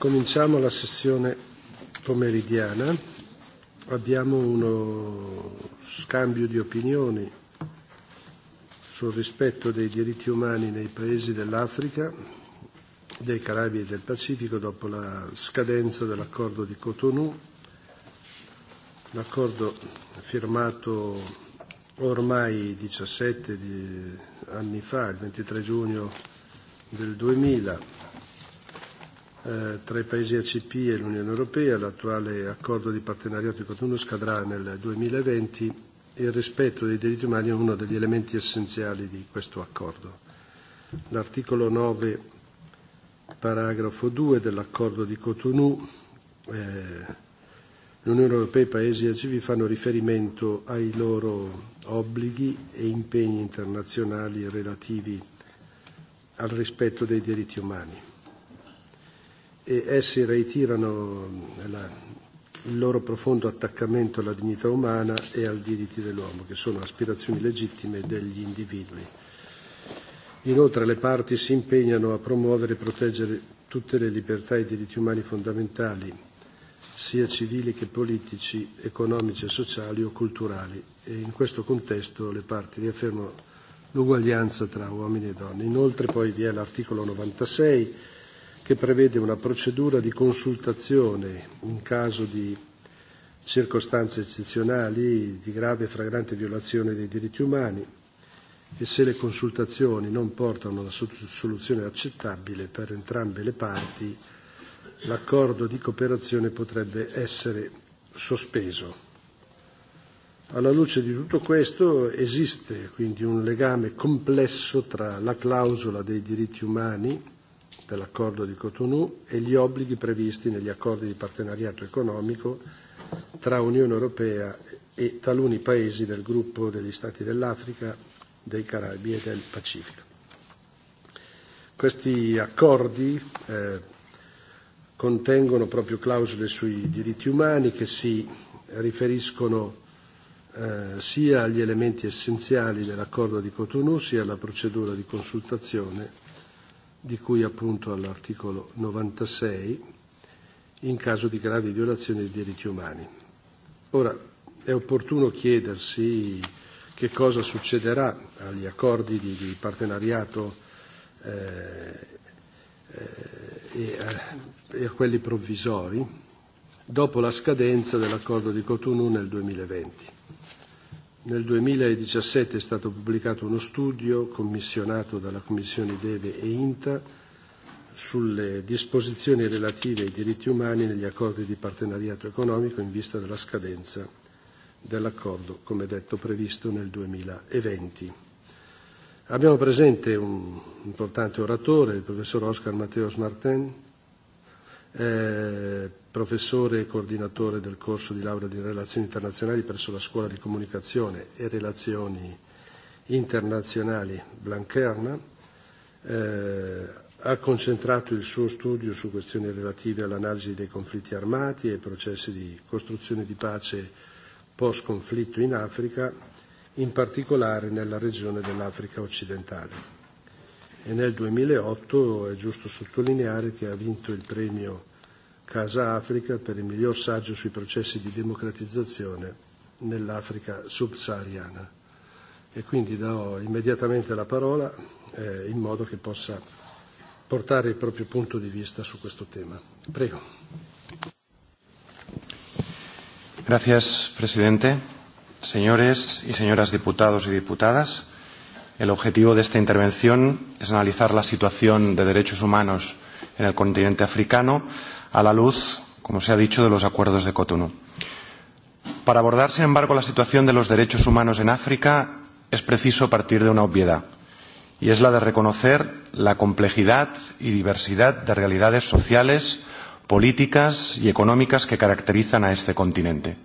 Cominciamo la sessione pomeridiana. Abbiamo uno scambio di opinioni sul rispetto dei diritti umani nei paesi dell'Africa, dei Caraibi e del Pacifico dopo la scadenza dell'accordo di Cotonou, l'accordo firmato ormai 17 anni fa, il 23 giugno del 2000 Eh, tra i paesi ACP e l'Unione Europea, l'attuale accordo di partenariato di Cotonou scadrà nel 2020 e il rispetto dei diritti umani è uno degli elementi essenziali di questo accordo. L'articolo 9, paragrafo 2 dell'accordo di Cotonou eh, l'Unione Europea e i Paesi ACV fanno riferimento ai loro obblighi e impegni internazionali relativi al rispetto dei diritti umani e essi reitirano la, il loro profondo attaccamento alla dignità umana e ai diritti dell'uomo, che sono aspirazioni legittime degli individui. Inoltre le parti si impegnano a promuovere e proteggere tutte le libertà e i diritti umani fondamentali, sia civili che politici, economici e sociali o culturali. E in questo contesto le parti riaffermano l'uguaglianza tra uomini e donne. Inoltre poi vi è l'articolo 96 che prevede una procedura di consultazione in caso di circostanze eccezionali di grave e fragrante violazione dei diritti umani e se le consultazioni non portano a una soluzione accettabile per entrambe le parti, l'accordo di cooperazione potrebbe essere sospeso. Alla luce di tutto questo esiste quindi un legame complesso tra la clausola dei diritti umani dell'accordo di Cotonou e gli obblighi previsti negli accordi di partenariato economico tra Unione Europea e taluni paesi del gruppo degli Stati dell'Africa, dei Caraibi e del Pacifico. Questi accordi eh, contengono proprio clausole sui diritti umani che si riferiscono eh, sia agli elementi essenziali dell'accordo di Cotonou sia alla procedura di consultazione di cui appunto all'articolo 96 in caso di gravi violazioni dei diritti umani. Ora, è opportuno chiedersi che cosa succederà agli accordi di, di partenariato eh, eh, e, a, e a quelli provvisori dopo la scadenza dell'accordo di Cotonou nel 2020 Nel 2017 è stato pubblicato uno studio commissionato dalla Commissione Deve e INTA sulle disposizioni relative ai diritti umani negli accordi di partenariato economico in vista della scadenza dell'accordo, come detto, previsto nel 2020. Abbiamo presente un importante oratore, il professor Oscar Matteo Martin, Eh, professore e coordinatore del corso di laurea di relazioni internazionali presso la Scuola di Comunicazione e Relazioni Internazionali Blancherna, eh, ha concentrato il suo studio su questioni relative all'analisi dei conflitti armati e ai processi di costruzione di pace post-conflitto in Africa, in particolare nella regione dell'Africa occidentale e nel 2008 è giusto sottolineare che ha vinto il premio Casa Africa per il miglior saggio sui processi di democratizzazione nell'Africa subsahariana. E quindi do immediatamente la parola eh, in modo che possa portare il proprio punto di vista su questo tema. Prego. Grazie Presidente. signore e signoras diputados e diputadas, El objetivo de esta intervención es analizar la situación de derechos humanos en el continente africano a la luz, como se ha dicho, de los acuerdos de Cotonou. Para abordar, sin embargo, la situación de los derechos humanos en África es preciso partir de una obviedad, y es la de reconocer la complejidad y diversidad de realidades sociales, políticas y económicas que caracterizan a este continente.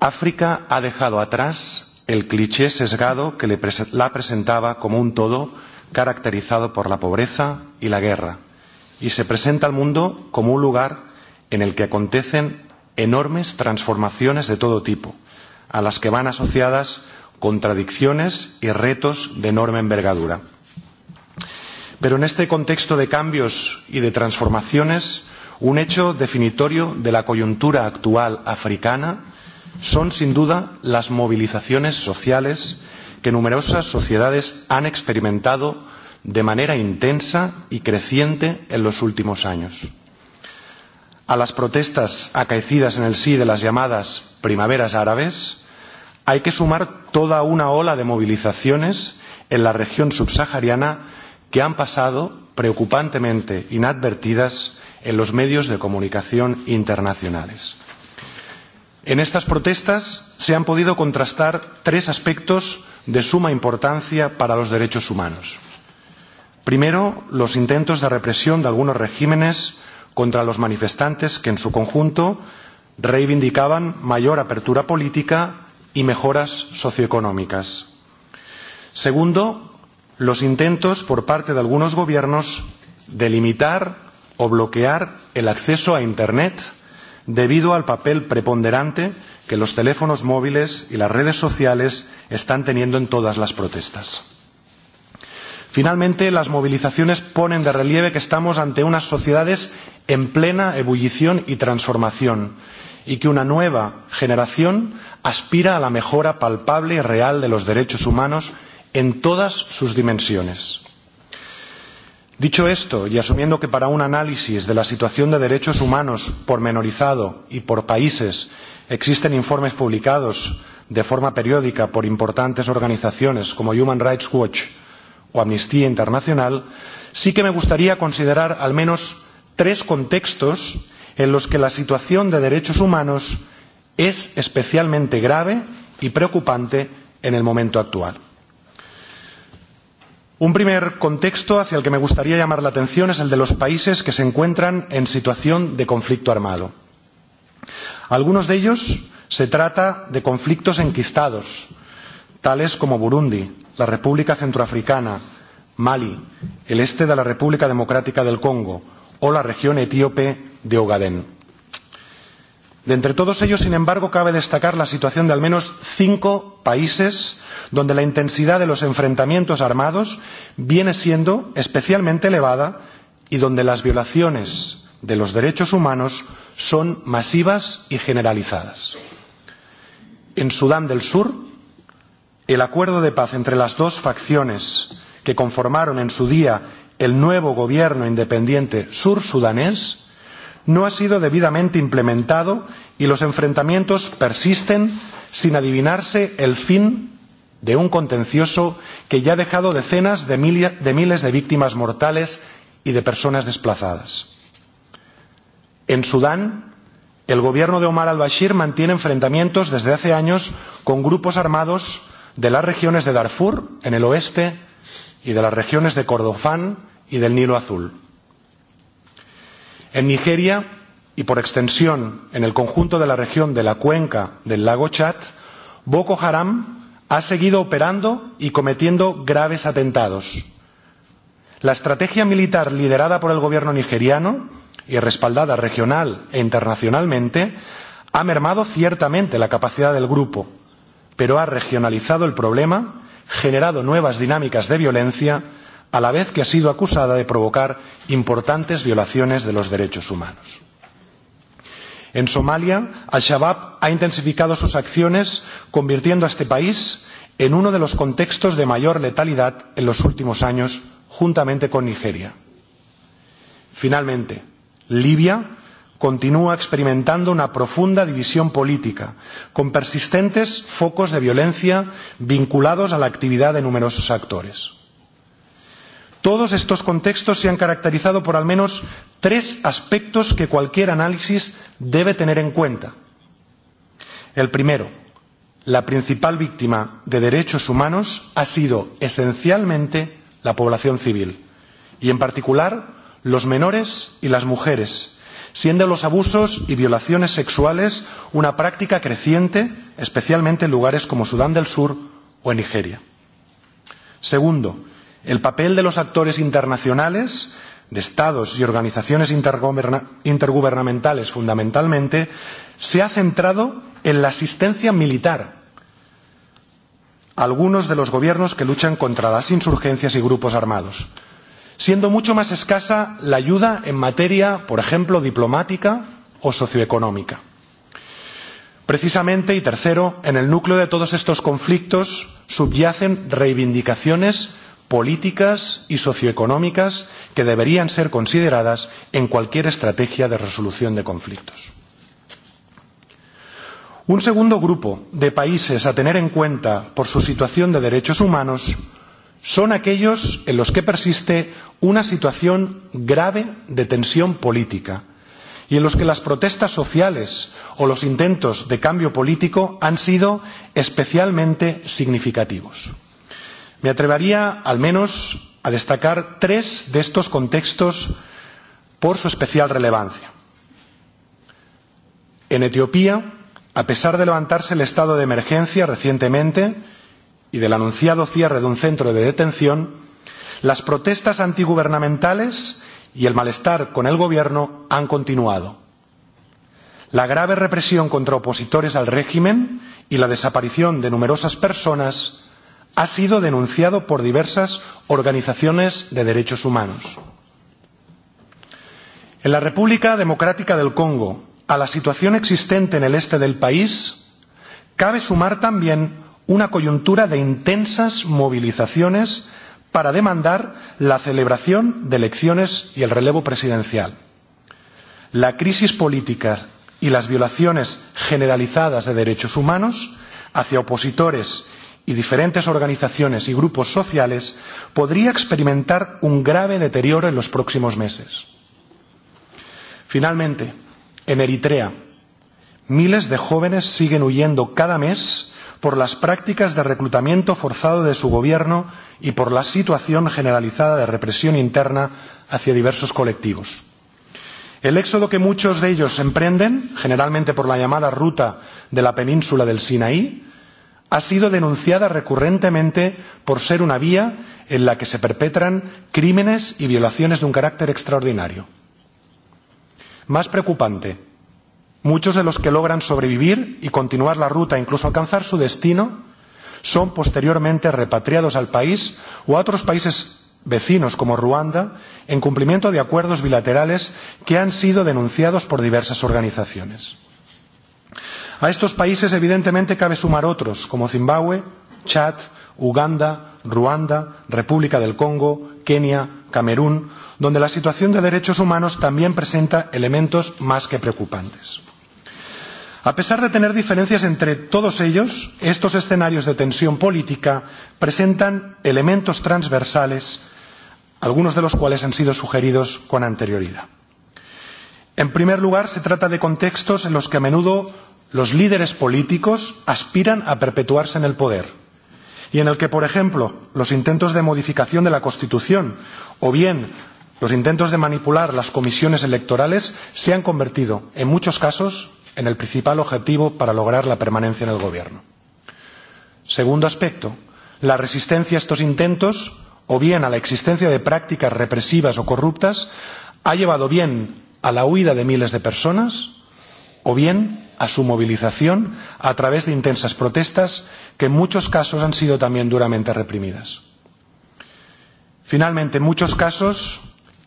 África ha dejado atrás el cliché sesgado que le pres la presentaba como un todo caracterizado por la pobreza y la guerra, y se presenta al mundo como un lugar en el que acontecen enormes transformaciones de todo tipo, a las que van asociadas contradicciones y retos de enorme envergadura. Pero en este contexto de cambios y de transformaciones, un hecho definitorio de la coyuntura actual africana son sin duda las movilizaciones sociales que numerosas sociedades han experimentado de manera intensa y creciente en los últimos años. A las protestas acaecidas en el sí de las llamadas primaveras árabes hay que sumar toda una ola de movilizaciones en la región subsahariana que han pasado preocupantemente inadvertidas en los medios de comunicación internacionales. En estas protestas se han podido contrastar tres aspectos de suma importancia para los derechos humanos. Primero, los intentos de represión de algunos regímenes contra los manifestantes que en su conjunto reivindicaban mayor apertura política y mejoras socioeconómicas. Segundo, los intentos por parte de algunos gobiernos de limitar o bloquear el acceso a Internet debido al papel preponderante que los teléfonos móviles y las redes sociales están teniendo en todas las protestas. Finalmente, las movilizaciones ponen de relieve que estamos ante unas sociedades en plena ebullición y transformación y que una nueva generación aspira a la mejora palpable y real de los derechos humanos en todas sus dimensiones. Dicho esto, y asumiendo que para un análisis de la situación de derechos humanos pormenorizado y por países existen informes publicados de forma periódica por importantes organizaciones como Human Rights Watch o Amnistía Internacional, sí que me gustaría considerar al menos tres contextos en los que la situación de derechos humanos es especialmente grave y preocupante en el momento actual. Un primer contexto hacia el que me gustaría llamar la atención es el de los países que se encuentran en situación de conflicto armado. Algunos de ellos se trata de conflictos enquistados, tales como Burundi, la República Centroafricana, Mali, el este de la República Democrática del Congo o la región etíope de Ogaden. De entre todos ellos, sin embargo, cabe destacar la situación de al menos cinco países donde la intensidad de los enfrentamientos armados viene siendo especialmente elevada y donde las violaciones de los derechos humanos son masivas y generalizadas. En Sudán del Sur, el acuerdo de paz entre las dos facciones que conformaron en su día el nuevo gobierno independiente sur-sudanés no ha sido debidamente implementado y los enfrentamientos persisten sin adivinarse el fin de un contencioso que ya ha dejado decenas de, de miles de víctimas mortales y de personas desplazadas. En Sudán, el gobierno de Omar al-Bashir mantiene enfrentamientos desde hace años con grupos armados de las regiones de Darfur, en el oeste, y de las regiones de Cordofán y del Nilo Azul. En Nigeria y por extensión en el conjunto de la región de la cuenca del lago Chad, Boko Haram ha seguido operando y cometiendo graves atentados. La estrategia militar liderada por el gobierno nigeriano y respaldada regional e internacionalmente ha mermado ciertamente la capacidad del grupo, pero ha regionalizado el problema, generado nuevas dinámicas de violencia a la vez que ha sido acusada de provocar importantes violaciones de los derechos humanos. En Somalia, Al-Shabaab ha intensificado sus acciones, convirtiendo a este país en uno de los contextos de mayor letalidad en los últimos años, juntamente con Nigeria. Finalmente, Libia continúa experimentando una profunda división política, con persistentes focos de violencia vinculados a la actividad de numerosos actores. Todos estos contextos se han caracterizado por al menos tres aspectos que cualquier análisis debe tener en cuenta. El primero, la principal víctima de derechos humanos ha sido esencialmente la población civil y en particular los menores y las mujeres, siendo los abusos y violaciones sexuales una práctica creciente, especialmente en lugares como Sudán del Sur o en Nigeria. Segundo, El papel de los actores internacionales, de estados y organizaciones intergubernamentales fundamentalmente, se ha centrado en la asistencia militar a algunos de los gobiernos que luchan contra las insurgencias y grupos armados, siendo mucho más escasa la ayuda en materia, por ejemplo, diplomática o socioeconómica. Precisamente, y tercero, en el núcleo de todos estos conflictos subyacen reivindicaciones políticas y socioeconómicas que deberían ser consideradas en cualquier estrategia de resolución de conflictos. Un segundo grupo de países a tener en cuenta por su situación de derechos humanos son aquellos en los que persiste una situación grave de tensión política y en los que las protestas sociales o los intentos de cambio político han sido especialmente significativos. Me atrevería al menos a destacar tres de estos contextos por su especial relevancia. En Etiopía, a pesar de levantarse el estado de emergencia recientemente y del anunciado cierre de un centro de detención, las protestas antigubernamentales y el malestar con el gobierno han continuado. La grave represión contra opositores al régimen y la desaparición de numerosas personas ha sido denunciado por diversas organizaciones de derechos humanos. En la República Democrática del Congo, a la situación existente en el este del país, cabe sumar también una coyuntura de intensas movilizaciones para demandar la celebración de elecciones y el relevo presidencial. La crisis política y las violaciones generalizadas de derechos humanos hacia opositores y diferentes organizaciones y grupos sociales podría experimentar un grave deterioro en los próximos meses. Finalmente, en Eritrea, miles de jóvenes siguen huyendo cada mes por las prácticas de reclutamiento forzado de su gobierno y por la situación generalizada de represión interna hacia diversos colectivos. El éxodo que muchos de ellos emprenden, generalmente por la llamada ruta de la península del Sinaí, ha sido denunciada recurrentemente por ser una vía en la que se perpetran crímenes y violaciones de un carácter extraordinario. Más preocupante, muchos de los que logran sobrevivir y continuar la ruta, e incluso alcanzar su destino, son posteriormente repatriados al país o a otros países vecinos como Ruanda en cumplimiento de acuerdos bilaterales que han sido denunciados por diversas organizaciones. A estos países evidentemente cabe sumar otros, como Zimbabue, Chad, Uganda, Ruanda, República del Congo, Kenia, Camerún, donde la situación de derechos humanos también presenta elementos más que preocupantes. A pesar de tener diferencias entre todos ellos, estos escenarios de tensión política presentan elementos transversales, algunos de los cuales han sido sugeridos con anterioridad. En primer lugar, se trata de contextos en los que a menudo los líderes políticos aspiran a perpetuarse en el poder y en el que, por ejemplo, los intentos de modificación de la Constitución o bien los intentos de manipular las comisiones electorales se han convertido, en muchos casos, en el principal objetivo para lograr la permanencia en el Gobierno. Segundo aspecto, la resistencia a estos intentos o bien a la existencia de prácticas represivas o corruptas ha llevado bien a la huida de miles de personas o bien a su movilización a través de intensas protestas que en muchos casos han sido también duramente reprimidas. Finalmente, en muchos casos,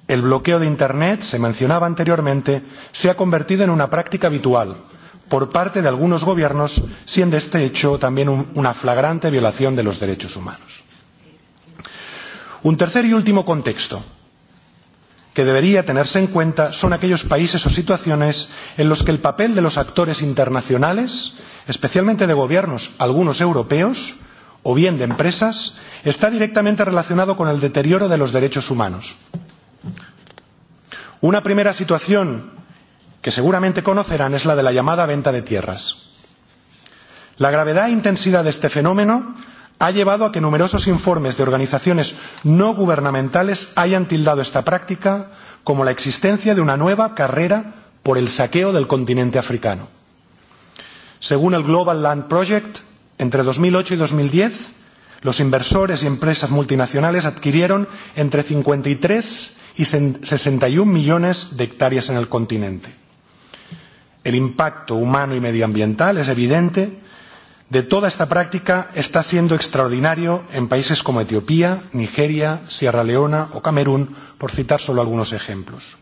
el bloqueo de Internet, se mencionaba anteriormente, se ha convertido en una práctica habitual por parte de algunos gobiernos, siendo este hecho también un, una flagrante violación de los derechos humanos. Un tercer y último contexto que debería tenerse en cuenta son aquellos países o situaciones en los que el papel de los actores internacionales, especialmente de gobiernos, algunos europeos, o bien de empresas, está directamente relacionado con el deterioro de los derechos humanos. Una primera situación que seguramente conocerán es la de la llamada venta de tierras. La gravedad e intensidad de este fenómeno ha llevado a que numerosos informes de organizaciones no gubernamentales hayan tildado esta práctica como la existencia de una nueva carrera por el saqueo del continente africano. Según el Global Land Project, entre 2008 y 2010, los inversores y empresas multinacionales adquirieron entre 53 y 61 millones de hectáreas en el continente. El impacto humano y medioambiental es evidente de toda esta práctica está siendo extraordinario en países como Etiopía, Nigeria, Sierra Leona o Camerún, por citar solo algunos ejemplos.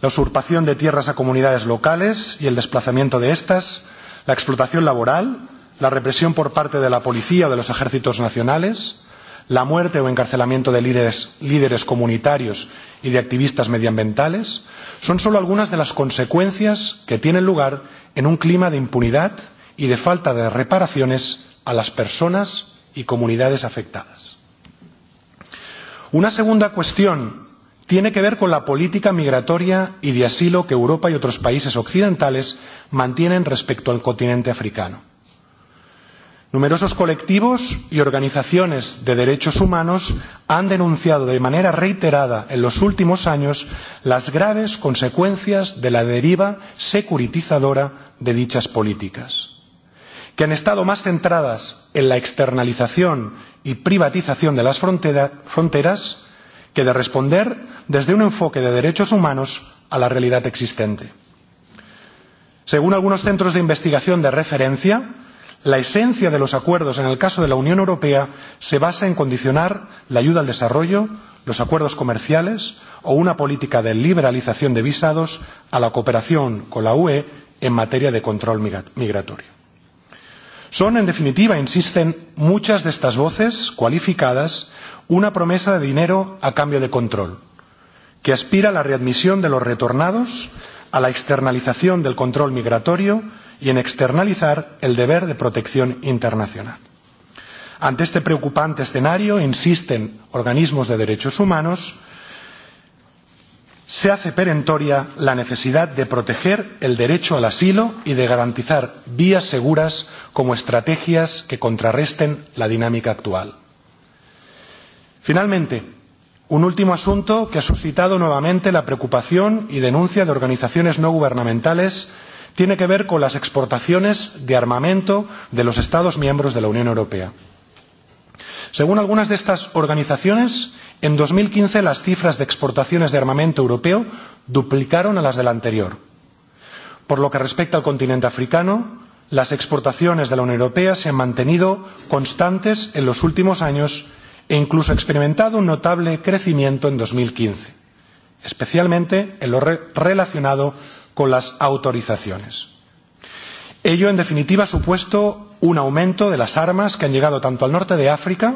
La usurpación de tierras a comunidades locales y el desplazamiento de estas, la explotación laboral, la represión por parte de la policía o de los ejércitos nacionales, la muerte o encarcelamiento de líderes, líderes comunitarios y de activistas medioambientales, son solo algunas de las consecuencias que tienen lugar en un clima de impunidad y de falta de reparaciones a las personas y comunidades afectadas. Una segunda cuestión tiene que ver con la política migratoria y de asilo que Europa y otros países occidentales mantienen respecto al continente africano. Numerosos colectivos y organizaciones de derechos humanos han denunciado de manera reiterada en los últimos años las graves consecuencias de la deriva securitizadora de dichas políticas que han estado más centradas en la externalización y privatización de las frontera, fronteras que de responder desde un enfoque de derechos humanos a la realidad existente. Según algunos centros de investigación de referencia, la esencia de los acuerdos en el caso de la Unión Europea se basa en condicionar la ayuda al desarrollo, los acuerdos comerciales o una política de liberalización de visados a la cooperación con la UE en materia de control migratorio. Son, en definitiva, insisten muchas de estas voces cualificadas, una promesa de dinero a cambio de control, que aspira a la readmisión de los retornados, a la externalización del control migratorio y en externalizar el deber de protección internacional. Ante este preocupante escenario, insisten organismos de derechos humanos se hace perentoria la necesidad de proteger el derecho al asilo y de garantizar vías seguras como estrategias que contrarresten la dinámica actual. Finalmente, un último asunto que ha suscitado nuevamente la preocupación y denuncia de organizaciones no gubernamentales tiene que ver con las exportaciones de armamento de los Estados miembros de la Unión Europea. Según algunas de estas organizaciones, En 2015 las cifras de exportaciones de armamento europeo duplicaron a las del anterior. Por lo que respecta al continente africano, las exportaciones de la Unión Europea se han mantenido constantes en los últimos años e incluso ha experimentado un notable crecimiento en 2015, especialmente en lo re relacionado con las autorizaciones. Ello, en definitiva, ha supuesto un aumento de las armas que han llegado tanto al norte de África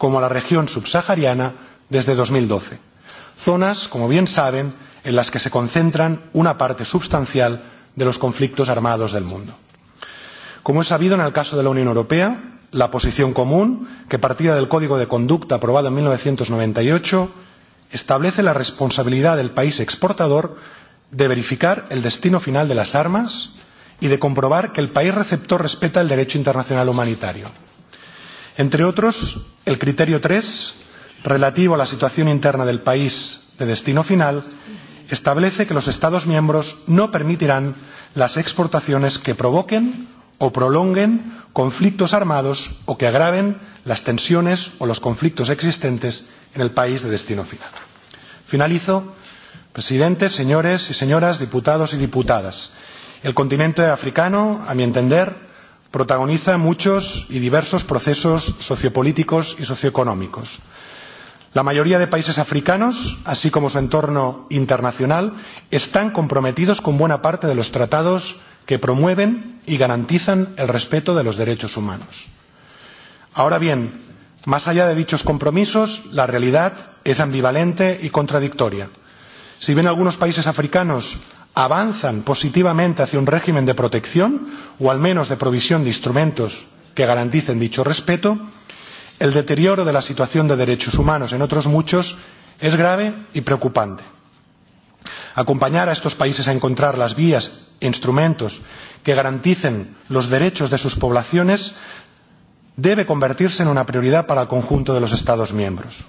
como la región subsahariana desde 2012. Zonas, como bien saben, en las que se concentran una parte sustancial de los conflictos armados del mundo. Como es sabido en el caso de la Unión Europea, la posición común, que partida del Código de Conducta aprobado en 1998, establece la responsabilidad del país exportador de verificar el destino final de las armas y de comprobar que el país receptor respeta el derecho internacional humanitario. Entre otros, el criterio 3, relativo a la situación interna del país de destino final, establece que los Estados miembros no permitirán las exportaciones que provoquen o prolonguen conflictos armados o que agraven las tensiones o los conflictos existentes en el país de destino final. Finalizo, presidente, señores y señoras, diputados y diputadas. El continente africano, a mi entender, protagoniza muchos y diversos procesos sociopolíticos y socioeconómicos. La mayoría de países africanos, así como su entorno internacional, están comprometidos con buena parte de los tratados que promueven y garantizan el respeto de los derechos humanos. Ahora bien, más allá de dichos compromisos, la realidad es ambivalente y contradictoria. Si bien algunos países africanos avanzan positivamente hacia un régimen de protección o al menos de provisión de instrumentos que garanticen dicho respeto, el deterioro de la situación de derechos humanos en otros muchos es grave y preocupante. Acompañar a estos países a encontrar las vías e instrumentos que garanticen los derechos de sus poblaciones debe convertirse en una prioridad para el conjunto de los Estados miembros.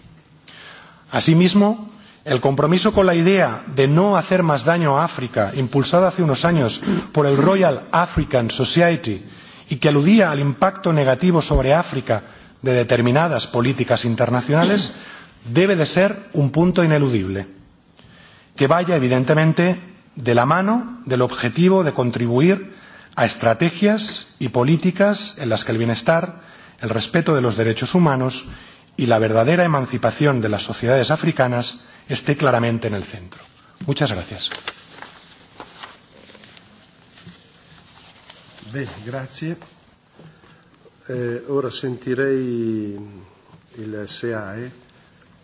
Asimismo, El compromiso con la idea de no hacer más daño a África, impulsada hace unos años por el Royal African Society y que aludía al impacto negativo sobre África de determinadas políticas internacionales, debe de ser un punto ineludible, que vaya evidentemente de la mano del objetivo de contribuir a estrategias y políticas en las que el bienestar, el respeto de los derechos humanos y la verdadera emancipación de las sociedades africanas esté claramente en el centro. Muchas gracias. Bien, gracias. Eh, ahora sentirei el SEAE,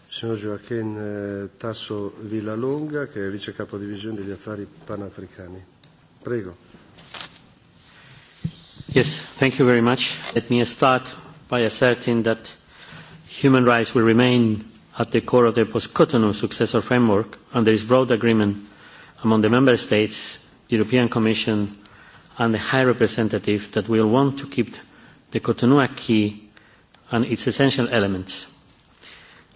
signor Joaquín eh, Tasso Villalonga, che è vice capodivisione degli affari panafricani. Prego. Yes, thank you very much. Let me start by asserting that human rights will remain at the core of the post-Cotonou successor framework, and there is broad agreement among the Member States, the European Commission, and the High Representative that we will want to keep the Cotonou Key and its essential elements.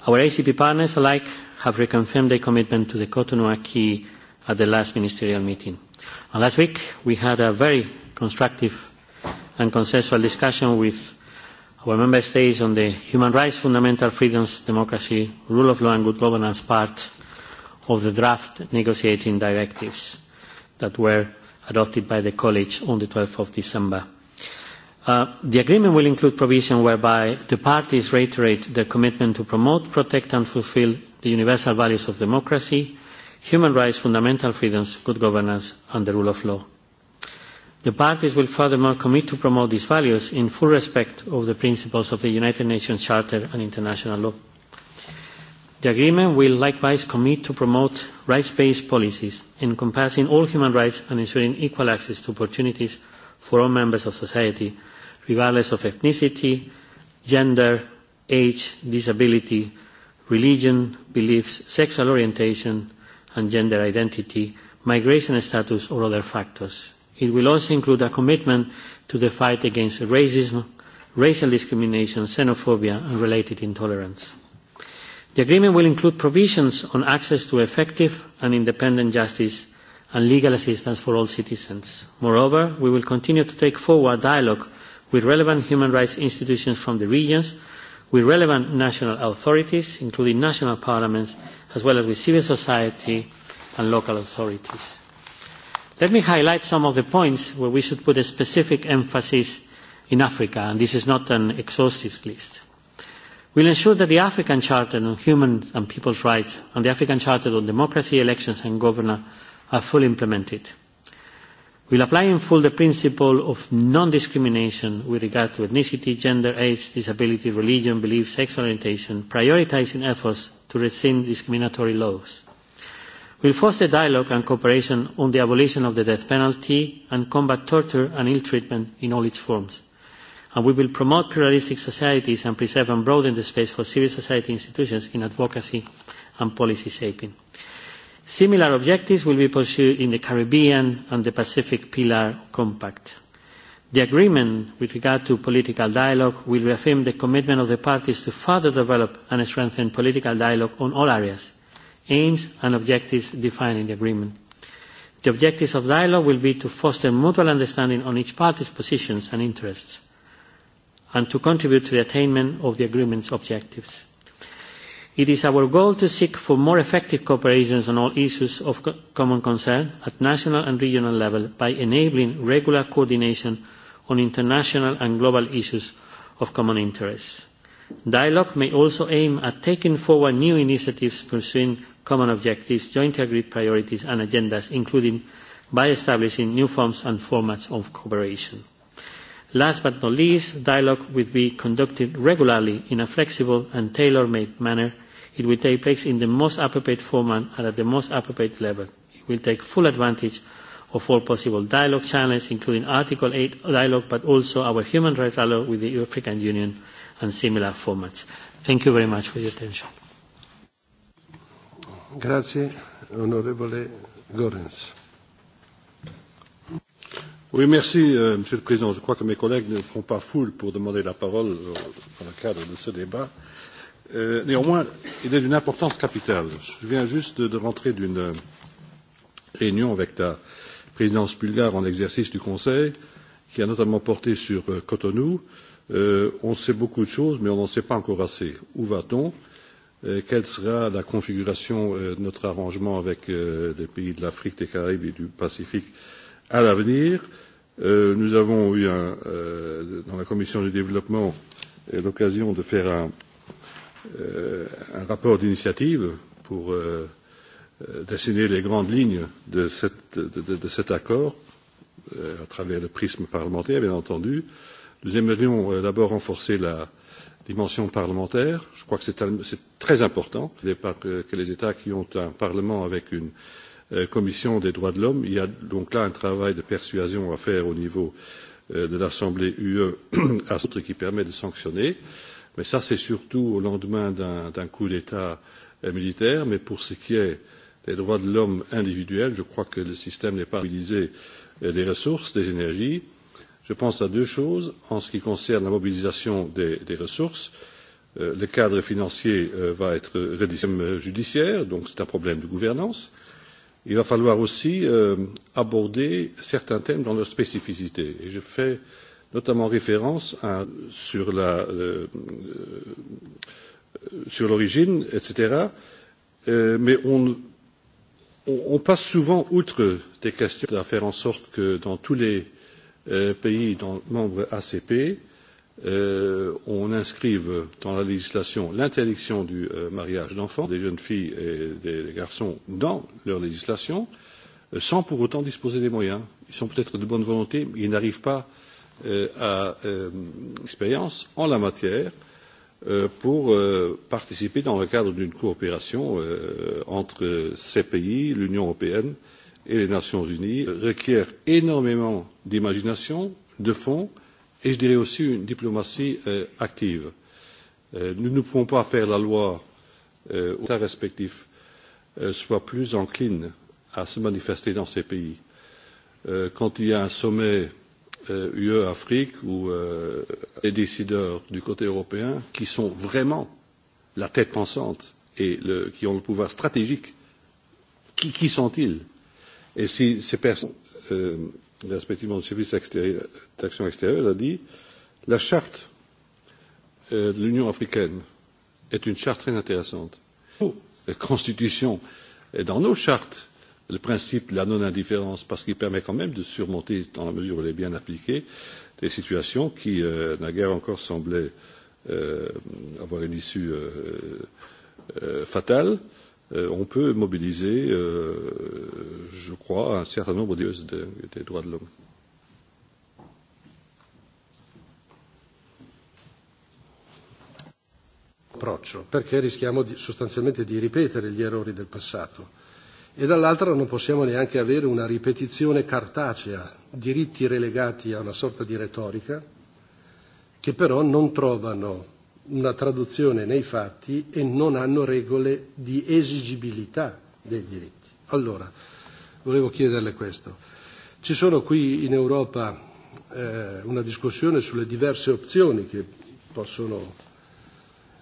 Our ACP partners alike have reconfirmed their commitment to the Cotonou Acquis at the last ministerial meeting. And last week, we had a very constructive and consensual discussion with our member states on the human rights, fundamental freedoms, democracy, rule of law and good governance part of the draft negotiating directives that were adopted by the College on the 12th of December. Uh, the agreement will include provision whereby the parties reiterate their commitment to promote, protect and fulfil the universal values of democracy, human rights, fundamental freedoms, good governance and the rule of law. The parties will furthermore commit to promote these values in full respect of the principles of the United Nations Charter and international law. The agreement will likewise commit to promote rights-based policies encompassing all human rights and ensuring equal access to opportunities for all members of society, regardless of ethnicity, gender, age, disability, religion, beliefs, sexual orientation and gender identity, migration status or other factors It will also include a commitment to the fight against racism, racial discrimination, xenophobia and related intolerance. The agreement will include provisions on access to effective and independent justice and legal assistance for all citizens. Moreover, we will continue to take forward dialogue with relevant human rights institutions from the regions, with relevant national authorities, including national parliaments, as well as with civil society and local authorities. Let me highlight some of the points where we should put a specific emphasis in Africa, and this is not an exhaustive list. We'll ensure that the African Charter on Human and People's Rights and the African Charter on Democracy, Elections and Governance are fully implemented. We'll apply in full the principle of non-discrimination with regard to ethnicity, gender, age, disability, religion, belief, sexual orientation, prioritizing efforts to rescind discriminatory laws will foster dialogue and cooperation on the abolition of the death penalty and combat torture and ill treatment in all its forms. And we will promote pluralistic societies and preserve and broaden the space for civil society institutions in advocacy and policy shaping. Similar objectives will be pursued in the Caribbean and the Pacific Pillar Compact. The agreement with regard to political dialogue will reaffirm the commitment of the parties to further develop and strengthen political dialogue on all areas aims and objectives defined in the agreement. The objectives of dialogue will be to foster mutual understanding on each party's positions and interests and to contribute to the attainment of the agreement's objectives. It is our goal to seek for more effective cooperation on all issues of co common concern at national and regional level by enabling regular coordination on international and global issues of common interest. Dialogue may also aim at taking forward new initiatives pursuing common objectives, jointly agreed priorities and agendas, including by establishing new forms and formats of cooperation. Last but not least, dialogue will be conducted regularly in a flexible and tailor-made manner. It will take place in the most appropriate format and at the most appropriate level. It will take full advantage of all possible dialogue channels, including Article 8 dialogue, but also our human rights dialogue with the African Union and similar formats. Thank you very much for your attention. Grazie, onorevole Gorens. Oui, merci, euh, Monsieur le Président. Je crois que mes collègues ne font pas foule pour demander la parole euh, dans le cadre de ce débat. Euh, néanmoins, il est d'une importance capitale. Je viens juste de, de rentrer d'une euh, réunion avec la présidence bulgare en exercice du Conseil, qui a notamment porté sur euh, Cotonou. Euh, on sait beaucoup de choses, mais on n'en sait pas encore assez. Où va-t-on euh, Euh, quelle sera la configuration euh, de notre arrangement avec euh, les pays de l'Afrique, des Caraïbes et du Pacifique à l'avenir. Nous avons eu un, dans la commission du développement l'occasion de faire un, un rapport d'initiative pour dessiner les grandes lignes de, cette, de, de, de cet accord à travers le prisme parlementaire, bien entendu. Nous aimerions d'abord renforcer la, euh, dimension parlementaire. Je crois que c'est très important que les États qui ont un Parlement avec une euh, Commission des droits de l'homme, il y a donc là un travail de persuasion à faire au niveau euh, de l'Assemblée UE à ce qui permet de sanctionner. Mais ça, c'est surtout au lendemain d'un coup d'État euh, militaire. Mais pour ce qui est des droits de l'homme individuels, je crois que le système n'est pas mobilisé des ressources, des énergies. Je pense à deux choses en ce qui concerne la mobilisation des, des ressources. Euh, le cadre financier euh, va être rédition judiciaire, donc c'est un problème de gouvernance. Il va falloir aussi euh, aborder certains thèmes dans leur spécificité. Et je fais notamment référence à, sur la euh, euh sur l'origine, etc. Euh, mais on, on, on passe souvent outre des questions à faire en sorte que dans tous les Euh, pays dans, membres ACP, euh, on inscrive dans la législation l'interdiction du euh, mariage d'enfants, des jeunes filles et des garçons dans leur législation, euh, sans pour autant disposer des moyens. Ils sont peut-être de bonne volonté, mais ils n'arrivent pas euh, à euh, expérience en la matière euh, pour euh, participer dans le cadre d'une coopération euh, entre ces pays, l'Union européenne, et les Nations Unies requièrent énormément d'imagination, de fonds et je dirais aussi une diplomatie euh, active. Euh, nous ne pouvons pas faire la loi euh, aux États respectifs euh, soient plus enclines à se manifester dans ces pays. Euh, quand il y a un sommet euh, UE-Afrique où euh, les décideurs du côté européen qui sont vraiment la tête pensante et le, qui ont le pouvoir stratégique, qui, qui sont-ils Et si ces personnes, respectivement euh, du service d'action extérieure, a dit la charte euh, de l'Union africaine est une charte très intéressante. La constitution est dans nos chartes le principe de la non-indifférence parce qu'il permet quand même de surmonter, dans la mesure où elle est bien appliquée, des situations qui, euh, naguère encore, semblaient euh, avoir une issue euh, euh, fatale. Euh, euh, on peut mobiliser, euh, je crois, un certain nombre des de, de droits de l'homme. approccio, perché rischiamo di, sostanzialmente di ripetere gli errori del passato. E dall'altra non possiamo neanche avere una ripetizione cartacea, diritti relegati a una sorta di retorica, che però non trovano una traduzione nei fatti e non hanno regole di esigibilità dei diritti. Allora, volevo chiederle questo. Ci sono qui in Europa eh, una discussione sulle diverse opzioni che possono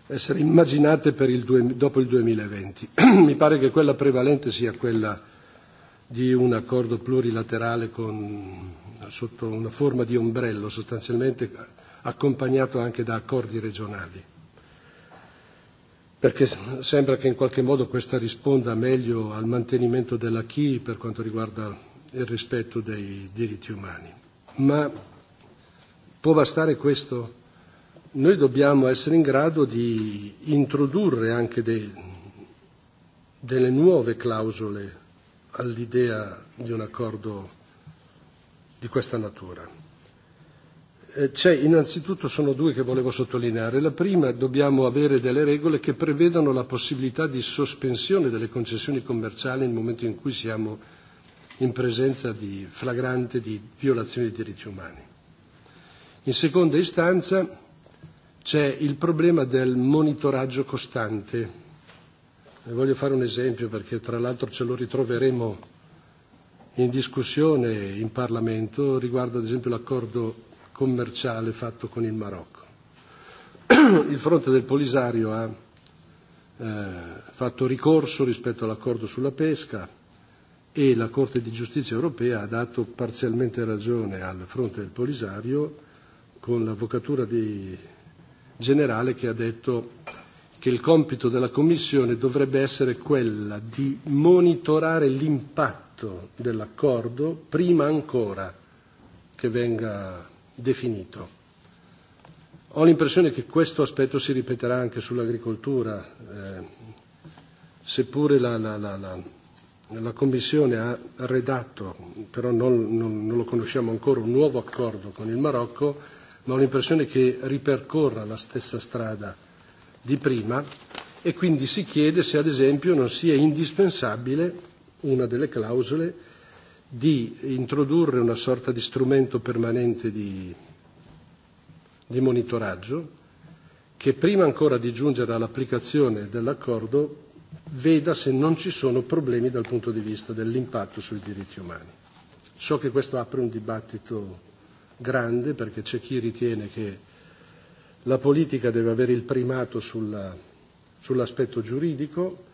essere immaginate per il due, dopo il 2020. Mi pare che quella prevalente sia quella di un accordo plurilaterale con, sotto una forma di ombrello, sostanzialmente accompagnato anche da accordi regionali. Perché sembra che in qualche modo questa risponda meglio al mantenimento della chi per quanto riguarda il rispetto dei diritti umani. Ma può bastare questo? Noi dobbiamo essere in grado di introdurre anche dei, delle nuove clausole all'idea di un accordo di questa natura. Eh, c'è innanzitutto sono due che volevo sottolineare. La prima, dobbiamo avere delle regole che prevedano la possibilità di sospensione delle concessioni commerciali nel momento in cui siamo in presenza di flagrante di violazioni dei diritti umani. In seconda istanza c'è il problema del monitoraggio costante. E voglio fare un esempio perché tra l'altro ce lo ritroveremo in discussione in Parlamento riguardo ad esempio l'accordo commerciale fatto con il Marocco. il fronte del Polisario ha eh, fatto ricorso rispetto all'accordo sulla pesca e la Corte di giustizia europea ha dato parzialmente ragione al fronte del Polisario con l'avvocatura di generale che ha detto che il compito della Commissione dovrebbe essere quella di monitorare l'impatto dell'accordo prima ancora che venga definito. Ho l'impressione che questo aspetto si ripeterà anche sull'agricoltura, eh, seppure la, la, la, la, la Commissione ha redatto, però non, non, non lo conosciamo ancora, un nuovo accordo con il Marocco, ma ho l'impressione che ripercorra la stessa strada di prima e quindi si chiede se ad esempio non sia indispensabile una delle clausole di introdurre una sorta di strumento permanente di, di monitoraggio che prima ancora di giungere all'applicazione dell'accordo veda se non ci sono problemi dal punto di vista dell'impatto sui diritti umani. So che questo apre un dibattito grande perché c'è chi ritiene che la politica deve avere il primato sulla, sull'aspetto giuridico,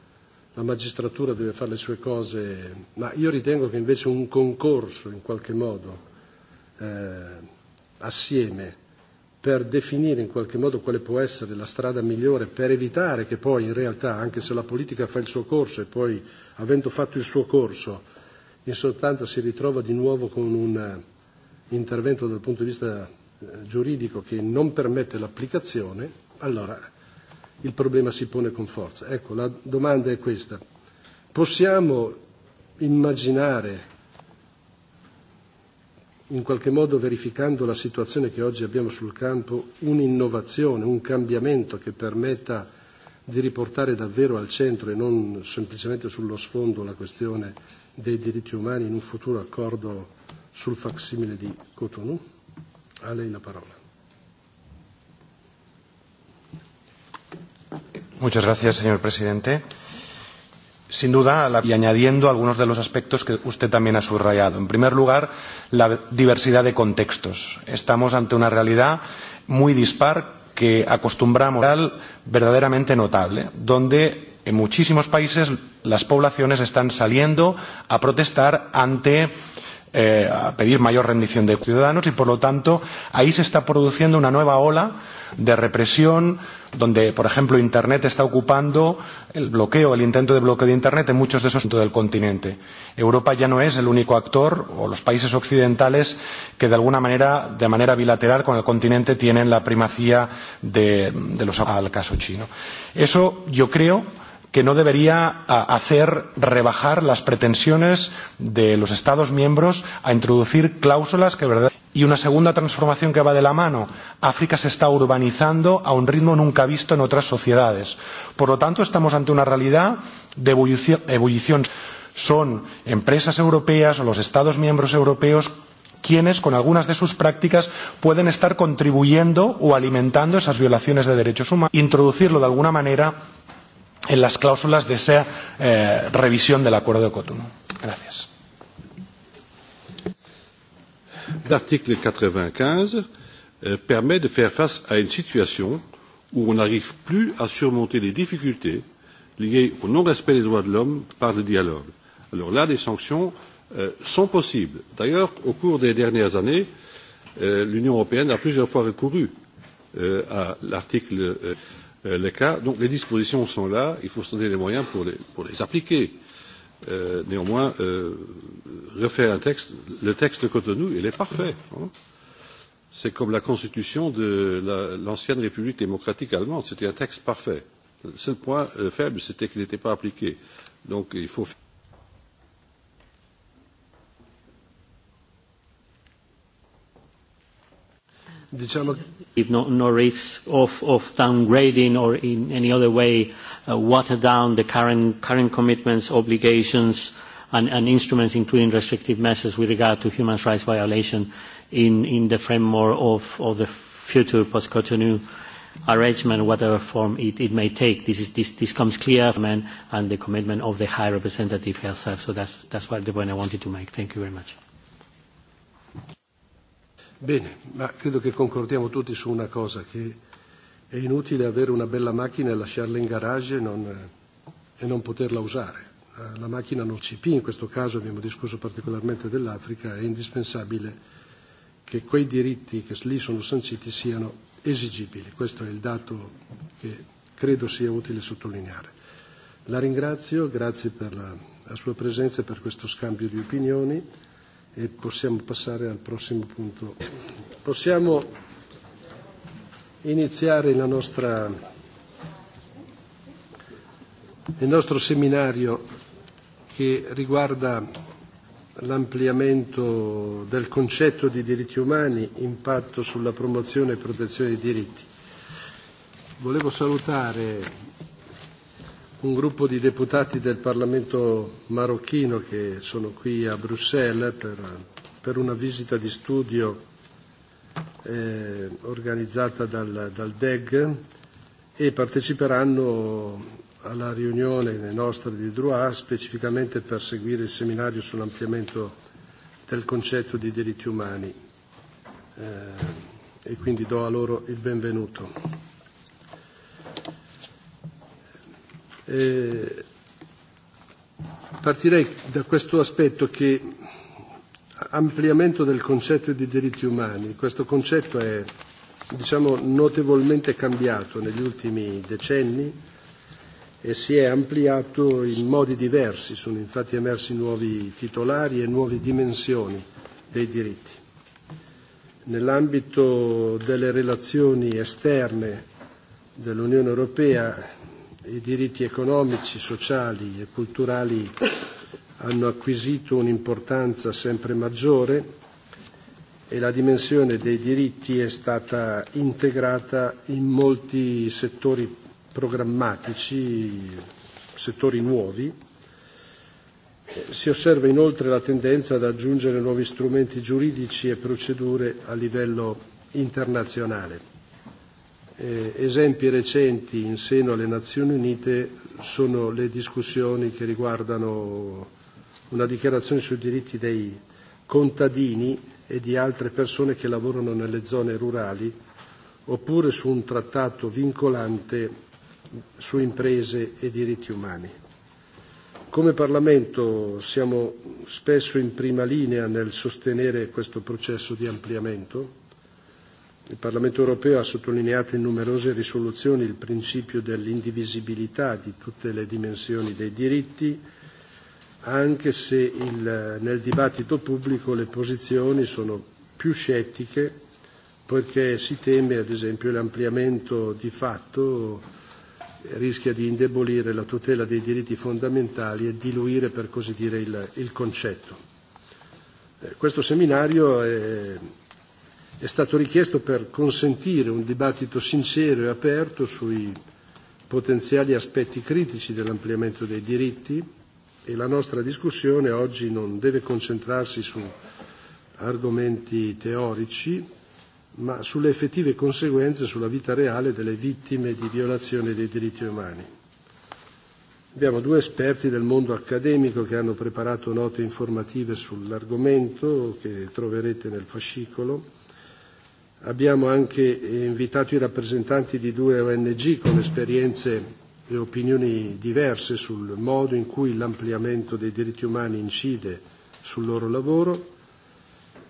la magistratura deve fare le sue cose, ma io ritengo che invece un concorso in qualche modo eh, assieme per definire in qualche modo quale può essere la strada migliore per evitare che poi in realtà, anche se la politica fa il suo corso e poi avendo fatto il suo corso, in sostanza si ritrova di nuovo con un eh, intervento dal punto di vista eh, giuridico che non permette l'applicazione, allora il problema si pone con forza. Ecco, la domanda è questa. Possiamo immaginare, in qualche modo verificando la situazione che oggi abbiamo sul campo, un'innovazione, un cambiamento che permetta di riportare davvero al centro e non semplicemente sullo sfondo la questione dei diritti umani in un futuro accordo sul facsimile di Cotonou? A lei la parola. Muchas gracias, señor presidente. Sin duda, y añadiendo algunos de los aspectos que usted también ha subrayado. En primer lugar, la diversidad de contextos. Estamos ante una realidad muy dispar que acostumbramos a verdaderamente notable, donde en muchísimos países las poblaciones están saliendo a protestar ante eh, a pedir mayor rendición de ciudadanos y, por lo tanto, ahí se está produciendo una nueva ola de represión, donde, por ejemplo, Internet está ocupando el bloqueo, el intento de bloqueo de Internet en muchos de esos puntos del continente. Europa ya no es el único actor, o los países occidentales, que de alguna manera, de manera bilateral con el continente, tienen la primacía de, de los al caso chino. Eso, yo creo, que no debería hacer rebajar las pretensiones de los Estados miembros a introducir cláusulas que verdad y una segunda transformación que va de la mano. África se está urbanizando a un ritmo nunca visto en otras sociedades. Por lo tanto, estamos ante una realidad de ebullición. Son empresas europeas o los Estados miembros europeos quienes con algunas de sus prácticas pueden estar contribuyendo o alimentando esas violaciones de derechos humanos. Introducirlo de alguna manera en las cláusulas de esa eh, revisión del acuerdo de Cotonou. Gracias. L'article 95 eh, permet de faire face à une situation où on n'arrive plus à surmonter les difficultés liées au non-respect des droits de l'homme par le dialogue. Alors là, des sanctions euh, sont possibles. D'ailleurs, au cours des dernières années, euh, l'Union européenne a plusieurs fois recouru euh, à l'article euh, Euh, le cas. Donc les dispositions sont là, il faut se donner les moyens pour les, pour les appliquer. Euh, néanmoins, euh, refaire un texte, le texte de Cotonou, il est parfait. Hein. C'est comme la constitution de l'ancienne la, République démocratique allemande, c'était un texte parfait. Le seul point euh, faible, c'était qu'il n'était pas appliqué. Donc il faut faire diciamo... no, no risk of, of downgrading or in any other way uh, water down the current, current commitments, obligations and, and instruments including restrictive measures with regard to human rights violation in, in the framework of, of the future post-Cotonou arrangement, whatever form it, it may take. This, is, this, this comes clear and the commitment of the High Representative herself. So that's, that's what the point I wanted to make. Thank you very much. Bene, ma credo che concordiamo tutti su una cosa, che è inutile avere una bella macchina e lasciarla in garage e non, eh, e non poterla usare. Eh, la macchina non CP, in questo caso abbiamo discusso particolarmente dell'Africa, è indispensabile che quei diritti che lì sono sanciti siano esigibili. Questo è il dato che credo sia utile sottolineare. La ringrazio, grazie per la, la sua presenza e per questo scambio di opinioni e possiamo passare al prossimo punto. Possiamo iniziare la nostra, il nostro seminario che riguarda l'ampliamento del concetto di diritti umani, impatto sulla promozione e protezione dei diritti. Volevo salutare un gruppo di deputati del Parlamento marocchino che sono qui a Bruxelles per, per una visita di studio eh, organizzata dal, dal DEG e parteciperanno alla riunione nostra di Drua specificamente per seguire il seminario sull'ampliamento del concetto di diritti umani eh, e quindi do a loro il benvenuto. Eh, partirei da questo aspetto che ampliamento del concetto di diritti umani. Questo concetto è diciamo, notevolmente cambiato negli ultimi decenni e si è ampliato in modi diversi, sono infatti emersi nuovi titolari e nuove dimensioni dei diritti. Nell'ambito delle relazioni esterne dell'Unione Europea i diritti economici, sociali e culturali hanno acquisito un'importanza sempre maggiore e la dimensione dei diritti è stata integrata in molti settori programmatici, settori nuovi. Si osserva inoltre la tendenza ad aggiungere nuovi strumenti giuridici e procedure a livello internazionale. Eh, esempi recenti in seno alle Nazioni Unite sono le discussioni che riguardano una dichiarazione sui diritti dei contadini e di altre persone che lavorano nelle zone rurali, oppure su un trattato vincolante su imprese e diritti umani. Come Parlamento siamo spesso in prima linea nel sostenere questo processo di ampliamento Il Parlamento europeo ha sottolineato in numerose risoluzioni il principio dell'indivisibilità di tutte le dimensioni dei diritti, anche se il, nel dibattito pubblico le posizioni sono più scettiche, poiché si teme ad esempio l'ampliamento di fatto rischia di indebolire la tutela dei diritti fondamentali e diluire per così dire il, il concetto. Eh, questo seminario è è stato richiesto per consentire un dibattito sincero e aperto sui potenziali aspetti critici dell'ampliamento dei diritti e la nostra discussione oggi non deve concentrarsi su argomenti teorici, ma sulle effettive conseguenze sulla vita reale delle vittime di violazione dei diritti umani. Abbiamo due esperti del mondo accademico che hanno preparato note informative sull'argomento che troverete nel fascicolo Abbiamo anche invitato i rappresentanti di due ONG con esperienze e opinioni diverse sul modo in cui l'ampliamento dei diritti umani incide sul loro lavoro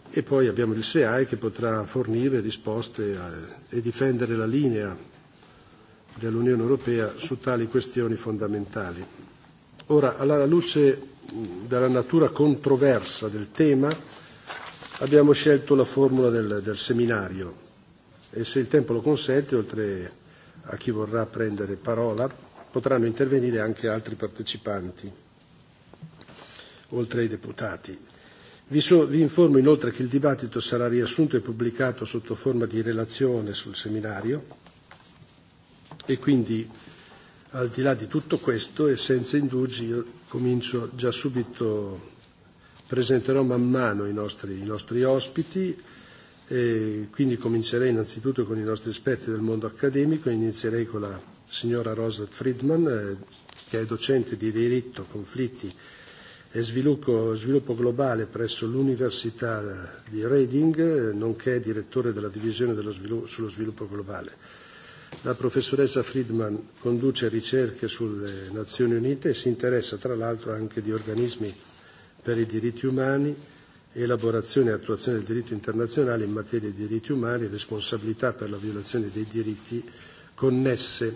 e poi abbiamo il SEAE e che potrà fornire risposte a, e difendere la linea dell'Unione Europea su tali questioni fondamentali. Ora, alla luce della natura controversa del tema, Abbiamo scelto la formula del, del seminario e se il tempo lo consente, oltre a chi vorrà prendere parola, potranno intervenire anche altri partecipanti, oltre ai deputati. Vi, so, vi informo inoltre che il dibattito sarà riassunto e pubblicato sotto forma di relazione sul seminario e quindi al di là di tutto questo e senza indugi io comincio già subito presenterò man mano i nostri, i nostri ospiti, e quindi comincerei innanzitutto con i nostri esperti del mondo accademico, inizierei con la signora Rosa Friedman, eh, che è docente di diritto, conflitti e sviluppo, sviluppo globale presso l'Università di Reading, eh, nonché direttore della divisione dello sviluppo, sullo sviluppo globale. La professoressa Friedman conduce ricerche sulle Nazioni Unite e si interessa tra l'altro anche di organismi per i diritti umani, elaborazione e attuazione del diritto internazionale in materia di diritti umani e responsabilità per la violazione dei diritti connesse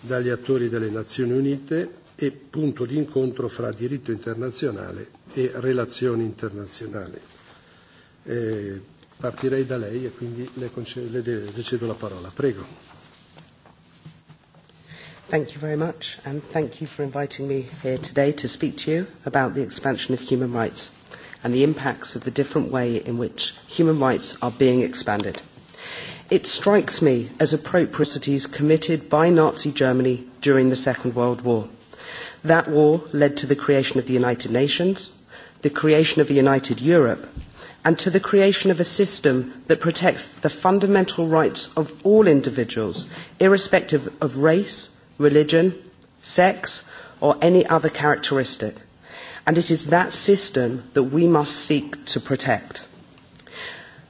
dagli attori delle Nazioni Unite e punto di incontro fra diritto internazionale e relazioni internazionali. Eh, partirei da lei e quindi le, le, le cedo la parola. Prego. Thank you very much, and thank you for inviting me here today to speak to you about the expansion of human rights and the impacts of the different way in which human rights are being expanded. It strikes me as appropriacities committed by Nazi Germany during the Second World War. That war led to the creation of the United Nations, the creation of a united Europe, and to the creation of a system that protects the fundamental rights of all individuals, irrespective of race, religion, sex, or any other characteristic. And it is that system that we must seek to protect.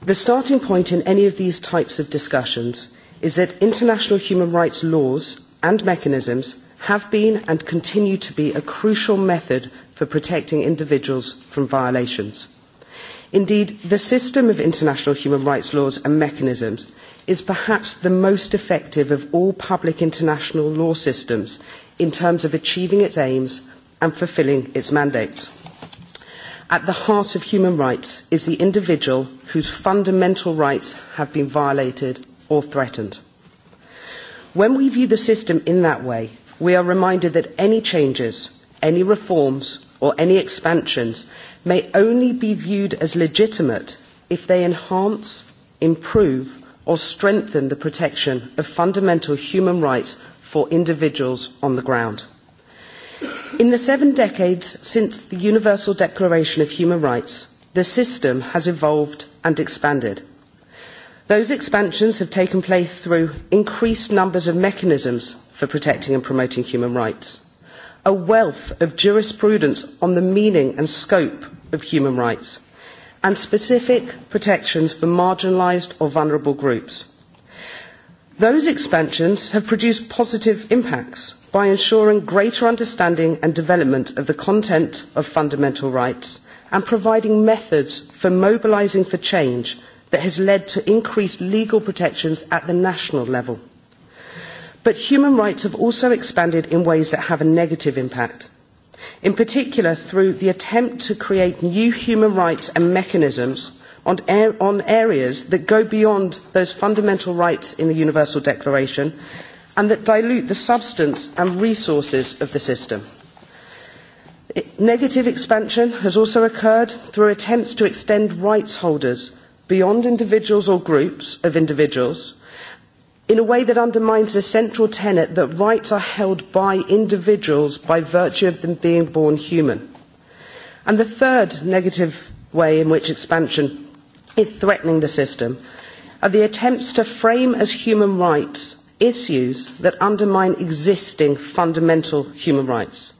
The starting point in any of these types of discussions is that international human rights laws and mechanisms have been and continue to be a crucial method for protecting individuals from violations. Indeed, the system of international human rights laws and mechanisms is perhaps the most effective of all public international law systems in terms of achieving its aims and fulfilling its mandates. At the heart of human rights is the individual whose fundamental rights have been violated or threatened. When we view the system in that way, we are reminded that any changes, any reforms or any expansions may only be viewed as legitimate if they enhance, improve or strengthen the protection of fundamental human rights for individuals on the ground. In the seven decades since the Universal Declaration of Human Rights, the system has evolved and expanded. Those expansions have taken place through increased numbers of mechanisms for protecting and promoting human rights, a wealth of jurisprudence on the meaning and scope of human rights, and specific protections for marginalised or vulnerable groups. Those expansions have produced positive impacts by ensuring greater understanding and development of the content of fundamental rights and providing methods for mobilising for change that has led to increased legal protections at the national level. But human rights have also expanded in ways that have a negative impact in particular through the attempt to create new human rights and mechanisms on, air, on areas that go beyond those fundamental rights in the Universal Declaration and that dilute the substance and resources of the system. Negative expansion has also occurred through attempts to extend rights holders beyond individuals or groups of individuals in a way that undermines the central tenet that rights are held by individuals by virtue of them being born human. And the third negative way in which expansion is threatening the system are the attempts to frame as human rights issues that undermine existing fundamental human rights.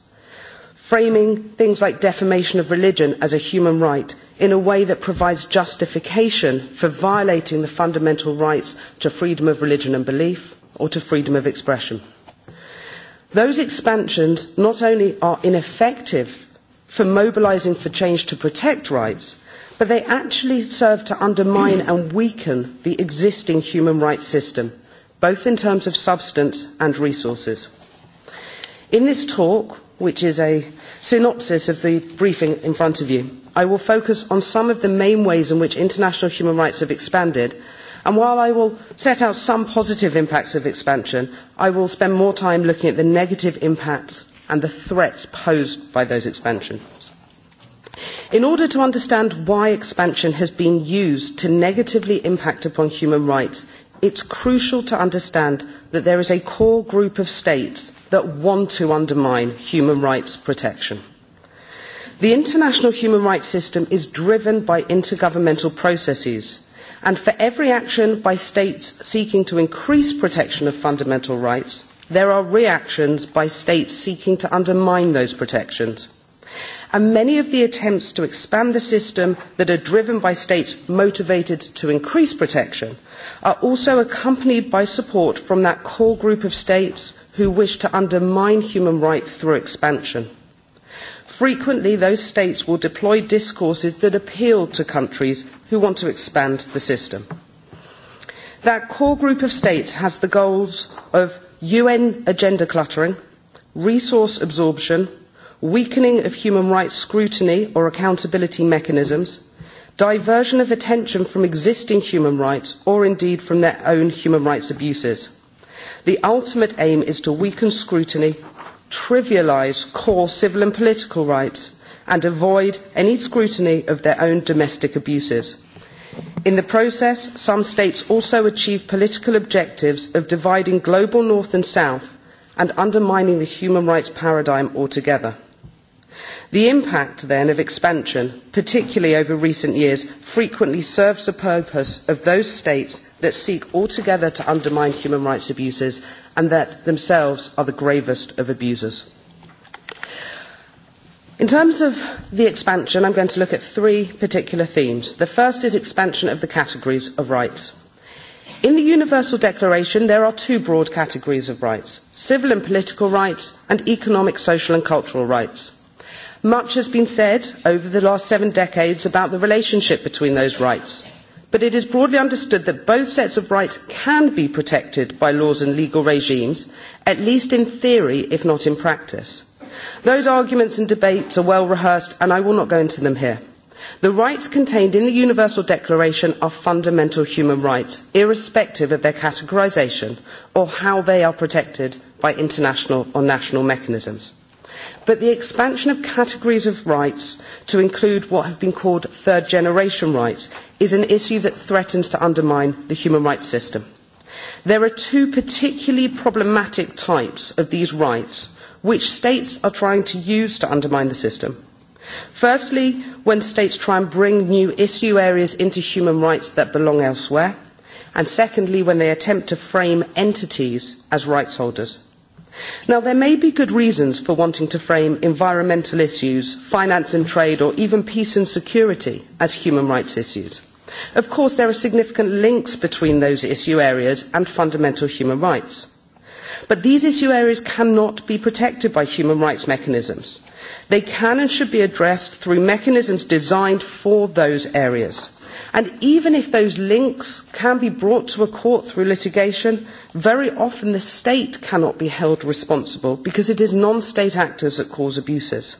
Framing things like defamation of religion as a human right in a way that provides justification for violating the fundamental rights to freedom of religion and belief or to freedom of expression. Those expansions not only are ineffective for mobilising for change to protect rights, but they actually serve to undermine and weaken the existing human rights system, both in terms of substance and resources. In this talk, which is a synopsis of the briefing in front of you, I will focus on some of the main ways in which international human rights have expanded, and while I will set out some positive impacts of expansion, I will spend more time looking at the negative impacts and the threats posed by those expansions. In order to understand why expansion has been used to negatively impact upon human rights, it's crucial to understand that there is a core group of states that want to undermine human rights protection. The international human rights system is driven by intergovernmental processes, and for every action by states seeking to increase protection of fundamental rights, there are reactions by states seeking to undermine those protections. And many of the attempts to expand the system that are driven by states motivated to increase protection are also accompanied by support from that core group of states who wish to undermine human rights through expansion. Frequently, those states will deploy discourses that appeal to countries who want to expand the system. That core group of states has the goals of UN agenda cluttering, resource absorption, weakening of human rights scrutiny or accountability mechanisms, diversion of attention from existing human rights or indeed from their own human rights abuses. The ultimate aim is to weaken scrutiny trivialise core civil and political rights and avoid any scrutiny of their own domestic abuses. In the process, some states also achieve political objectives of dividing global north and south and undermining the human rights paradigm altogether. The impact then of expansion, particularly over recent years, frequently serves the purpose of those states that seek altogether to undermine human rights abuses and that themselves are the gravest of abusers. In terms of the expansion, I'm going to look at three particular themes. The first is expansion of the categories of rights. In the Universal Declaration, there are two broad categories of rights civil and political rights, and economic, social, and cultural rights. Much has been said over the last seven decades about the relationship between those rights, but it is broadly understood that both sets of rights can be protected by laws and legal regimes, at least in theory, if not in practice. Those arguments and debates are well rehearsed, and I will not go into them here. The rights contained in the Universal Declaration are fundamental human rights, irrespective of their categorisation or how they are protected by international or national mechanisms but the expansion of categories of rights to include what have been called third generation rights is an issue that threatens to undermine the human rights system. There are two particularly problematic types of these rights which states are trying to use to undermine the system. Firstly, when states try and bring new issue areas into human rights that belong elsewhere, and secondly, when they attempt to frame entities as rights holders. Now, there may be good reasons for wanting to frame environmental issues, finance and trade, or even peace and security as human rights issues. Of course, there are significant links between those issue areas and fundamental human rights. But these issue areas cannot be protected by human rights mechanisms. They can and should be addressed through mechanisms designed for those areas. And even if those links can be brought to a court through litigation, very often the state cannot be held responsible because it is non-state actors that cause abuses.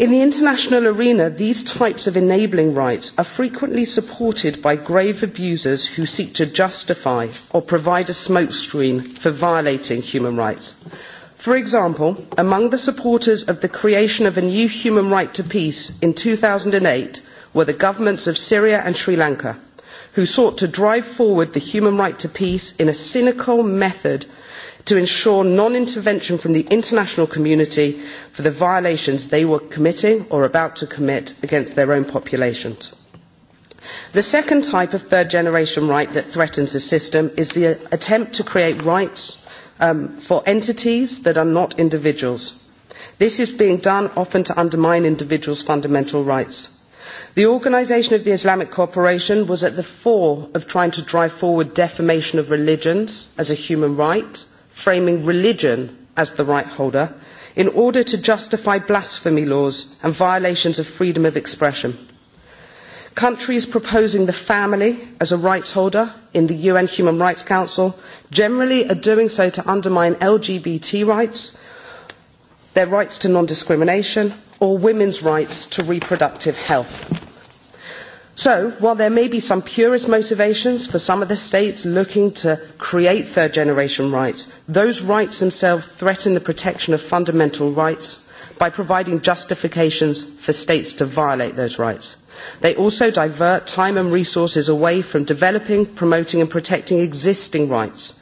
In the international arena, these types of enabling rights are frequently supported by grave abusers who seek to justify or provide a smokescreen for violating human rights. For example, among the supporters of the creation of a new human right to peace in two thousand eight were the governments of Syria and Sri Lanka, who sought to drive forward the human right to peace in a cynical method to ensure non-intervention from the international community for the violations they were committing or about to commit against their own populations. The second type of third generation right that threatens the system is the attempt to create rights um, for entities that are not individuals. This is being done often to undermine individuals' fundamental rights. The Organisation of the Islamic Cooperation was at the fore of trying to drive forward defamation of religions as a human right, framing religion as the right holder, in order to justify blasphemy laws and violations of freedom of expression. Countries proposing the family as a rights holder in the UN Human Rights Council generally are doing so to undermine LGBT rights, their rights to non-discrimination, or women's rights to reproductive health. So, while there may be some purist motivations for some of the states looking to create third generation rights, those rights themselves threaten the protection of fundamental rights by providing justifications for states to violate those rights. They also divert time and resources away from developing, promoting and protecting existing rights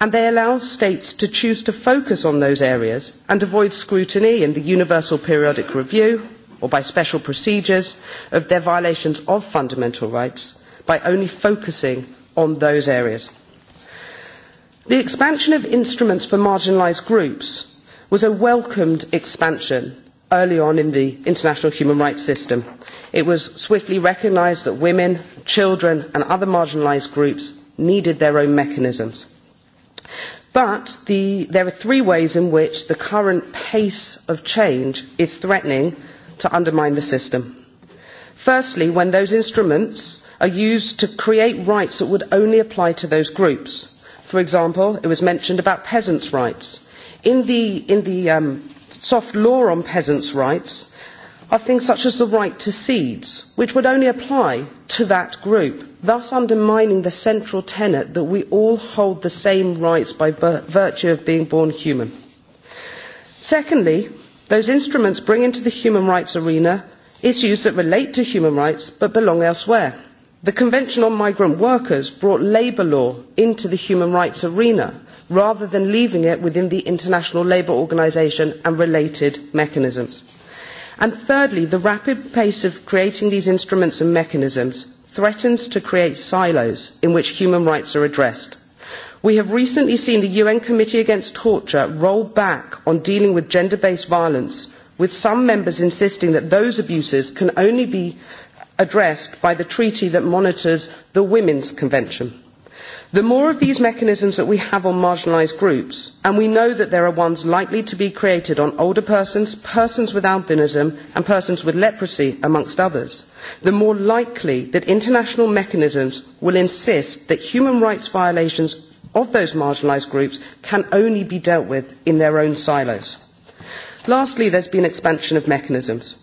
and they allow states to choose to focus on those areas and avoid scrutiny in the Universal Periodic Review or by special procedures of their violations of fundamental rights by only focusing on those areas. The expansion of instruments for marginalised groups was a welcomed expansion early on in the international human rights system. It was swiftly recognised that women, children and other marginalised groups needed their own mechanisms. But the, there are three ways in which the current pace of change is threatening to undermine the system. Firstly, when those instruments are used to create rights that would only apply to those groups. For example, it was mentioned about peasants' rights. In the, in the um, soft law on peasants' rights, are things such as the right to seeds, which would only apply to that group, thus undermining the central tenet that we all hold the same rights by virtue of being born human. Secondly, those instruments bring into the human rights arena issues that relate to human rights but belong elsewhere. The Convention on Migrant Workers brought labour law into the human rights arena rather than leaving it within the International Labour Organization and related mechanisms. And thirdly, the rapid pace of creating these instruments and mechanisms threatens to create silos in which human rights are addressed. We have recently seen the UN Committee Against Torture roll back on dealing with gender-based violence, with some members insisting that those abuses can only be addressed by the treaty that monitors the Women's Convention. The more of these mechanisms that we have on marginalised groups, and we know that there are ones likely to be created on older persons, persons with albinism, and persons with leprosy, amongst others, the more likely that international mechanisms will insist that human rights violations of those marginalised groups can only be dealt with in their own silos. Lastly, there has been expansion of mechanisms.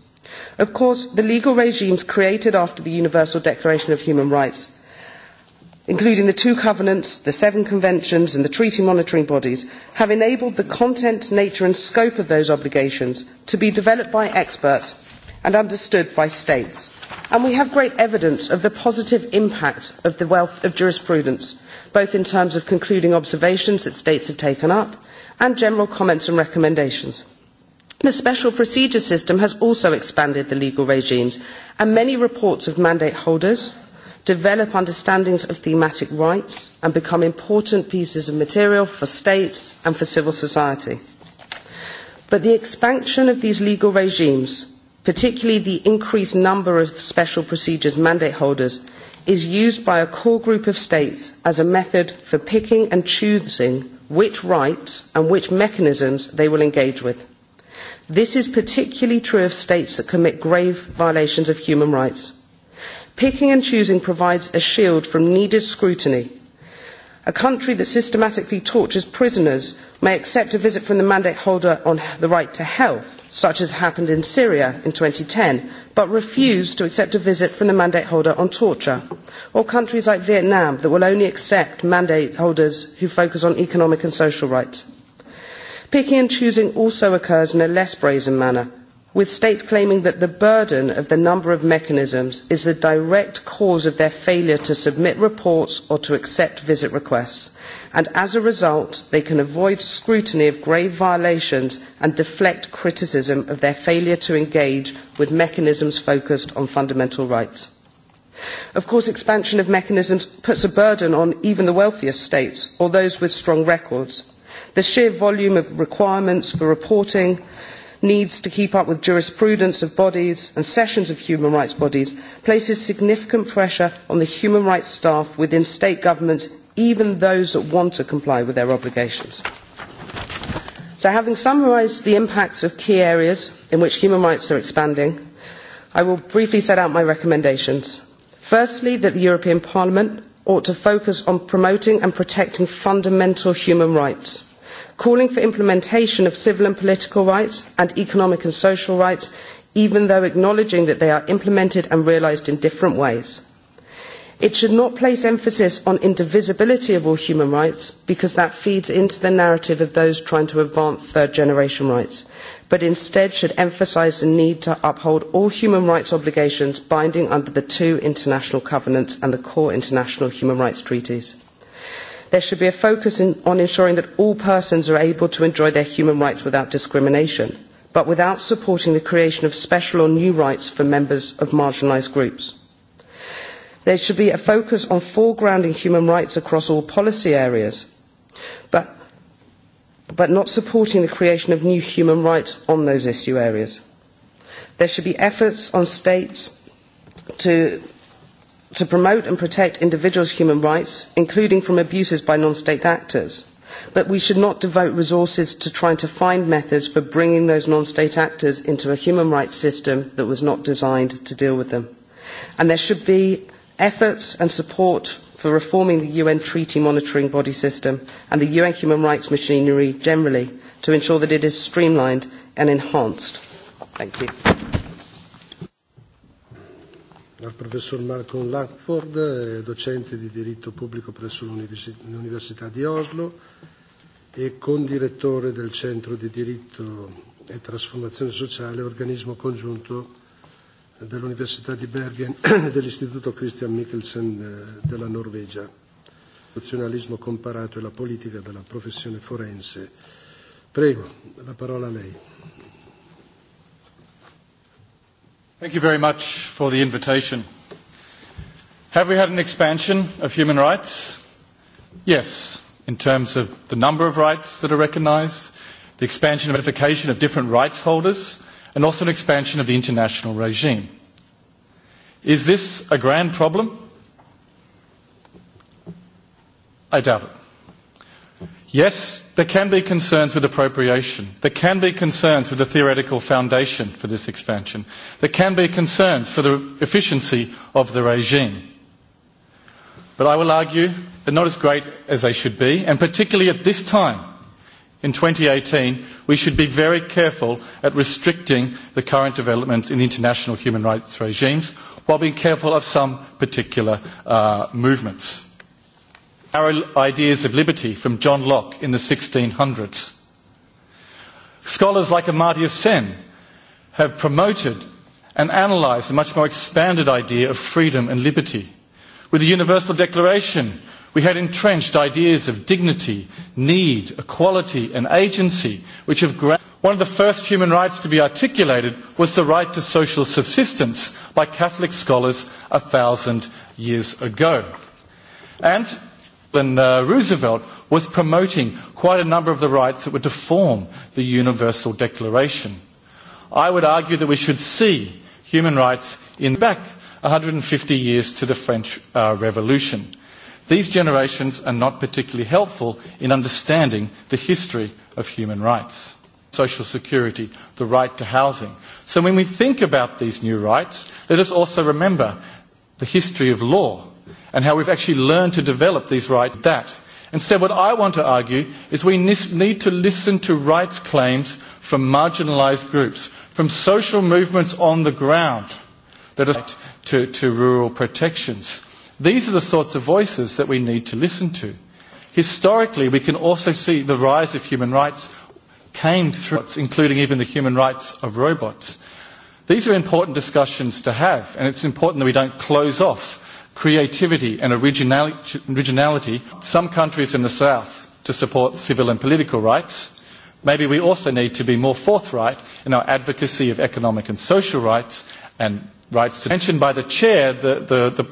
Of course, the legal regimes created after the Universal Declaration of Human Rights including the two covenants, the seven conventions and the treaty monitoring bodies, have enabled the content, nature and scope of those obligations to be developed by experts and understood by states. And we have great evidence of the positive impact of the wealth of jurisprudence, both in terms of concluding observations that states have taken up and general comments and recommendations. The special procedure system has also expanded the legal regimes, and many reports of mandate holders, develop understandings of thematic rights and become important pieces of material for states and for civil society. But the expansion of these legal regimes, particularly the increased number of special procedures mandate holders, is used by a core group of states as a method for picking and choosing which rights and which mechanisms they will engage with. This is particularly true of states that commit grave violations of human rights. Picking and choosing provides a shield from needed scrutiny. A country that systematically tortures prisoners may accept a visit from the mandate holder on the right to health, such as happened in Syria in ten, but refuse to accept a visit from the mandate holder on torture. Or countries like Vietnam that will only accept mandate holders who focus on economic and social rights. Picking and choosing also occurs in a less brazen manner with states claiming that the burden of the number of mechanisms is the direct cause of their failure to submit reports or to accept visit requests, and as a result they can avoid scrutiny of grave violations and deflect criticism of their failure to engage with mechanisms focused on fundamental rights. Of course, expansion of mechanisms puts a burden on even the wealthiest states or those with strong records. The sheer volume of requirements for reporting needs to keep up with jurisprudence of bodies and sessions of human rights bodies places significant pressure on the human rights staff within state governments, even those that want to comply with their obligations. So having summarised the impacts of key areas in which human rights are expanding, I will briefly set out my recommendations. Firstly, that the European Parliament ought to focus on promoting and protecting fundamental human rights calling for implementation of civil and political rights and economic and social rights, even though acknowledging that they are implemented and realised in different ways. It should not place emphasis on indivisibility of all human rights, because that feeds into the narrative of those trying to advance third generation rights, but instead should emphasise the need to uphold all human rights obligations binding under the two international covenants and the core international human rights treaties. There should be a focus in, on ensuring that all persons are able to enjoy their human rights without discrimination, but without supporting the creation of special or new rights for members of marginalised groups. There should be a focus on foregrounding human rights across all policy areas, but, but not supporting the creation of new human rights on those issue areas. There should be efforts on states to to promote and protect individuals' human rights, including from abuses by non-state actors. But we should not devote resources to trying to find methods for bringing those non-state actors into a human rights system that was not designed to deal with them. And there should be efforts and support for reforming the UN treaty monitoring body system and the UN human rights machinery generally to ensure that it is streamlined and enhanced. Thank you al professor Malcolm Lackford, docente di diritto pubblico presso l'Università di Oslo e condirettore del Centro di diritto e trasformazione sociale, organismo congiunto dell'Università di Bergen e dell'Istituto Christian Mikkelsen eh, della Norvegia, nazionalismo comparato e la politica della professione forense. Prego, la parola a lei. Thank you very much for the invitation. Have we had an expansion of human rights? Yes, in terms of the number of rights that are recognised, the expansion of ratification of different rights holders, and also an expansion of the international regime. Is this a grand problem? I doubt it. Yes, there can be concerns with appropriation. There can be concerns with the theoretical foundation for this expansion. There can be concerns for the efficiency of the regime. But I will argue they're not as great as they should be, and particularly at this time, in 2018, we should be very careful at restricting the current developments in international human rights regimes while being careful of some particular uh, movements. Our ideas of liberty from John Locke in the 1600s. Scholars like Amartya Sen have promoted and analysed a much more expanded idea of freedom and liberty. With the Universal Declaration, we had entrenched ideas of dignity, need, equality and agency, which have one of the first human rights to be articulated was the right to social subsistence by Catholic scholars a thousand years ago. And Franklin uh, Roosevelt was promoting quite a number of the rights that were to form the Universal Declaration. I would argue that we should see human rights in back 150 years to the French uh, Revolution. These generations are not particularly helpful in understanding the history of human rights. Social security, the right to housing. So when we think about these new rights, let us also remember the history of law and how we've actually learned to develop these rights that. Instead, what I want to argue is we need to listen to rights claims from marginalised groups, from social movements on the ground that are to, to rural protections. These are the sorts of voices that we need to listen to. Historically, we can also see the rise of human rights came through, including even the human rights of robots. These are important discussions to have, and it's important that we don't close off creativity and originality. Some countries in the South to support civil and political rights. Maybe we also need to be more forthright in our advocacy of economic and social rights and rights to mention by the chair the, the, the,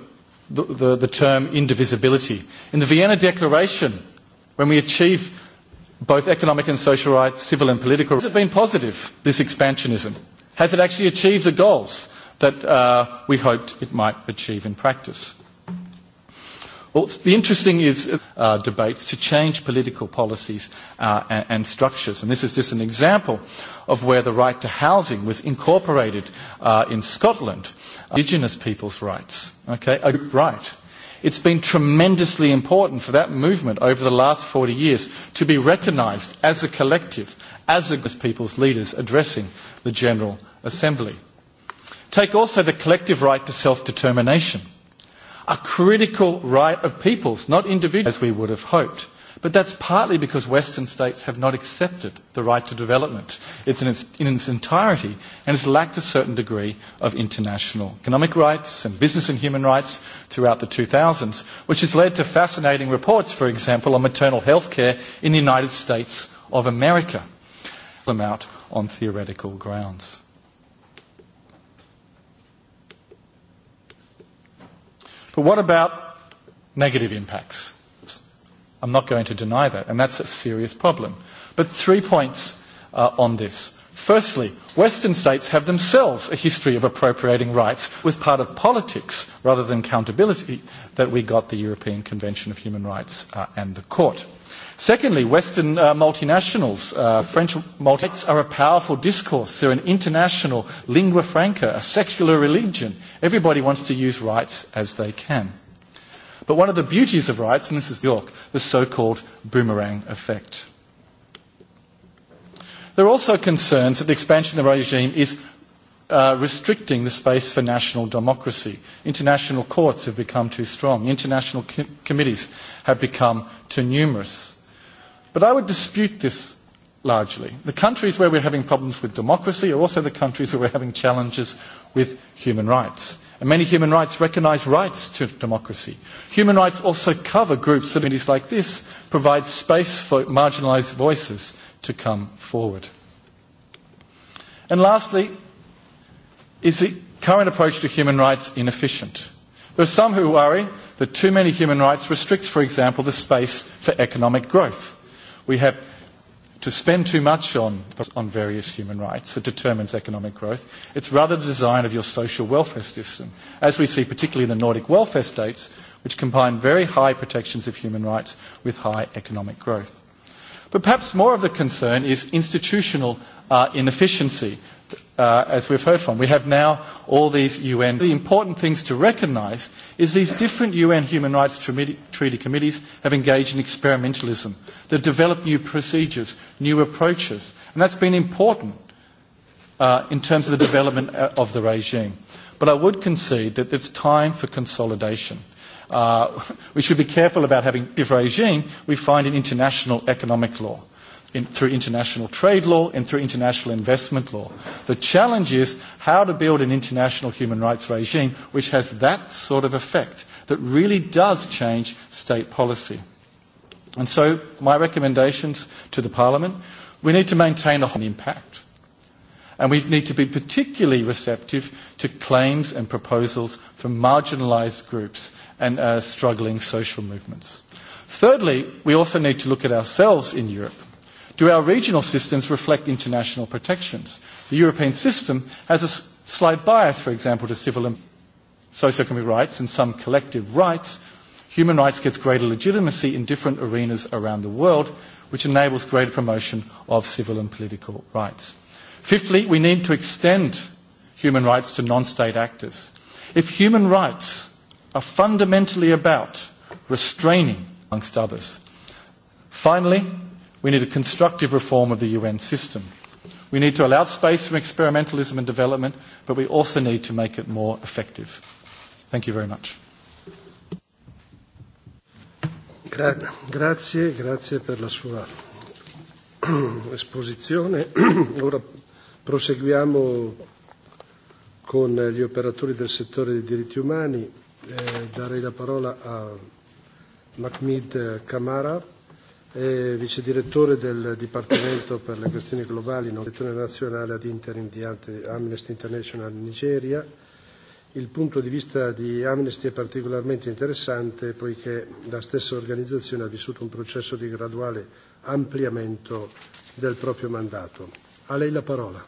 the, the, the term indivisibility. In the Vienna Declaration, when we achieve both economic and social rights, civil and political, has it been positive, this expansionism? Has it actually achieved the goals? that uh, we hoped it might achieve in practice. Well, the interesting is uh, debates to change political policies uh, and, and structures. And this is just an example of where the right to housing was incorporated uh, in Scotland, uh, indigenous people's rights, okay, a right. It's been tremendously important for that movement over the last 40 years to be recognised as a collective, as a people's leaders addressing the General Assembly. Take also the collective right to self-determination, a critical right of peoples, not individuals, as we would have hoped. But that's partly because Western states have not accepted the right to development it's in, its, in its entirety and has lacked a certain degree of international economic rights and business and human rights throughout the 2000s, which has led to fascinating reports, for example, on maternal health care in the United States of America, out on theoretical grounds. But what about negative impacts? I'm not going to deny that, and that's a serious problem. But three points uh, on this. Firstly, Western states have themselves a history of appropriating rights. It was part of politics rather than accountability that we got the European Convention of Human Rights uh, and the Court. Secondly, Western uh, multinationals, uh, French multinationals are a powerful discourse. They're an international lingua franca, a secular religion. Everybody wants to use rights as they can. But one of the beauties of rights, and this is York, the so-called boomerang effect. There are also concerns that the expansion of the regime is uh, restricting the space for national democracy. International courts have become too strong. International co committees have become too numerous. But I would dispute this largely. The countries where we're having problems with democracy are also the countries where we're having challenges with human rights. And many human rights recognise rights to democracy. Human rights also cover groups that communities like this provide space for marginalised voices to come forward. And lastly, is the current approach to human rights inefficient? There are some who worry that too many human rights restricts, for example, the space for economic growth We have to spend too much on, on various human rights that determines economic growth. It's rather the design of your social welfare system, as we see particularly in the Nordic welfare states, which combine very high protections of human rights with high economic growth. But perhaps more of the concern is institutional uh, inefficiency uh, as we've heard from. We have now all these UN. The important things to recognise is these different UN human rights treaty committees have engaged in experimentalism. They've developed new procedures, new approaches, and that's been important uh, in terms of the development uh, of the regime. But I would concede that it's time for consolidation. Uh, we should be careful about having, if regime, we find in international economic law in, through international trade law and through international investment law. The challenge is how to build an international human rights regime which has that sort of effect that really does change state policy. And so my recommendations to the Parliament, we need to maintain a impact. And we need to be particularly receptive to claims and proposals from marginalised groups and uh, struggling social movements. Thirdly, we also need to look at ourselves in Europe Do our regional systems reflect international protections? The European system has a slight bias, for example, to civil and socioeconomic rights and some collective rights. Human rights gets greater legitimacy in different arenas around the world, which enables greater promotion of civil and political rights. Fifthly, we need to extend human rights to non-state actors. If human rights are fundamentally about restraining, amongst others. Finally, We need a constructive reform of the UN system. We need to allow space for experimentalism and development, but we also need to make it more effective. Thank you very much. Gra grazie, grazie per la sua esposizione. Ora proseguiamo con gli operatori del settore dei diritti umani. Eh, darei la parola a Mahmoud Kamara e vice direttore del Dipartimento per le questioni globali non direzione nazionale ad interim di Amnesty International in Nigeria. Il punto di vista di Amnesty è particolarmente interessante poiché la stessa organizzazione ha vissuto un processo di graduale ampliamento del proprio mandato. A lei la parola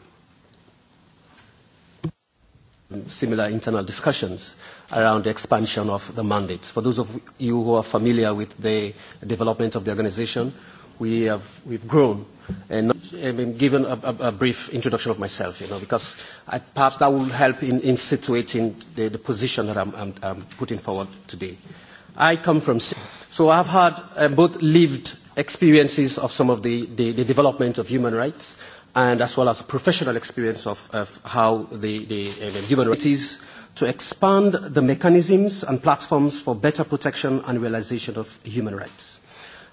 similar internal discussions around the expansion of the mandates. For those of you who are familiar with the development of the organization, we have we've grown. And I've been given a, a, a brief introduction of myself, you know, because I, perhaps that will help in, in situating the, the position that I'm, I'm, I'm putting forward today. I come from, so I've had uh, both lived experiences of some of the, the, the development of human rights and as well as a professional experience of, of how the, the uh, human rights is to expand the mechanisms and platforms for better protection and realization of human rights.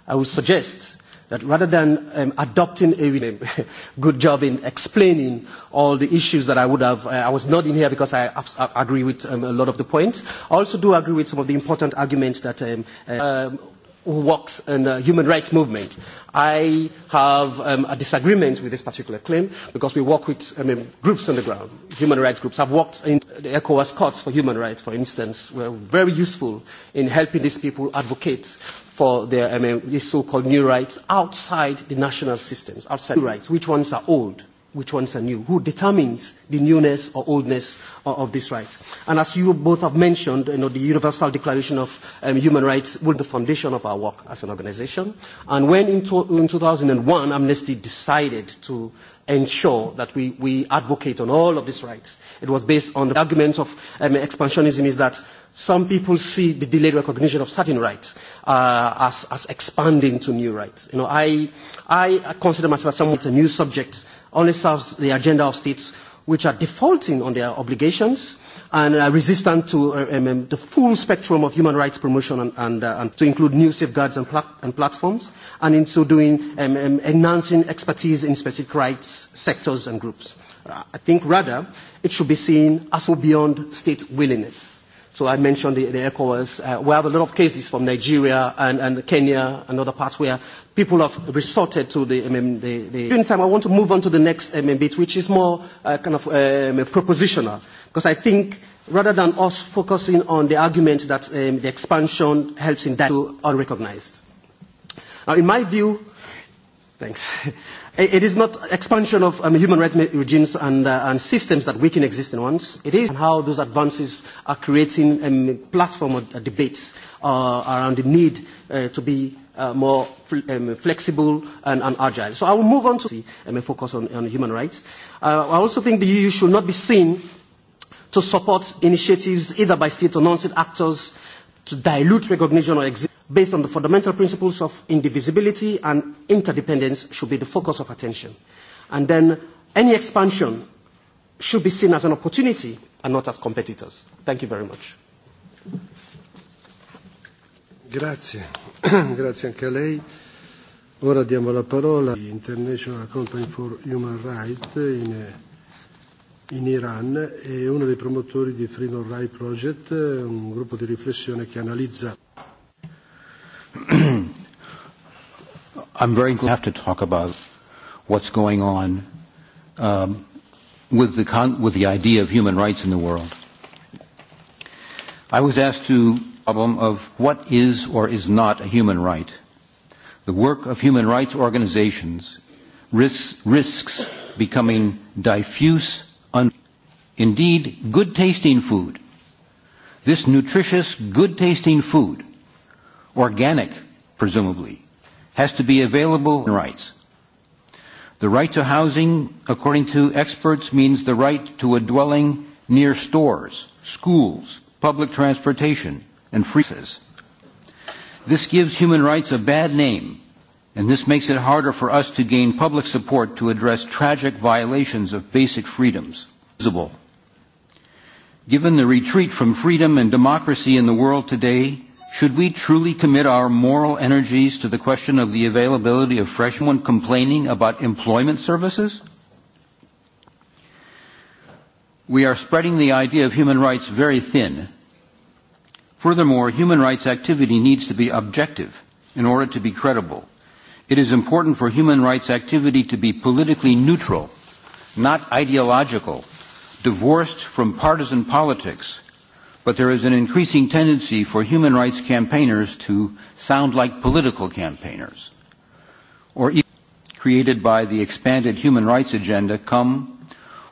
I would suggest that rather than um, adopting a good job in explaining all the issues that I would have, uh, I was not in here because I, I agree with um, a lot of the points. I also do agree with some of the important arguments that um, uh, um, who works in the human rights movement. I have um, a disagreement with this particular claim because we work with I mean, groups on the ground, human rights groups. I've worked in the ECOWAS courts for human rights, for instance, were very useful in helping these people advocate for their, I mean, these so-called new rights outside the national systems, outside new rights, which ones are old which ones are new, who determines the newness or oldness of, of these rights. And as you both have mentioned, you know, the Universal Declaration of um, Human Rights was the foundation of our work as an organization. And when in, to, in 2001 Amnesty decided to ensure that we, we advocate on all of these rights. It was based on the argument of um, expansionism is that some people see the delayed recognition of certain rights uh, as, as expanding to new rights. You know, I, I consider myself as somewhat a new subject only serves the agenda of states which are defaulting on their obligations and are resistant to uh, um, um, the full spectrum of human rights promotion and, and, uh, and to include new safeguards and, plat and platforms, and in so doing, um, um, enhancing expertise in specific rights sectors and groups. Uh, I think rather it should be seen as beyond state willingness. So I mentioned the, the ECOWAS. Uh, we have a lot of cases from Nigeria and, and Kenya and other parts where people have resorted to the, I mean, the, the... During time, I want to move on to the next I mean, bit, which is more uh, kind of um, propositional, because I think rather than us focusing on the argument that um, the expansion helps in that to unrecognized. Now, in my view, thanks, It is not expansion of um, human rights regimes and, uh, and systems that weaken existing ones. It is how those advances are creating a um, platform of uh, debates uh, around the need uh, to be uh, more fl um, flexible and, and agile. So I will move on to um, a focus on, on human rights. Uh, I also think the EU should not be seen to support initiatives either by state or non-state actors to dilute recognition or exist based on the fundamental principles of indivisibility and interdependence should be the focus of attention. And then any expansion should be seen as an opportunity and not as competitors. Thank you very much. Grazie. Grazie anche a lei. Ora diamo la parola all'International Company for Human Rights in, in Iran e uno dei promotori di Freedom Rights Project, un gruppo di riflessione che analizza I'm very glad to talk about what's going on um, with, the con with the idea of human rights in the world. I was asked to problem um, of what is or is not a human right. The work of human rights organizations risks, risks becoming diffuse, un indeed good-tasting food. This nutritious, good-tasting food, organic, presumably, has to be available rights. The right to housing, according to experts, means the right to a dwelling near stores, schools, public transportation, and freezes. This gives human rights a bad name, and this makes it harder for us to gain public support to address tragic violations of basic freedoms. Given the retreat from freedom and democracy in the world today, Should we truly commit our moral energies to the question of the availability of freshmen complaining about employment services? We are spreading the idea of human rights very thin. Furthermore, human rights activity needs to be objective in order to be credible. It is important for human rights activity to be politically neutral, not ideological, divorced from partisan politics, but there is an increasing tendency for human rights campaigners to sound like political campaigners, or even created by the expanded human rights agenda come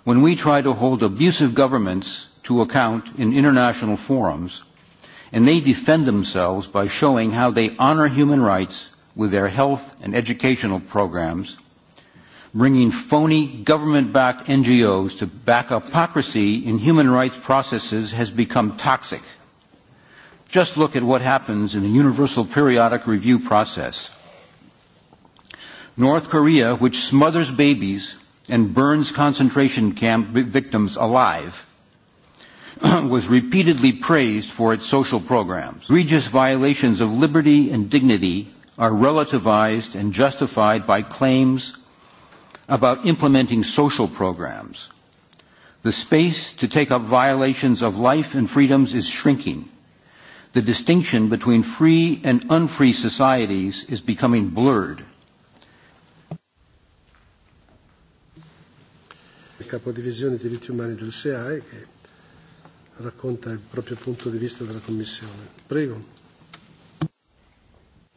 when we try to hold abusive governments to account in international forums, and they defend themselves by showing how they honor human rights with their health and educational programs – bringing phony government-backed NGOs to back hypocrisy in human rights processes has become toxic. Just look at what happens in the Universal Periodic Review process. North Korea, which smothers babies and burns concentration camp victims alive, was repeatedly praised for its social programs. Egregious violations of liberty and dignity are relativized and justified by claims about implementing social programs. The space to take up violations of life and freedoms is shrinking. The distinction between free and unfree societies is becoming blurred. Il capodivisione diritti umani del SEAE che racconta il proprio punto di vista della Commissione. Prego.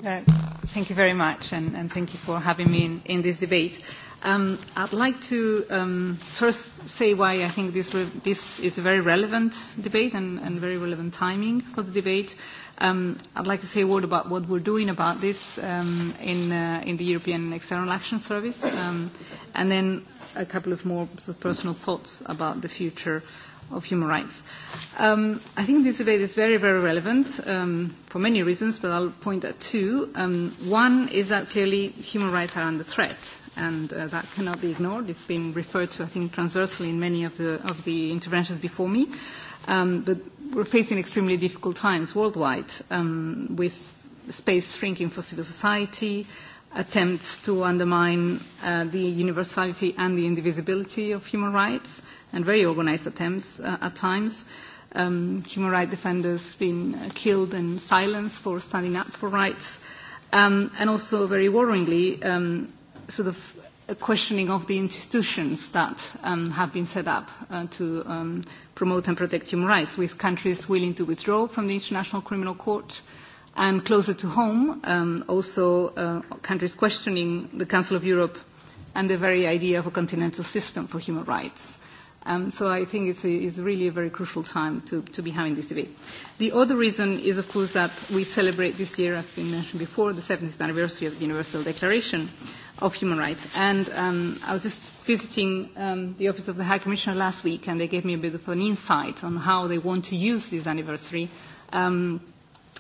Uh, thank you very much and, and thank you for having me in, in this debate. Um, I'd like to um, first say why I think this, re this is a very relevant debate and, and very relevant timing for the debate. Um, I'd like to say a word about what we're doing about this um, in, uh, in the European External Action Service, um, and then a couple of more sort of personal thoughts about the future of human rights. Um, I think this debate is very, very relevant um, for many reasons, but I'll point at two. Um, one is that clearly human rights are under threat and uh, that cannot be ignored. It's been referred to, I think, transversely in many of the, of the interventions before me. Um, but we're facing extremely difficult times worldwide um, with space shrinking for civil society, attempts to undermine uh, the universality and the indivisibility of human rights, and very organized attempts uh, at times. Um, human rights defenders being uh, killed and silenced for standing up for rights. Um, and also, very worryingly, um, sort of a questioning of the institutions that um, have been set up uh, to um, promote and protect human rights, with countries willing to withdraw from the International Criminal Court, and closer to home, um, also uh, countries questioning the Council of Europe and the very idea of a continental system for human rights. Um, so I think it's, a, it's really a very crucial time to, to be having this debate. The other reason is, of course, that we celebrate this year, as been mentioned before, the 70th anniversary of the Universal Declaration of Human Rights. And um, I was just visiting um, the Office of the High Commissioner last week, and they gave me a bit of an insight on how they want to use this anniversary. Um,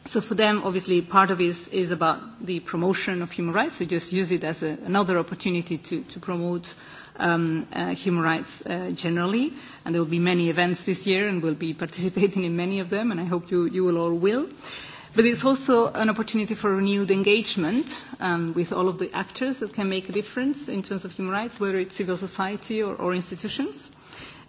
so for them, obviously, part of it is, is about the promotion of human rights, so just use it as a, another opportunity to, to promote um, uh, human rights uh, generally. And there will be many events this year, and we'll be participating in many of them, and I hope you, you will all will. But it's also an opportunity for renewed engagement um, with all of the actors that can make a difference in terms of human rights, whether it's civil society or, or institutions.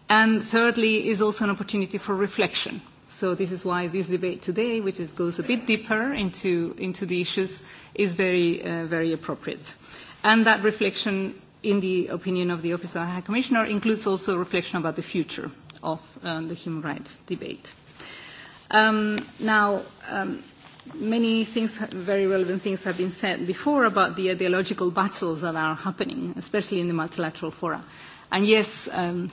And thirdly, is also an opportunity for reflection. So this is why this debate today, which is, goes a bit deeper into, into the issues, is very, uh, very appropriate. And that reflection in the opinion of the Office of the High Commissioner, includes also a reflection about the future of um, the human rights debate. Um, now, um, many things, very relevant things have been said before about the ideological battles that are happening, especially in the multilateral fora. And yes, um,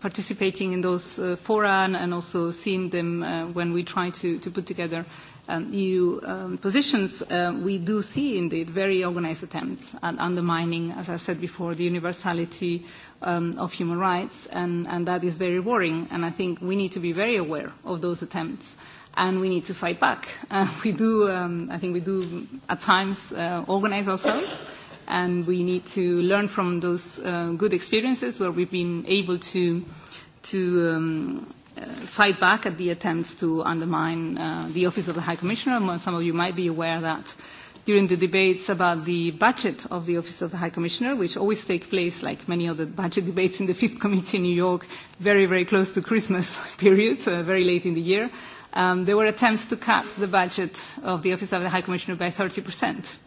participating in those uh, fora and, and also seeing them uh, when we try to, to put together um, EU um, positions, uh, we do see indeed very organized attempts at undermining, as I said before, the universality um, of human rights, and, and that is very worrying. And I think we need to be very aware of those attempts and we need to fight back. Uh, we do, um, I think we do at times uh, organize ourselves and we need to learn from those uh, good experiences where we've been able to, to um, uh fight back at the attempts to undermine uh, the office of the High Commissioner. Some of you might be aware that during the debates about the budget of the Office of the High Commissioner, which always take place, like many other budget debates in the Fifth Committee in New York, very, very close to Christmas period, uh, very late in the year, um, there were attempts to cut the budget of the Office of the High Commissioner by 30 percent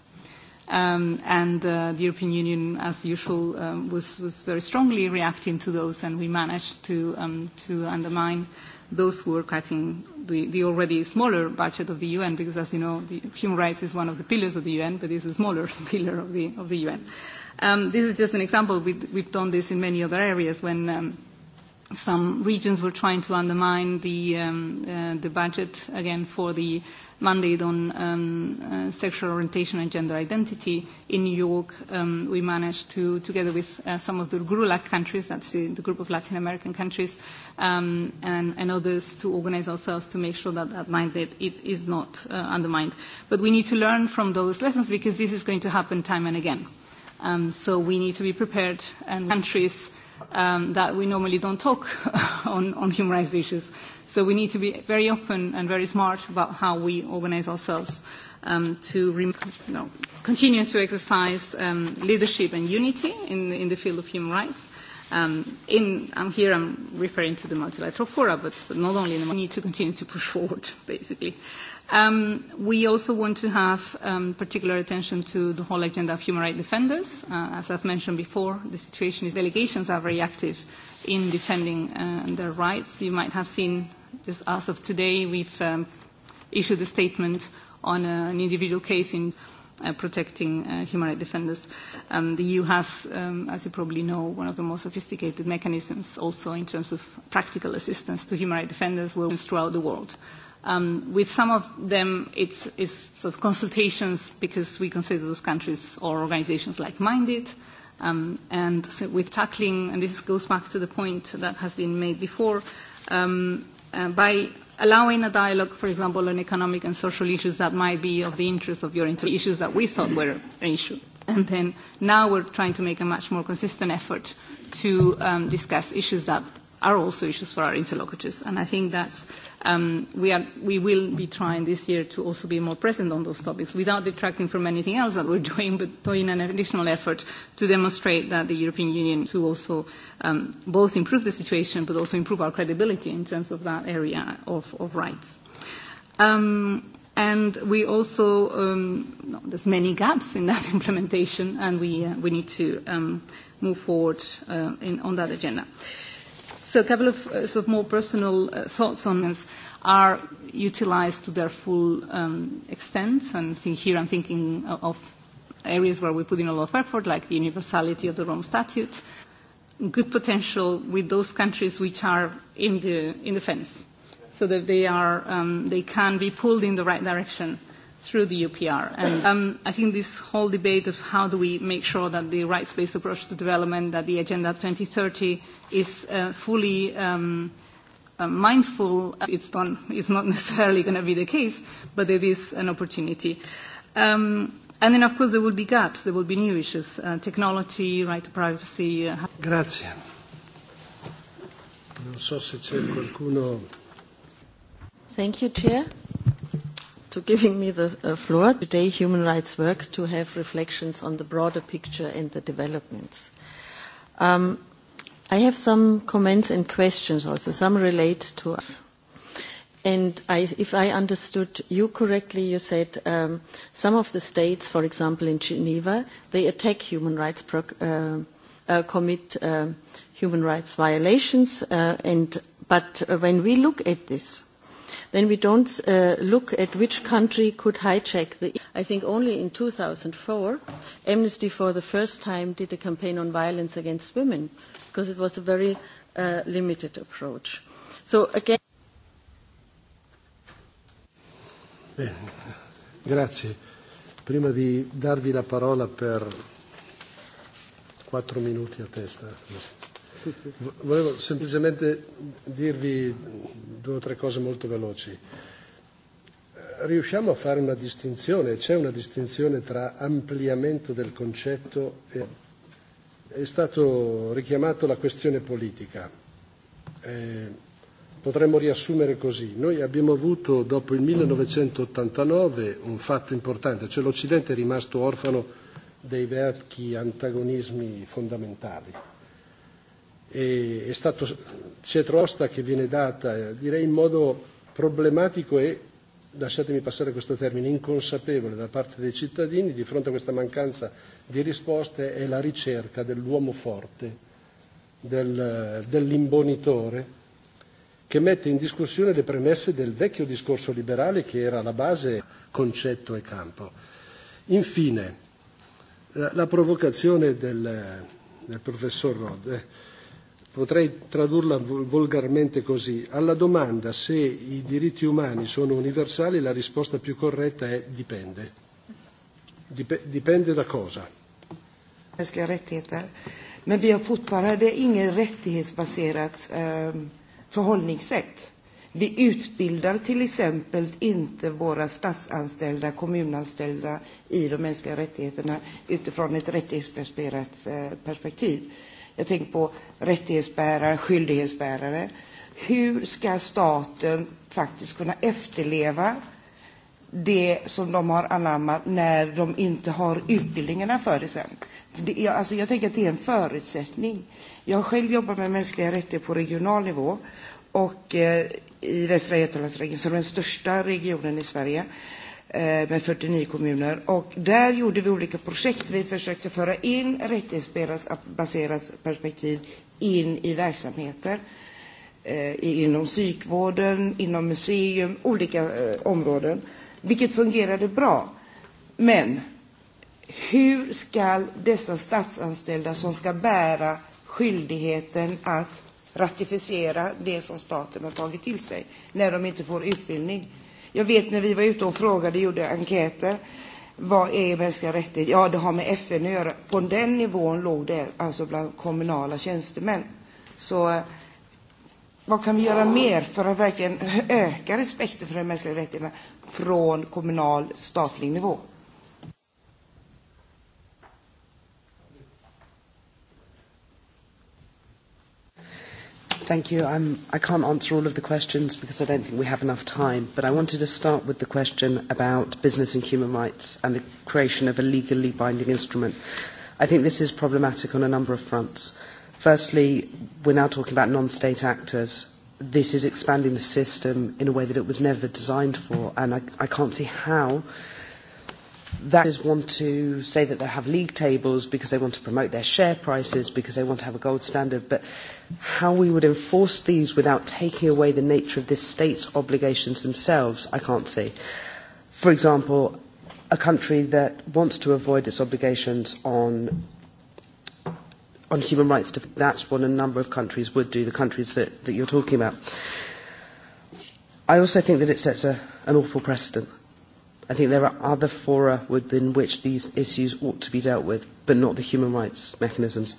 Um, and uh, the European Union, as usual, um, was, was very strongly reacting to those, and we managed to, um, to undermine those who were cutting the, the already smaller budget of the UN, because as you know, the human rights is one of the pillars of the UN, but it's a smaller pillar of the, of the UN. Um, this is just an example. We've we've done this in many other areas when um, some regions were trying to undermine the, um, uh, the budget, again, for the mandate on um, uh, sexual orientation and gender identity. In New York, um, we managed to, together with uh, some of the GRULAC countries, that's the, the group of Latin American countries, um, and, and others to organize ourselves to make sure that that mandate it is not uh, undermined. But we need to learn from those lessons because this is going to happen time and again. Um, so we need to be prepared and countries um, that we normally don't talk on, on human rights issues So we need to be very open and very smart about how we organize ourselves um, to you know, continue to exercise um, leadership and unity in, in the field of human rights. Um, in, I'm here I'm referring to the multilateral fora, but, but not only in the We need to continue to push forward, basically. Um, we also want to have um, particular attention to the whole agenda of human rights defenders. Uh, as I've mentioned before, the situation is delegations are very active in defending uh, their rights. You might have seen just as of today, we've um, issued a statement on uh, an individual case in uh, protecting uh, human rights defenders. Um, the EU has, um, as you probably know, one of the most sophisticated mechanisms also in terms of practical assistance to human rights defenders throughout the world. Um, with some of them, it's, it's sort of consultations because we consider those countries or organizations like-minded. Um, and so with tackling, and this goes back to the point that has been made before, um, uh, by allowing a dialogue, for example, on economic and social issues that might be of the interest of your inter issues that we thought were an issue. And then now we're trying to make a much more consistent effort to um, discuss issues that are also issues for our interlocutors. And I think that's, um, we, are, we will be trying this year to also be more present on those topics without detracting from anything else that we're doing, but doing an additional effort to demonstrate that the European Union to also um, both improve the situation but also improve our credibility in terms of that area of, of rights. Um, and we also, um, no, there's many gaps in that implementation and we, uh, we need to um, move forward uh, in, on that agenda. Uh, So a couple of uh, sort of more personal uh, thoughts on this are utilized to their full um, extent. And think here I'm thinking of areas where we put in a lot of effort, like the universality of the Rome Statute, good potential with those countries which are in the, in the fence, so that they, are, um, they can be pulled in the right direction through the UPR. And um, I think this whole debate of how do we make sure that the rights-based approach to development, that the Agenda 2030 is uh, fully um, uh, mindful, it's not, it's not necessarily going to be the case, but it is an opportunity. Um, and then, of course, there will be gaps, there will be new issues, uh, technology, right to privacy. Uh, Grazie. Non so se c'è qualcuno... Thank you, Chair to giving me the uh, floor. Today, human rights work to have reflections on the broader picture and the developments. Um, I have some comments and questions also. Some relate to us. And I, if I understood you correctly, you said um, some of the states, for example in Geneva, they attack human rights, pro uh, uh, commit uh, human rights violations, uh, and, but uh, when we look at this, then we don't uh, look at which country could hijack the... I think only in 2004, Amnesty for the first time did a campaign on violence against women, because it was a very uh, limited approach. So again... Bene. Grazie. Prima di darvi la parola per quattro minuti a testa. Volevo semplicemente dirvi due o tre cose molto veloci. Riusciamo a fare una distinzione, c'è una distinzione tra ampliamento del concetto e è stato richiamato la questione politica. Eh, potremmo riassumere così. Noi abbiamo avuto dopo il 1989 un fatto importante, cioè l'Occidente è rimasto orfano dei vecchi antagonismi fondamentali e è stato, c'è che viene data, direi in modo problematico e, lasciatemi passare questo termine, inconsapevole da parte dei cittadini di fronte a questa mancanza di risposte è la ricerca dell'uomo forte, del, dell'imbonitore, che mette in discussione le premesse del vecchio discorso liberale che era la base concetto e campo. Infine, la, la provocazione del, del professor Rod. Eh, potrei tradurla volgarmente così, alla domanda se i diritti umani sono universali la risposta più corretta è dipende. Dip- dipende da cosa? Mänskliga rättigheter. Men vi har fortfarande ingen rättighetsbaserat eh, förhållningssätt. Vi utbildar till exempel inte våra statsanställda, kommunanställda i de mänskliga rättigheterna utifrån ett rättighetsbaserat eh, perspektiv. Jag tänker på rättighetsbärare, skyldighetsbärare. Hur ska staten faktiskt kunna efterleva det som de har anammat när de inte har utbildningarna för det sen. Det, jag, alltså, jag tänker att det är en förutsättning. Jag har själv jobbat med mänskliga rättigheter på regional nivå och eh, i Västra Götalandsregionen, som är den största regionen i Sverige. Eh, med 49 kommuner och där gjorde vi olika projekt. Vi försökte föra in rättighetsbaserat perspektiv in i verksamheter eh, inom psykvården, inom museum, olika eh, områden, vilket fungerade bra. Men hur ska dessa statsanställda som ska bära skyldigheten att ratificera det som staten har tagit till sig när de inte får utbildning? Jag vet när vi var ute och frågade, gjorde enkäter, vad är mänskliga rättigheter? Ja, det har med FN att göra. På den nivån låg det alltså bland kommunala tjänstemän. Så eh, vad kan vi göra mer för att verkligen öka respekten för de mänskliga rättigheterna från kommunal, statlig nivå? Thank you. I'm, I can't answer all of the questions because I don't think we have enough time, but I wanted to start with the question about business and human rights and the creation of a legally binding instrument. I think this is problematic on a number of fronts. Firstly, we're now talking about non-state actors. This is expanding the system in a way that it was never designed for, and I, I can't see how that is want to say that they have league tables because they want to promote their share prices, because they want to have a gold standard, but how we would enforce these without taking away the nature of this state's obligations themselves, I can't see. For example, a country that wants to avoid its obligations on on human rights, that's what a number of countries would do, the countries that, that you're talking about. I also think that it sets a, an awful precedent I think there are other fora within which these issues ought to be dealt with, but not the human rights mechanisms.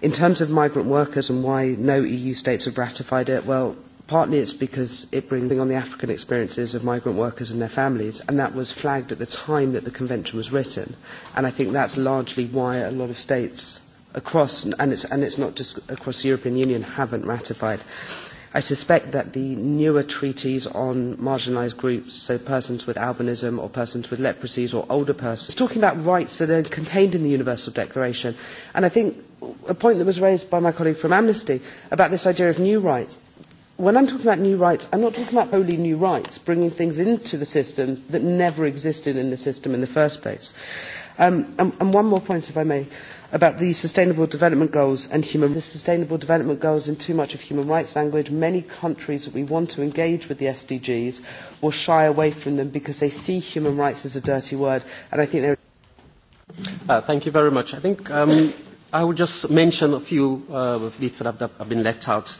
In terms of migrant workers and why no EU states have ratified it, well, partly it's because it brings on the African experiences of migrant workers and their families, and that was flagged at the time that the convention was written. And I think that's largely why a lot of states across, and it's, and it's not just across the European Union, haven't ratified. I suspect that the newer treaties on marginalised groups, so persons with albinism or persons with leprosies or older persons, it's talking about rights that are contained in the Universal Declaration. And I think a point that was raised by my colleague from Amnesty about this idea of new rights. When I'm talking about new rights, I'm not talking about wholly new rights, bringing things into the system that never existed in the system in the first place. Um, and, and one more point, if I may about the Sustainable Development Goals and human the Sustainable Development Goals in too much of human rights language. Many countries that we want to engage with the SDGs will shy away from them because they see human rights as a dirty word. And I think there. Uh, thank you very much. I think um, I would just mention a few uh, bits that have, that have been left out.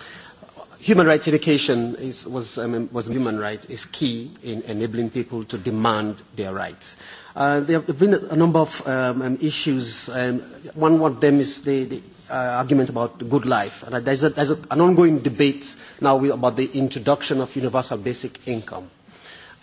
Human rights education is, was, um, was human right is key in enabling people to demand their rights. Uh, there have been a number of um, um, issues. Um, one of them is the, the uh, argument about the good life. And uh, there's, a, there's a, an ongoing debate now about the introduction of universal basic income.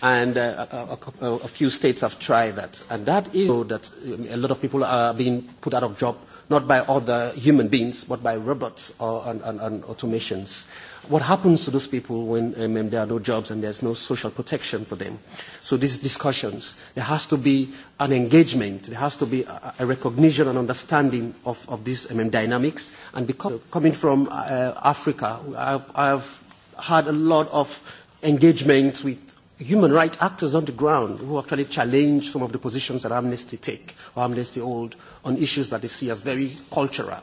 And uh, a, a, a few states have tried that. And that is so that um, a lot of people are being put out of job, not by other human beings, but by robots or, and, and, and automations what happens to those people when um, um, there are no jobs and there's no social protection for them. So these discussions, there has to be an engagement, there has to be a, a recognition and understanding of, of these um, dynamics. And because, coming from uh, Africa, I've, I've had a lot of engagement with human rights actors on the ground who actually challenge some of the positions that Amnesty take or Amnesty hold on issues that they see as very cultural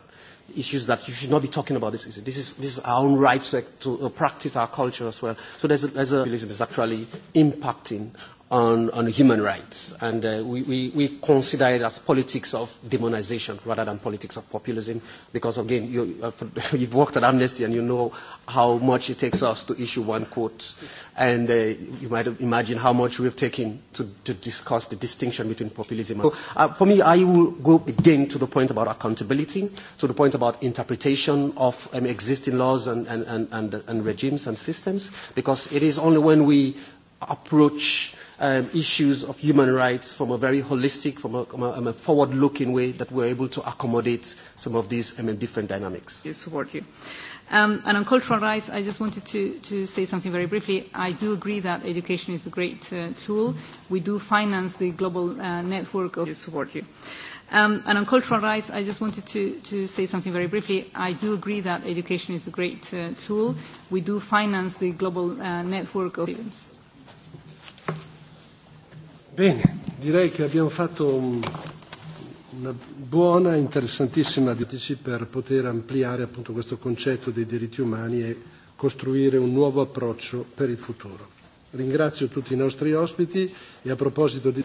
issues that you should not be talking about this issue. This is, this is our own right to, to uh, practice our culture as well. So there's a, there's a is actually impacting on, on human rights. And uh, we, we, we consider it as politics of demonization rather than politics of populism because, again, you, uh, you've worked at Amnesty and you know how much it takes us to issue one quote. And uh, you might imagine how much we've taken to, to discuss the distinction between populism. So, uh, for me, I will go again to the point about accountability, to the point about interpretation of um, existing laws and, and, and, and, and regimes and systems, because it is only when we approach um, issues of human rights from a very holistic, from a, from a, from a forward-looking way that we're able to accommodate some of these mean, different dynamics. Yes, support you. Um, and on cultural rights, I just wanted to, to say something very briefly. I do agree that education is a great uh, tool. We do finance the global uh, network of... Yes, support you. Um, and on cultural rights, I just wanted to, to say something very briefly. I do agree that education is a great uh, tool. We do finance the global uh, network of... Students. Bene, direi che abbiamo fatto una buona, interessantissima dici per poter ampliare appunto questo concetto dei diritti umani e costruire un nuovo approccio per il futuro. Ringrazio tutti i nostri ospiti e a proposito di...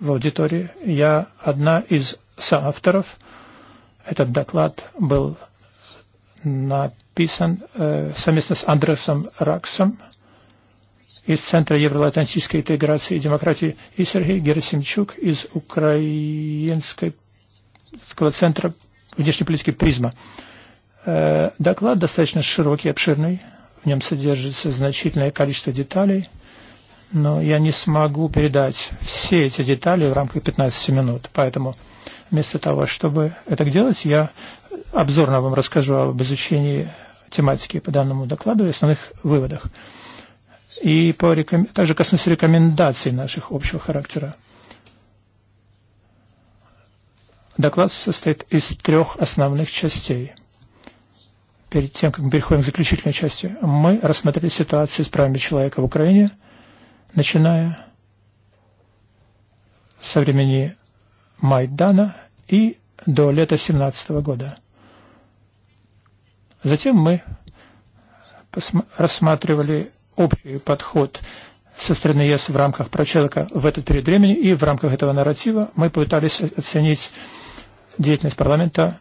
в аудитории. Я одна из соавторов. Этот доклад был написан э, совместно с Андресом Раксом из Центра Евролатантической интеграции и демократии и Сергей Герасимчук из Украинского центра внешней политики «Призма». Э, доклад достаточно широкий, обширный. В нем содержится значительное количество деталей – но я не смогу передать все эти детали в рамках 15 минут. Поэтому вместо того, чтобы это делать, я обзорно вам расскажу об изучении тематики по данному докладу и основных выводах. И по реком... также коснусь рекомендаций наших общего характера. Доклад состоит из трех основных частей. Перед тем, как мы переходим к заключительной части, мы рассмотрели ситуацию с правами человека в Украине – начиная со времени Майдана и до лета 17 -го года. Затем мы рассматривали общий подход со стороны ЕС в рамках прочелка в этот период времени, и в рамках этого нарратива мы пытались оценить деятельность парламента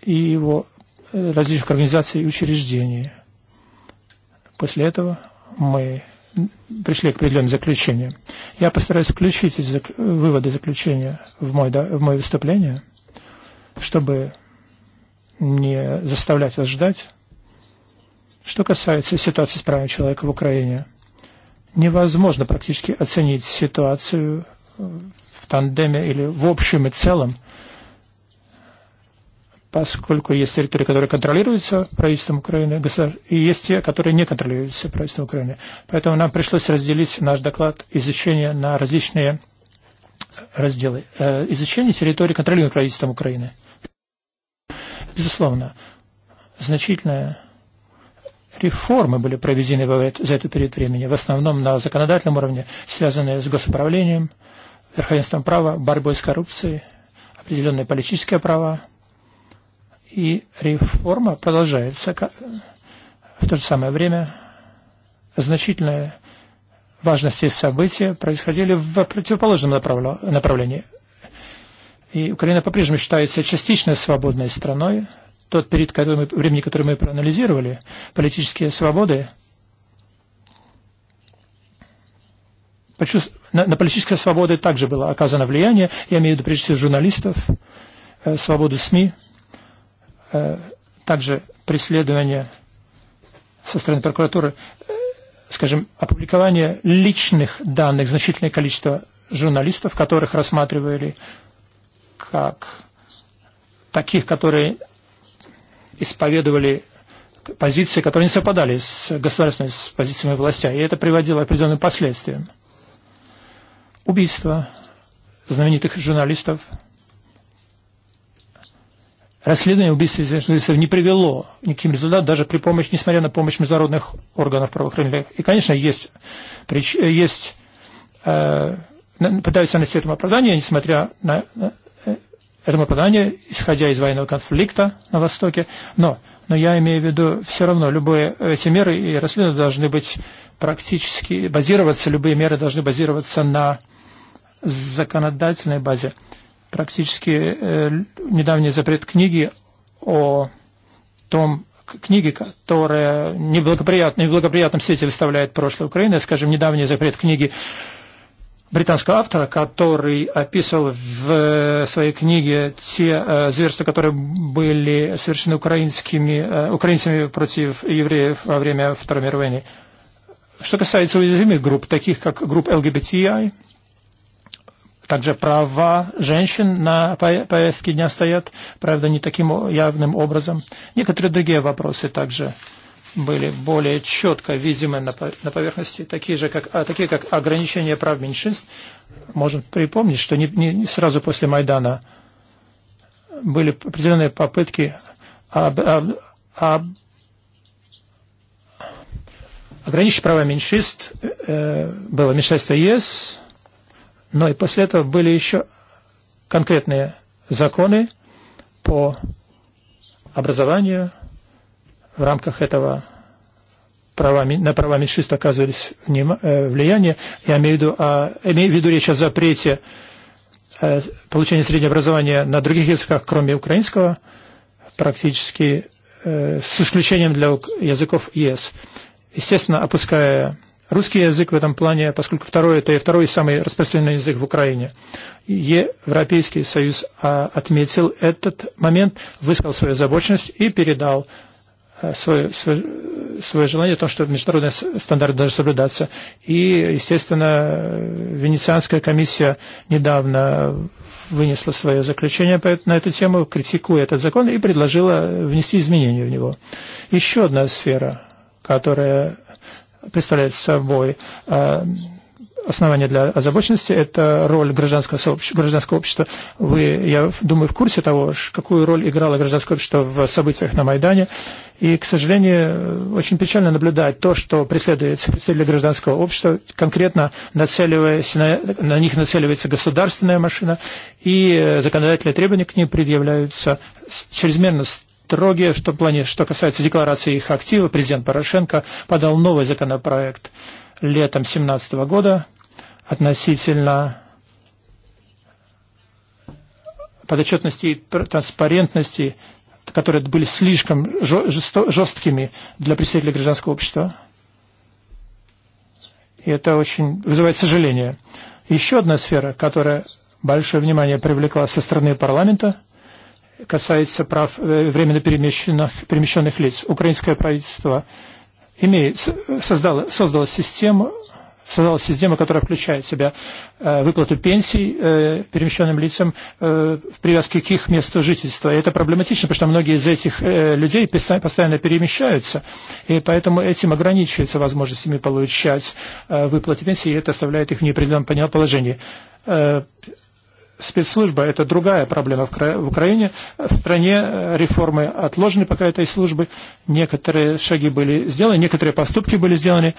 и его э, различных организаций и учреждений. После этого мы пришли к определенным заключениям. Я постараюсь включить из зак выводы заключения в, мой, да, в мое выступление, чтобы не заставлять вас ждать. Что касается ситуации с правами человека в Украине, невозможно практически оценить ситуацию в тандеме или в общем и целом – поскольку есть территории, которые контролируются правительством Украины, и есть те, которые не контролируются правительством Украины. Поэтому нам пришлось разделить наш доклад изучения на различные разделы. Э, изучение территории, контролируемой правительством Украины. Безусловно, значительная реформы были проведены за этот период времени, в основном на законодательном уровне, связанные с госуправлением, верховенством права, борьбой с коррупцией, определенные политические права, и реформа продолжается. В то же самое время важность важности события происходили в противоположном направлении. И Украина по-прежнему считается частично свободной страной. Тот период который мы, времени, который мы проанализировали, политические свободы, почувств... на, на политические свободы также было оказано влияние, я имею в виду прежде всего журналистов, э, свободу СМИ, также преследование со стороны прокуратуры, скажем, опубликование личных данных значительное количество журналистов, которых рассматривали как таких, которые исповедовали позиции, которые не совпадали с государственными с позициями властей, и это приводило к определенным последствиям. Убийство знаменитых журналистов – расследование убийства известных лиц не привело никаким результатам, даже при помощи, несмотря на помощь международных органов правоохранительных. И, конечно, есть, есть э, пытаются найти этому оправдание, несмотря на, на э, этому оправдание, исходя из военного конфликта на Востоке. Но, но я имею в виду, все равно любые эти меры и расследования должны быть практически базироваться, любые меры должны базироваться на законодательной базе практически э, недавний запрет книги о том, книги, которая неблагоприятно, в неблагоприятном свете выставляет прошлое Украины, скажем, недавний запрет книги британского автора, который описывал в э, своей книге те э, зверства, которые были совершены украинскими, э, украинцами против евреев во время Второй мировой войны. Что касается уязвимых групп, таких как групп ЛГБТИ, Также права женщин на повестке дня стоят, правда, не таким явным образом. Некоторые другие вопросы также были более четко видимы на, поверхности, такие же, как, такие как ограничение прав меньшинств. Можно припомнить, что не, не сразу после Майдана были определенные попытки об, об, об, ограничить права меньшинств. было вмешательство ЕС, Но и после этого были еще конкретные законы по образованию в рамках этого права, на права меньшинств оказывались э, влияние. Я имею в виду, а, имею в виду речь о запрете э, получения среднего образования на других языках, кроме украинского, практически э, с исключением для языков ЕС. Естественно, опуская Русский язык в этом плане, поскольку второй, это и второй самый распространенный язык в Украине. Европейский Союз отметил этот момент, высказал свою озабоченность и передал свое, свое, свое желание о том, что международные стандарты должны соблюдаться. И, естественно, Венецианская комиссия недавно вынесла свое заключение на эту тему, критикуя этот закон и предложила внести изменения в него. Еще одна сфера, которая представляет собой основание для озабоченности – это роль гражданского сообщества. Гражданского общества. Вы, я думаю, в курсе того, какую роль играло гражданское общество в событиях на Майдане. И, к сожалению, очень печально наблюдать то, что преследуется представители гражданского общества, конкретно нацеливаясь на, на них нацеливается государственная машина, и э, законодательные требования к ним предъявляются чрезмерно строгие что, плане, что касается декларации их актива. Президент Порошенко подал новый законопроект летом 2017 года относительно подотчетности и транспарентности, которые были слишком жесткими для представителей гражданского общества. И это очень вызывает сожаление. Еще одна сфера, которая большое внимание привлекла со стороны парламента, касается прав э, временно перемещенных, перемещенных лиц. Украинское правительство имеет, создало, создало систему, создала система, которая включает в себя э, выплату пенсий э, перемещенным лицам в привязке к их месту жительства. И это проблематично, потому что многие из этих людей постоянно перемещаются, и поэтому этим ограничивается возможность ими получать выплаты пенсии, и это оставляет их в неопределенном положении спецслужба – это другая проблема в, кра... в Украине. В стране э, реформы отложены пока этой службы. Некоторые шаги были сделаны, некоторые поступки были сделаны.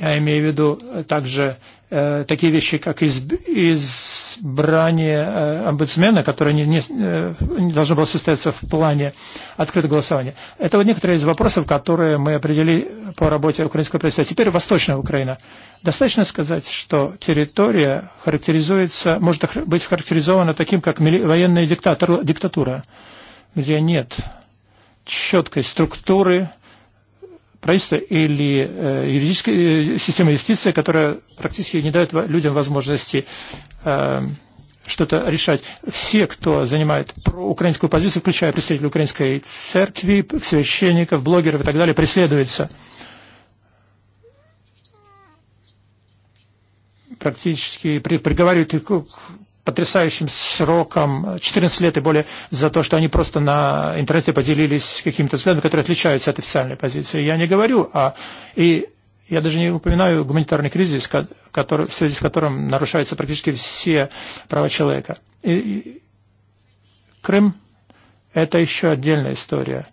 Я имею в виду также э, такие вещи, как из... из избрание э, омбудсмена, которое не, не, э, не должно было состояться в плане открытого голосования. Это вот некоторые из вопросов, которые мы определили по работе украинского представителя. Теперь Восточная Украина. Достаточно сказать, что территория характеризуется, может быть характеризована таким, как военная диктатура, где нет четкой структуры, правительство или э, юридическая э, система юстиции, которая практически не дает людям возможности э, что-то решать. Все, кто занимает проукраинскую позицию, включая представителей украинской церкви, священников, блогеров и так далее, преследуются. Практически при, приговаривают их к потрясающим сроком, 14 лет и более, за то, что они просто на интернете поделились какими-то взглядами, которые отличаются от официальной позиции. Я не говорю, а и я даже не упоминаю гуманитарный кризис, который, в связи с которым нарушаются практически все права человека. И, и Крым – это еще отдельная история,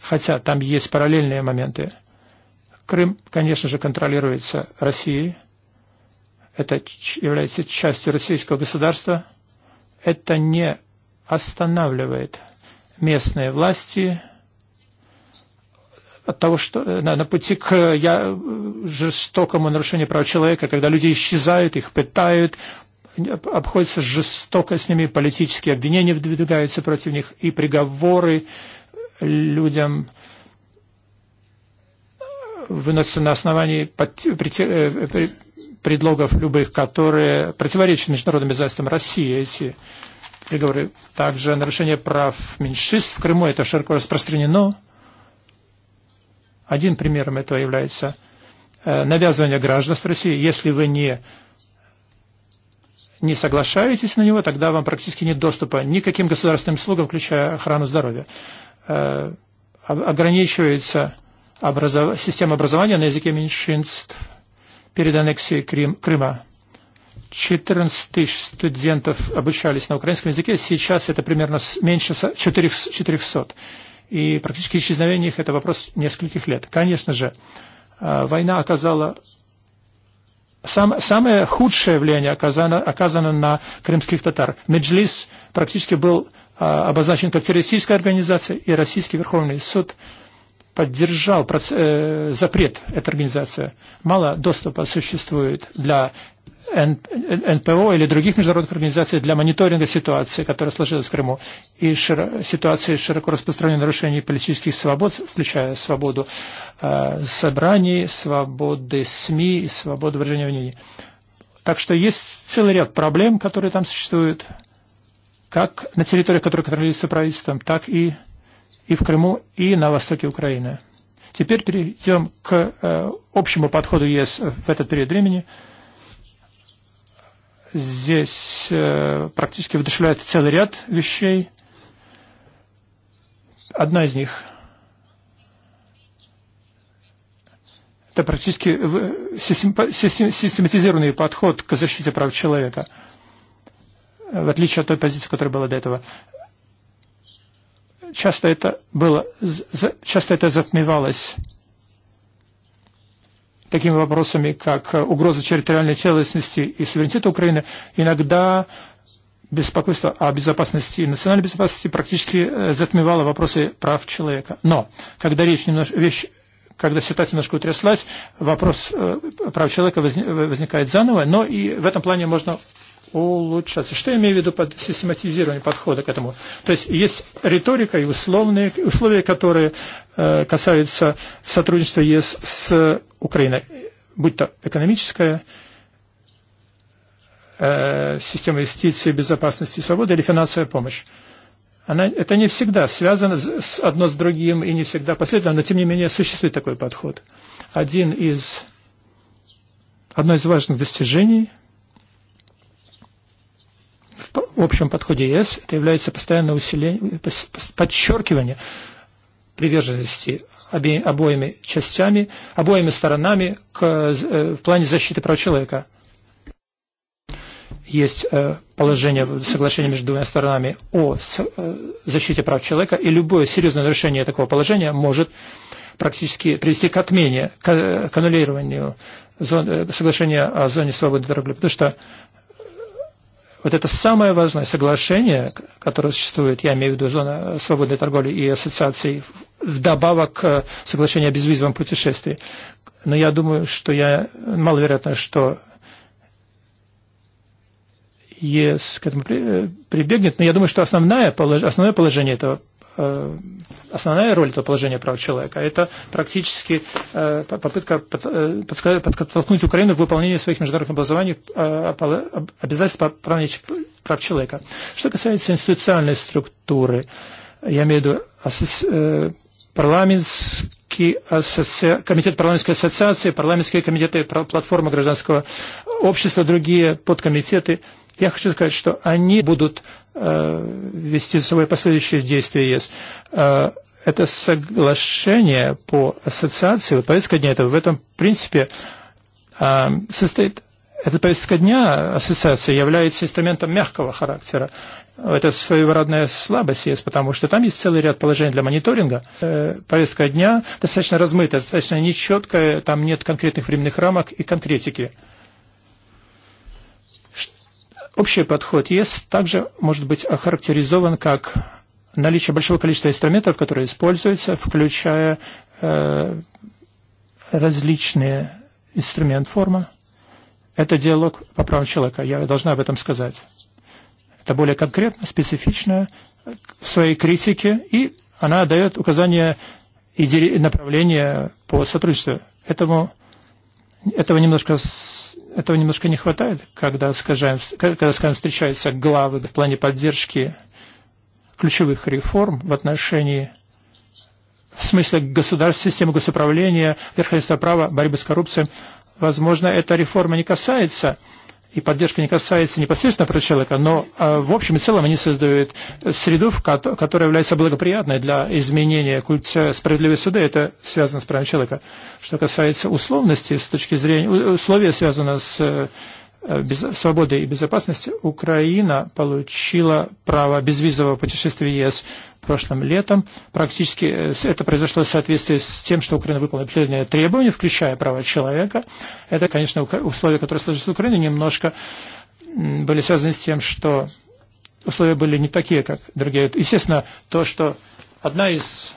хотя там есть параллельные моменты. Крым, конечно же, контролируется Россией, это является частью российского государства, это не останавливает местные власти от того, что на, на пути к я, жестокому нарушению прав человека, когда люди исчезают, их пытают, обходятся жестоко с ними, политические обвинения выдвигаются против них, и приговоры людям выносятся на основании под, при, при, предлогов любых, которые противоречат международным обязательствам России, эти приговоры. Также нарушение прав меньшинств в Крыму, это широко распространено. Один примером этого является э, навязывание гражданства России. Если вы не, не соглашаетесь на него, тогда вам практически нет доступа никаким государственным услугам, включая охрану здоровья. Э, ограничивается образов... система образования на языке меньшинств – перед аннексией Крым, Крыма. 14 тысяч студентов обучались на украинском языке, сейчас это примерно меньше 400. И практически исчезновение их – это вопрос нескольких лет. Конечно же, война оказала самое худшее влияние оказано, оказано на крымских татар. Меджлис практически был обозначен как террористическая организация, и Российский Верховный суд – поддержал э, запрет этой организации. Мало доступа существует для НПО или других международных организаций для мониторинга ситуации, которая сложилась в Крыму, и шир... ситуации широко распространенных нарушений политических свобод, включая свободу э, собраний, свободы СМИ и свободу выражения мнений. Так что есть целый ряд проблем, которые там существуют, как на территориях, которые контролируются правительством, так и и в Крыму, и на востоке Украины. Теперь перейдем к э, общему подходу ЕС в этот период времени. Здесь э, практически вдушевляет целый ряд вещей. Одна из них – это практически э, систематизированный подход к защите прав человека, э, в отличие от той позиции, которая была до этого часто это было, часто это затмевалось такими вопросами, как угроза территориальной целостности и суверенитета Украины, иногда беспокойство о безопасности и национальной безопасности практически затмевало вопросы прав человека. Но когда речь немножко, вещь, когда ситуация немножко утряслась, вопрос прав человека возникает заново, но и в этом плане можно улучшаться. Что я имею в виду под систематизированием подхода к этому? То есть есть риторика и условные условия, которые э, касаются сотрудничества ЕС с Украиной, будь то экономическая э, система инвестиций, безопасности и свободы или финансовая помощь. Она, это не всегда связано с, одно с другим и не всегда последовательно, но тем не менее существует такой подход. Один из, одно из важных достижений – в общем подходе ЕС, это является постоянное усиление, подчеркивание приверженности обе, обоими частями, обоими сторонами к, э, в плане защиты прав человека. Есть э, положение соглашения между двумя сторонами о э, защите прав человека, и любое серьезное нарушение такого положения может практически привести к отмене, к, к аннулированию зон, соглашения о зоне свободы торговли, потому что Вот это самое важное соглашение, которое существует, я имею в виду зона свободной торговли и ассоциаций, вдобавок к соглашению о безвизовом путешествии. Но я думаю, что я маловероятно, что ЕС к этому э, прибегнет. Но я думаю, что основное положение, основное положение этого Э, основная роль этого положения прав человека. Это практически э, попытка э, подтолкнуть Украину в выполнение своих международных образований обязательств по прав человека. Что касается институциональной структуры, я имею в виду парламентский асоци... комитет парламентской ассоциации, парламентские комитеты, платформа гражданского общества, другие подкомитеты. Я хочу сказать, что они будут Э, вести за собой последующие действия ЕС. Э, это соглашение по ассоциации, вот повестка дня, это в этом принципе э, состоит Эта повестка дня ассоциации является инструментом мягкого характера. Это своеобразная слабость есть, потому что там есть целый ряд положений для мониторинга. Повестка дня достаточно размытая, достаточно нечеткая, там нет конкретных временных рамок и конкретики. Общий подход ЕС также может быть охарактеризован как наличие большого количества инструментов, которые используются, включая э, различные инструмент форма. Это диалог по правам человека, я должна об этом сказать. Это более конкретно, специфично в своей критике, и она дает указания и направления по сотрудничеству. Этому, этого немножко Этого немножко не хватает, когда, скажем, когда скажем, встречаются главы в плане поддержки ключевых реформ в отношении в смысле государств, системы госуправления, верховенства права, борьбы с коррупцией. Возможно, эта реформа не касается и поддержка не касается непосредственно про человека, но в общем и целом они создают среду, которая является благоприятной для изменения культа справедливой суда, это связано с правом человека. Что касается условности, с точки зрения условия связано с э, Э, свободы и безопасности Украина получила право безвизового путешествия в ЕС прошлым летом. Практически э, это произошло в соответствии с тем, что Украина выполнила определенные требования, включая права человека. Это, конечно, условия, которые сложились в Украине, немножко были связаны с тем, что условия были не такие, как другие. Естественно, то, что одна из,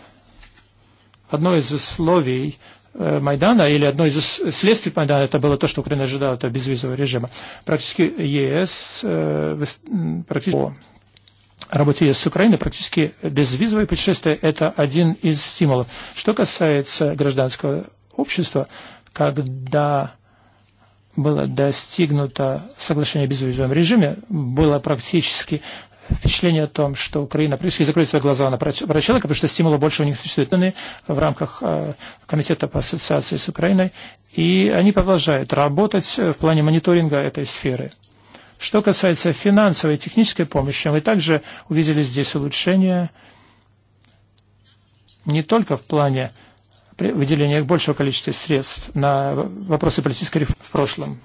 одно из условий Э, Майдана или одно из следствий Майдана, это было то, что Украина ожидала, это безвизового режима. Практически ЕС, э, практически работе с Украиной практически безвизовое путешествие – это один из стимулов. Что касается гражданского общества, когда было достигнуто соглашение о безвизовом режиме, было практически впечатление о том, что Украина практически закрыла свои глаза на права человека, потому что стимула больше у них существует в рамках э, Комитета по ассоциации с Украиной, и они продолжают работать в плане мониторинга этой сферы. Что касается финансовой и технической помощи, мы также увидели здесь улучшение не только в плане выделения большего количества средств на вопросы политической реформы в прошлом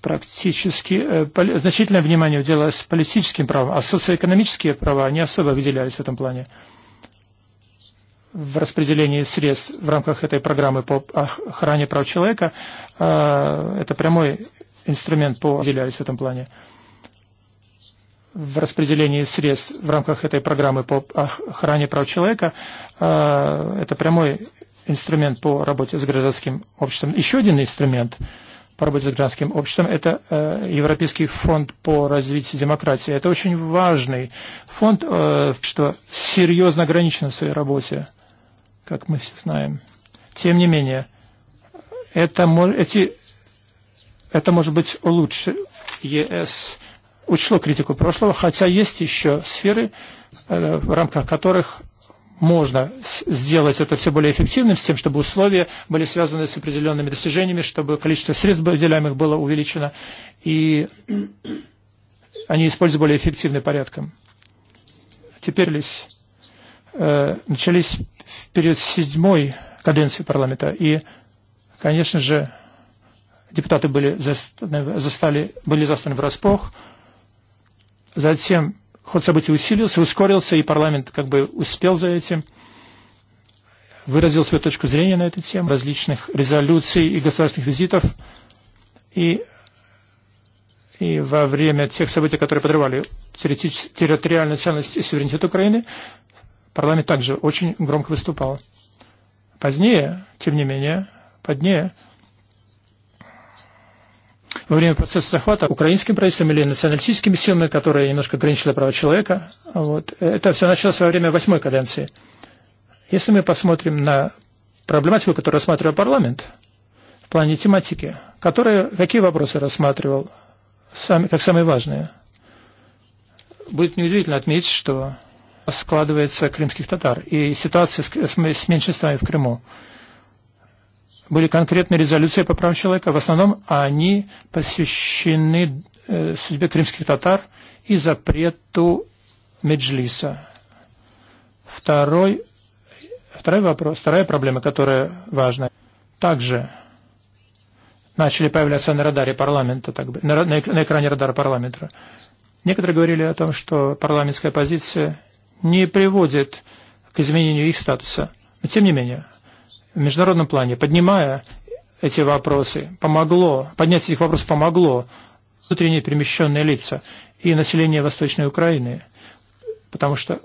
практически э, значительное внимание уделялось политическим правам, а социоэкономические права не особо выделялись в этом плане в распределении средств в рамках этой программы по охране прав человека. Э, это прямой инструмент по выделялись в этом плане. В распределении средств в рамках этой программы по охране прав человека. Э, это прямой инструмент по работе с гражданским обществом. Еще один инструмент – поработать с гражданским обществом. Это э, Европейский фонд по развитию демократии. Это очень важный фонд, э, что серьезно ограничен в своей работе, как мы все знаем. Тем не менее, это, эти, это может быть лучше. ЕС учло критику прошлого, хотя есть еще сферы, э, в рамках которых можно сделать это все более эффективным, с тем, чтобы условия были связаны с определенными достижениями, чтобы количество средств выделяемых было увеличено, и они использовали эффективный эффективным порядком. Теперь лишь э, начались в период седьмой каденции парламента, и, конечно же, депутаты были застали, были застаны врасплох, затем ход событий усилился, ускорился, и парламент как бы успел за этим, выразил свою точку зрения на эту тему, различных резолюций и государственных визитов. И, и во время тех событий, которые подрывали территориальную ценность и суверенитет Украины, парламент также очень громко выступал. Позднее, тем не менее, позднее, во время процесса захвата украинским правительством или националистическими силами, которые немножко ограничили права человека. Вот. Это все началось во время восьмой каденции. Если мы посмотрим на проблематику, которую рассматривал парламент в плане тематики, которые, какие вопросы рассматривал сами, как самые важные, будет неудивительно отметить, что складывается крымских татар и ситуация с, с, с меньшинствами в Крыму были конкретные резолюции по правам человека. В основном они посвящены э, судьбе крымских татар и запрету Меджлиса. Второй, второй вопрос, вторая проблема, которая важна. Также начали появляться на радаре парламента, так бы, на, на, на экране радара парламента. Некоторые говорили о том, что парламентская позиция не приводит к изменению их статуса. Но тем не менее, в международном плане, поднимая эти вопросы, помогло, поднять этих вопросов помогло внутренние перемещенные лица и население Восточной Украины, потому что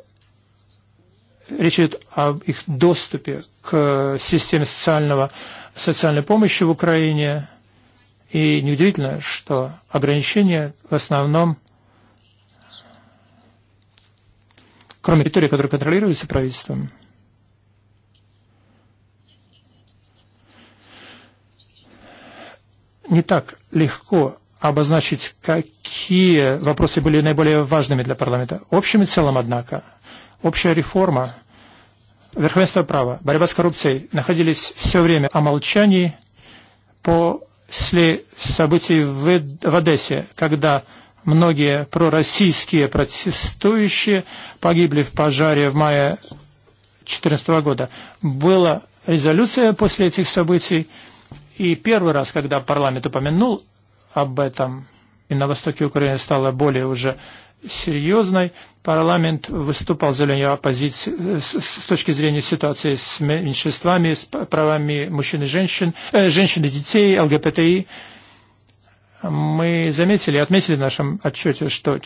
речь идет об их доступе к системе социального, социальной помощи в Украине. И неудивительно, что ограничения в основном, кроме территории, которая контролируется правительством, не так легко обозначить, какие вопросы были наиболее важными для парламента. Общим и целом, однако, общая реформа, верховенство права, борьба с коррупцией находились все время о молчании после событий в, в Одессе, когда многие пророссийские протестующие погибли в пожаре в мае 2014 года. Была резолюция после этих событий, И первый раз, когда парламент упомянул об этом, и на востоке Украины стало более уже серьезной, парламент выступал за линию оппозиции э, с точки зрения ситуации с меньшинствами, с правами мужчин и женщин, э, женщин и детей, ЛГБТИ. Мы заметили, отметили в нашем отчете, что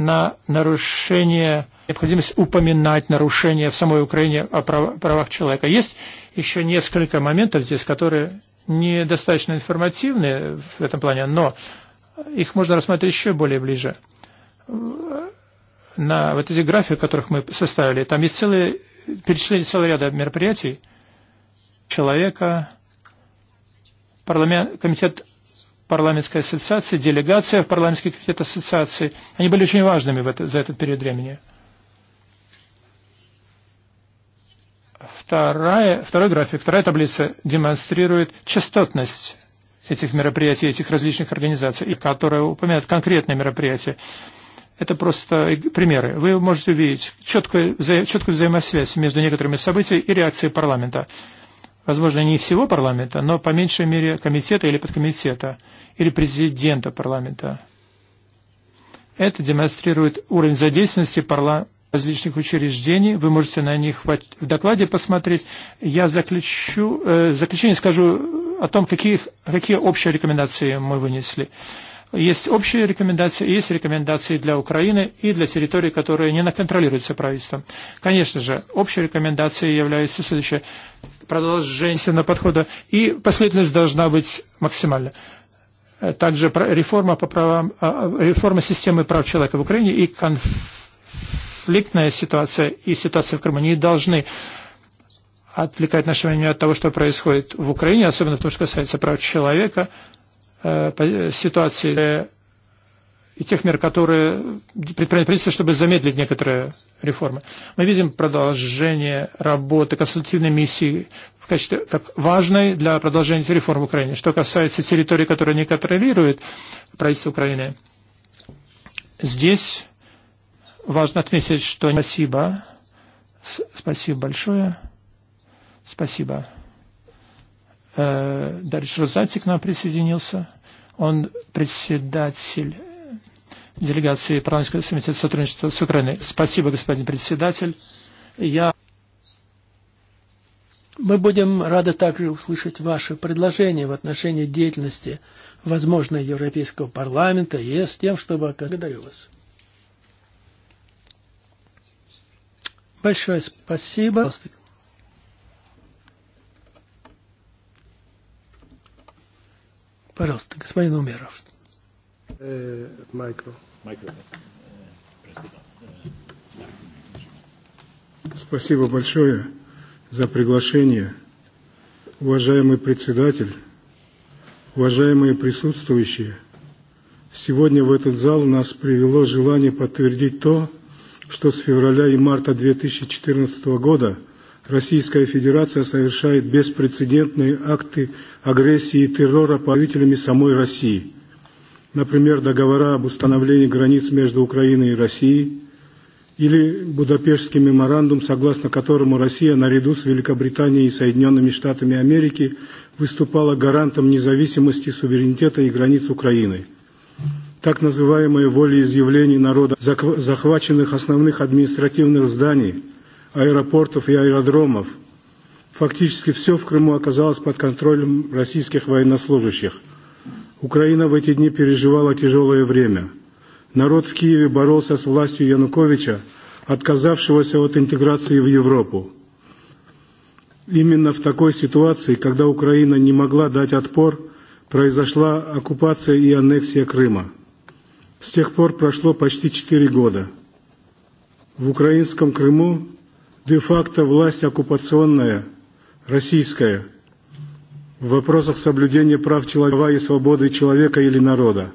на нарушение, необходимость упоминать нарушения в самой Украине о правах человека. Есть еще несколько моментов здесь, которые недостаточно информативны в этом плане, но их можно рассмотреть еще более ближе. На вот эти графики, которых мы составили, там есть целые перечисление целого ряда мероприятий человека, парламент, комитет парламентской ассоциации, делегация в парламентский комитет ассоциации. Они были очень важными в это, за этот период времени. Вторая, второй график, вторая таблица демонстрирует частотность этих мероприятий, этих различных организаций, и которые упоминают конкретные мероприятия. Это просто примеры. Вы можете увидеть четкую, четкую взаимосвязь между некоторыми событиями и реакцией парламента возможно, не всего парламента, но по меньшей мере комитета или подкомитета, или президента парламента. Это демонстрирует уровень задействованности парла различных учреждений. Вы можете на них в докладе посмотреть. Я заключу, э, заключение скажу о том, какие, какие общие рекомендации мы вынесли. Э, Есть общие рекомендации, есть рекомендации для Украины и для территорий, которые не наконтролируются правительством. Конечно же, общей рекомендацией является следующее. Продолжение на подхода и последовательность должна быть максимальна э, также реформа по правам, реформа системы прав человека в Украине и конфликтная ситуация и ситуация в Крыму не должны отвлекать наше внимание от того, что происходит в Украине, особенно в том, что касается прав человека, Э, э, ситуации э, и тех мер, которые предприняли правительство, чтобы замедлить некоторые реформы. Мы видим продолжение работы консультативной миссии в качестве как важной для продолжения реформ в Украине. Что касается территории, которая не контролирует правительство Украины, здесь важно отметить, что спасибо, спасибо большое, спасибо э, Дариш Розати к нам присоединился. Он председатель э, делегации Парламентского комитета сотрудничества с Украиной. Спасибо, господин председатель. Я... Мы будем рады также услышать ваши предложения в отношении деятельности, возможно, Европейского парламента и с тем, чтобы... Благодарю вас. Большое спасибо. Пожалуйста, господин Умеров. Майкро. Майкро. Спасибо большое за приглашение. Уважаемый председатель, уважаемые присутствующие, сегодня в этот зал нас привело желание подтвердить то, что с февраля и марта 2014 года – Российская Федерация совершает беспрецедентные акты агрессии и террора правителями самой России. Например, договора об установлении границ между Украиной и Россией или Будапештский меморандум, согласно которому Россия наряду с Великобританией и Соединенными Штатами Америки выступала гарантом независимости, суверенитета и границ Украины так называемые волеизъявления народа захваченных основных административных зданий аэропортов и аэродромов. Фактически все в Крыму оказалось под контролем российских военнослужащих. Украина в эти дни переживала тяжелое время. Народ в Киеве боролся с властью Януковича, отказавшегося от интеграции в Европу. Именно в такой ситуации, когда Украина не могла дать отпор, произошла оккупация и аннексия Крыма. С тех пор прошло почти четыре года. В украинском Крыму де-факто власть оккупационная, российская, в вопросах соблюдения прав человека и свободы человека или народа.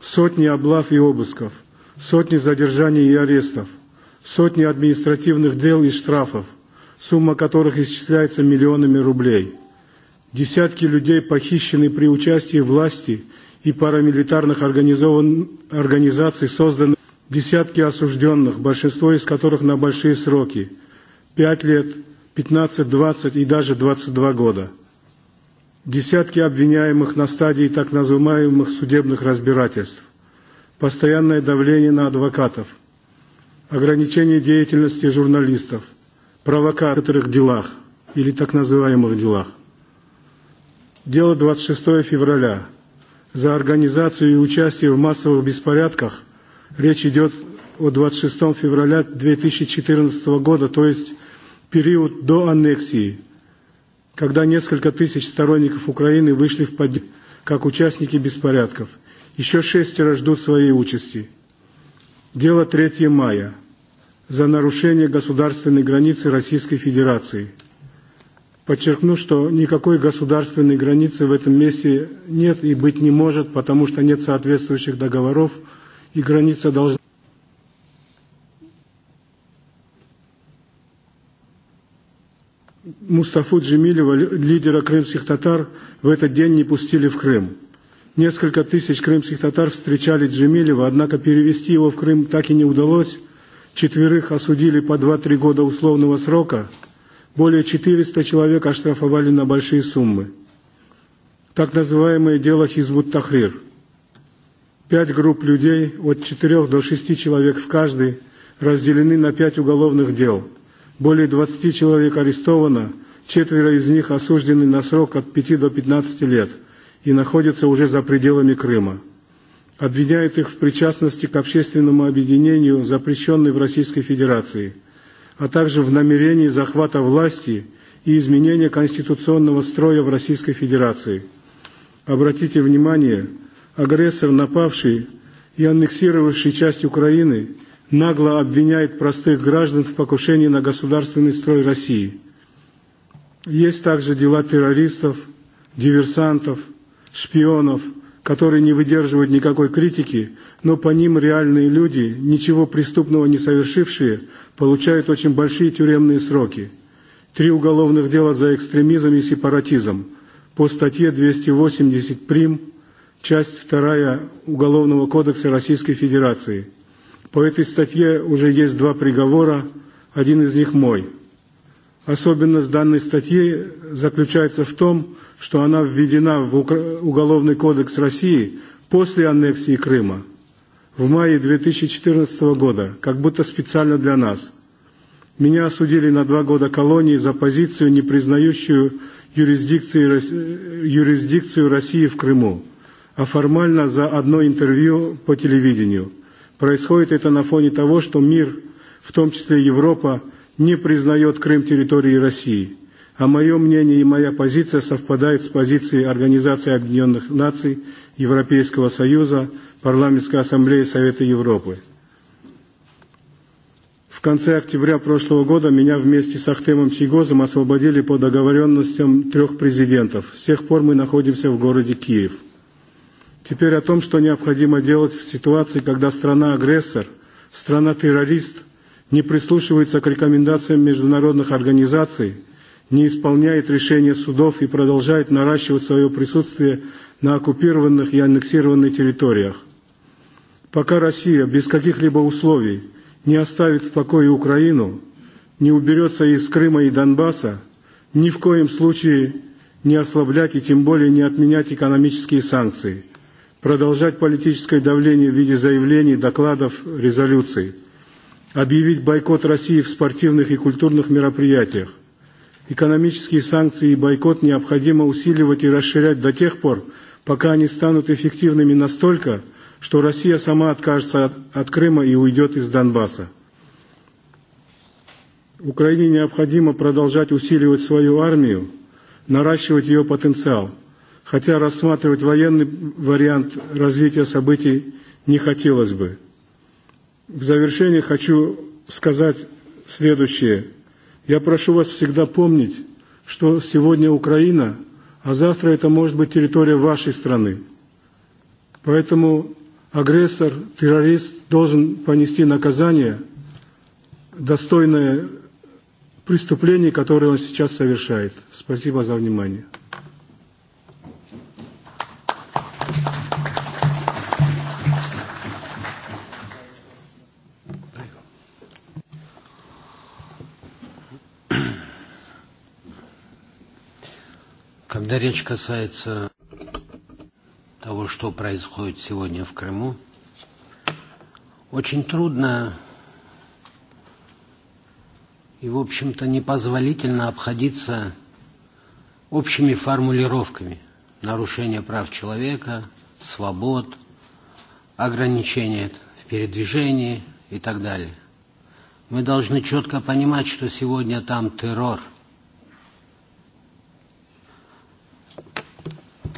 Сотни облав и обысков, сотни задержаний и арестов, сотни административных дел и штрафов, сумма которых исчисляется миллионами рублей. Десятки людей похищены при участии власти и парамилитарных организован... организаций созданы десятки осужденных, большинство из которых на большие сроки, 5 лет, 15, 20 и даже 22 года. Десятки обвиняемых на стадии так называемых судебных разбирательств. Постоянное давление на адвокатов. Ограничение деятельности журналистов. провокаторы в делах или так называемых делах. Дело 26 февраля. За организацию и участие в массовых беспорядках – Речь идет о 26 февраля 2014 года, то есть период до аннексии, когда несколько тысяч сторонников Украины вышли в под... как участники беспорядков. Еще шестеро ждут своей участи. Дело 3 мая за нарушение государственной границы Российской Федерации. Подчеркну, что никакой государственной границы в этом месте нет и быть не может, потому что нет соответствующих договоров – и граница должна... Мустафу Джемилева, лидера крымских татар, в этот день не пустили в Крым. Несколько тысяч крымских татар встречали Джемилева, однако перевести его в Крым так и не удалось. Четверых осудили по 2-3 года условного срока. Более 400 человек оштрафовали на большие суммы. Так называемое дело Хизбут Тахрир – Пять групп людей от 4 до 6 человек в каждой разделены на пять уголовных дел. Более 20 человек арестовано, четверо из них осуждены на срок от 5 до 15 лет и находятся уже за пределами Крыма. Обвиняют их в причастности к общественному объединению, запрещенной в Российской Федерации, а также в намерении захвата власти и изменения конституционного строя в Российской Федерации. Обратите внимание – агрессор, напавший и аннексировавший часть Украины, нагло обвиняет простых граждан в покушении на государственный строй России. Есть также дела террористов, диверсантов, шпионов, которые не выдерживают никакой критики, но по ним реальные люди, ничего преступного не совершившие, получают очень большие тюремные сроки. Три уголовных дела за экстремизм и сепаратизм по статье 280 прим часть 2 Уголовного кодекса Российской Федерации. По этой статье уже есть два приговора, один из них мой. Особенность данной статьи заключается в том, что она введена в Уголовный кодекс России после аннексии Крыма в мае 2014 года, как будто специально для нас. Меня осудили на два года колонии за позицию, не признающую юрисдикцию России в Крыму а формально за одно интервью по телевидению. Происходит это на фоне того, что мир, в том числе Европа, не признает Крым территорией России. А мое мнение и моя позиция совпадают с позицией Организации Объединенных Наций, Европейского Союза, Парламентской Ассамблеи Совета Европы. В конце октября прошлого года меня вместе с Ахтемом Чигозом освободили по договоренностям трех президентов. С тех пор мы находимся в городе Киев. Теперь о том, что необходимо делать в ситуации, когда страна-агрессор, страна-террорист не прислушивается к рекомендациям международных организаций, не исполняет решения судов и продолжает наращивать свое присутствие на оккупированных и аннексированных территориях. Пока Россия без каких-либо условий не оставит в покое Украину, не уберется из Крыма и Донбасса, ни в коем случае не ослаблять и тем более не отменять экономические санкции – продолжать политическое давление в виде заявлений, докладов, резолюций, объявить бойкот России в спортивных и культурных мероприятиях. Экономические санкции и бойкот необходимо усиливать и расширять до тех пор, пока они станут эффективными настолько, что Россия сама откажется от, от Крыма и уйдет из Донбасса. Украине необходимо продолжать усиливать свою армию, наращивать ее потенциал – хотя рассматривать военный вариант развития событий не хотелось бы. В завершение хочу сказать следующее. Я прошу вас всегда помнить, что сегодня Украина, а завтра это может быть территория вашей страны. Поэтому агрессор, террорист должен понести наказание, достойное преступление, которое он сейчас совершает. Спасибо за внимание. Когда речь касается того, что происходит сегодня в Крыму, очень трудно и, в общем-то, непозволительно обходиться общими формулировками нарушения прав человека, свобод, ограничения в передвижении и так далее. Мы должны четко понимать, что сегодня там террор –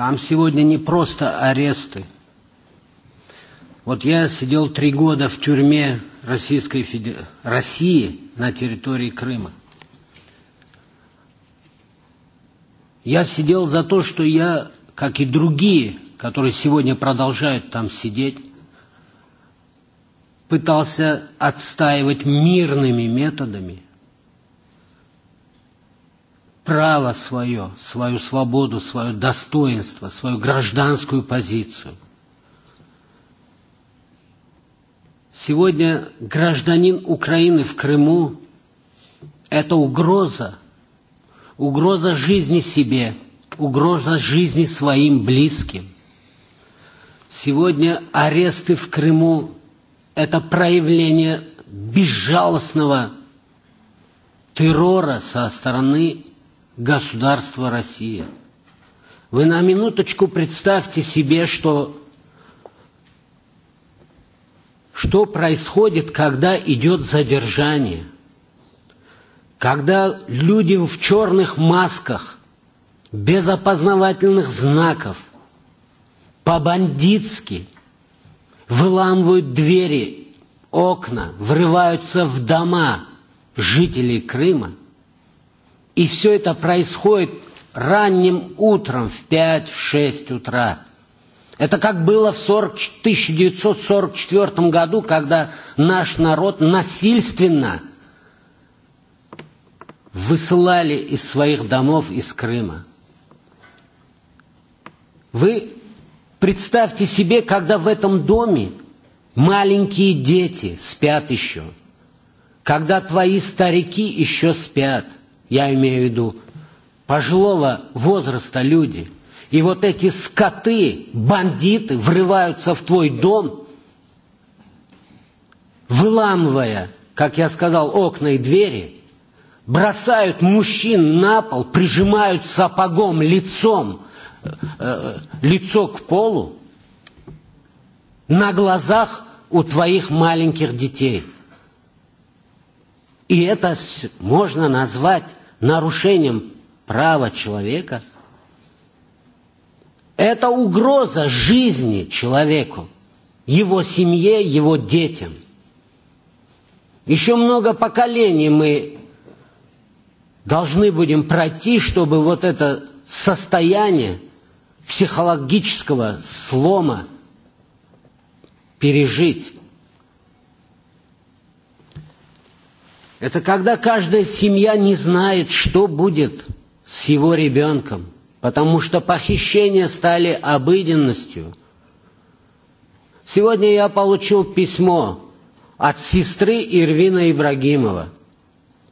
Там сегодня не просто аресты. Вот я сидел три года в тюрьме Российской Федер... России на территории Крыма. Я сидел за то, что я, как и другие, которые сегодня продолжают там сидеть, пытался отстаивать мирными методами – право свое, свою свободу, свое достоинство, свою гражданскую позицию. Сегодня гражданин Украины в Крыму – это угроза, угроза жизни себе, угроза жизни своим близким. Сегодня аресты в Крыму – это проявление безжалостного террора со стороны государство Россия. Вы на минуточку представьте себе, что, что происходит, когда идет задержание, когда люди в черных масках, без опознавательных знаков, по-бандитски выламывают двери, окна, врываются в дома жителей Крыма – И все это происходит ранним утром в 5-6 утра. Это как было в 40, 1944 году, когда наш народ насильственно высылали из своих домов из Крыма. Вы представьте себе, когда в этом доме маленькие дети спят еще, когда твои старики еще спят – я имею в виду, пожилого возраста люди. И вот эти скоты, бандиты врываются в твой дом, выламывая, как я сказал, окна и двери, бросают мужчин на пол, прижимают сапогом лицом, э, э, лицо к полу, на глазах у твоих маленьких детей. И это можно назвать нарушением права человека, это угроза жизни человеку, его семье, его детям. Еще много поколений мы должны будем пройти, чтобы вот это состояние психологического слома пережить. Это когда каждая семья не знает, что будет с его ребенком, потому что похищения стали обыденностью. Сегодня я получил письмо от сестры Ирвина Ибрагимова.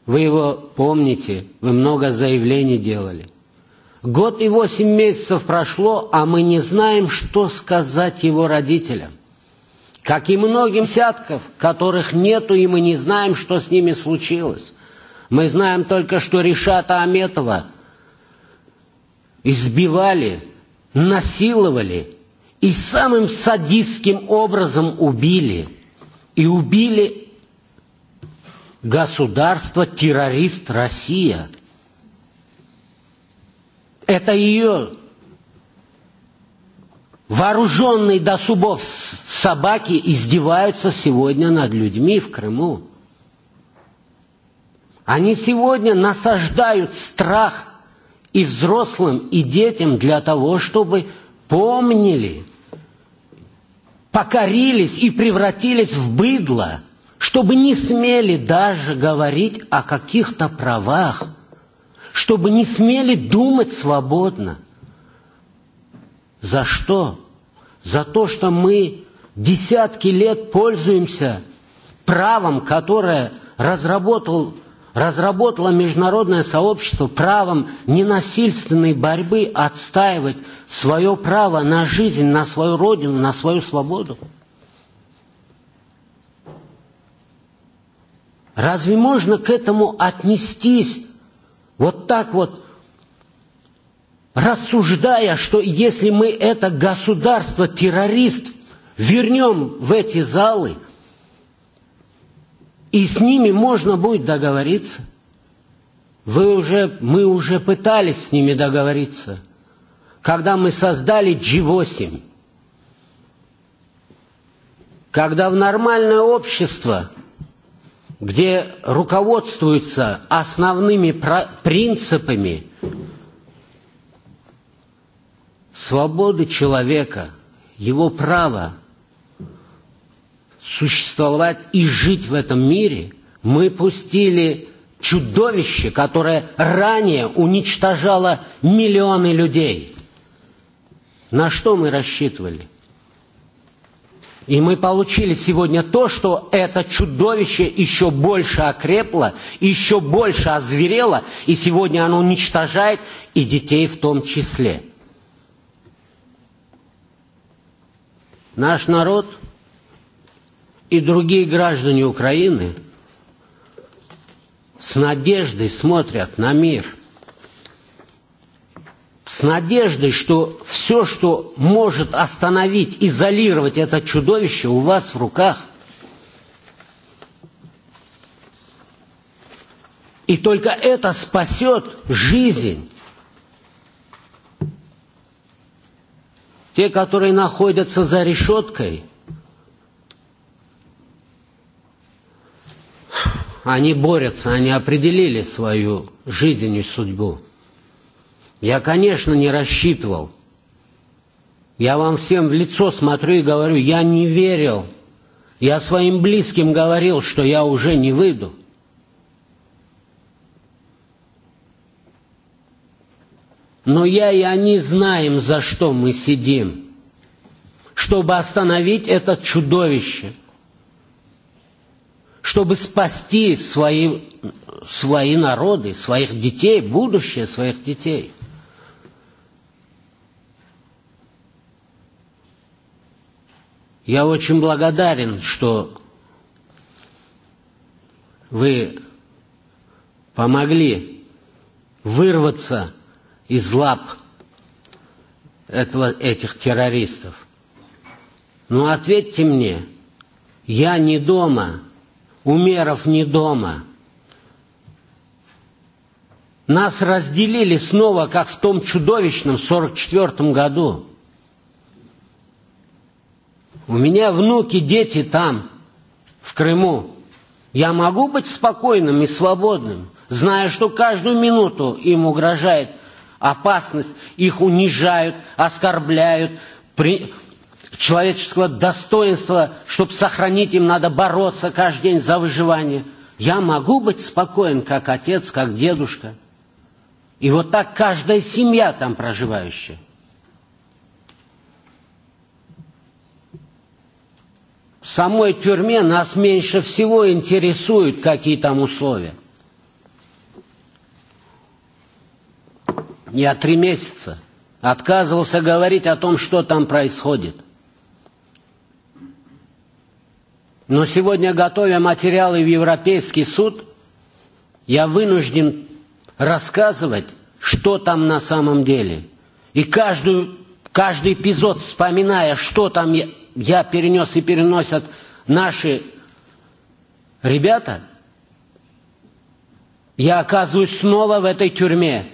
Вы его помните, вы много заявлений делали. Год и восемь месяцев прошло, а мы не знаем, что сказать его родителям как и многим десятков, которых нету, и мы не знаем, что с ними случилось. Мы знаем только, что Решата Аметова избивали, насиловали и самым садистским образом убили. И убили государство-террорист Россия. Это ее Вооруженные до зубов собаки издеваются сегодня над людьми в Крыму. Они сегодня насаждают страх и взрослым, и детям для того, чтобы помнили, покорились и превратились в быдло, чтобы не смели даже говорить о каких-то правах, чтобы не смели думать свободно – За что? За то, что мы десятки лет пользуемся правом, которое разработал, разработало международное сообщество, правом ненасильственной борьбы отстаивать свое право на жизнь, на свою родину, на свою свободу. Разве можно к этому отнестись вот так вот рассуждая, что если мы это государство-террорист вернем в эти залы, и с ними можно будет договориться. Вы уже, мы уже пытались с ними договориться, когда мы создали G8. Когда в нормальное общество, где руководствуются основными принципами, свободы человека, его право существовать и жить в этом мире, мы пустили чудовище, которое ранее уничтожало миллионы людей. На что мы рассчитывали? И мы получили сегодня то, что это чудовище еще больше окрепло, еще больше озверело, и сегодня оно уничтожает и детей в том числе. Наш народ и другие граждане Украины с надеждой смотрят на мир, с надеждой, что все, что может остановить, изолировать это чудовище, у вас в руках. И только это спасет жизнь те, которые находятся за решеткой, они борются, они определили свою жизнь и судьбу. Я, конечно, не рассчитывал. Я вам всем в лицо смотрю и говорю, я не верил. Я своим близким говорил, что я уже не выйду. Но я и они знаем, за что мы сидим, чтобы остановить это чудовище, чтобы спасти свои, свои народы, своих детей, будущее своих детей. Я очень благодарен, что вы помогли вырваться из лап этого, этих террористов. Но ответьте мне, я не дома, Умеров не дома. Нас разделили снова, как в том чудовищном 44 м году. У меня внуки, дети там, в Крыму. Я могу быть спокойным и свободным, зная, что каждую минуту им угрожает опасность, их унижают, оскорбляют, при... человеческого достоинства, чтобы сохранить им надо бороться каждый день за выживание. Я могу быть спокоен, как отец, как дедушка. И вот так каждая семья там проживающая. В самой тюрьме нас меньше всего интересуют, какие там условия. Я три месяца отказывался говорить о том, что там происходит. Но сегодня, готовя материалы в Европейский суд, я вынужден рассказывать, что там на самом деле. И каждую, каждый эпизод, вспоминая, что там я, я перенес и переносят наши ребята, я оказываюсь снова в этой тюрьме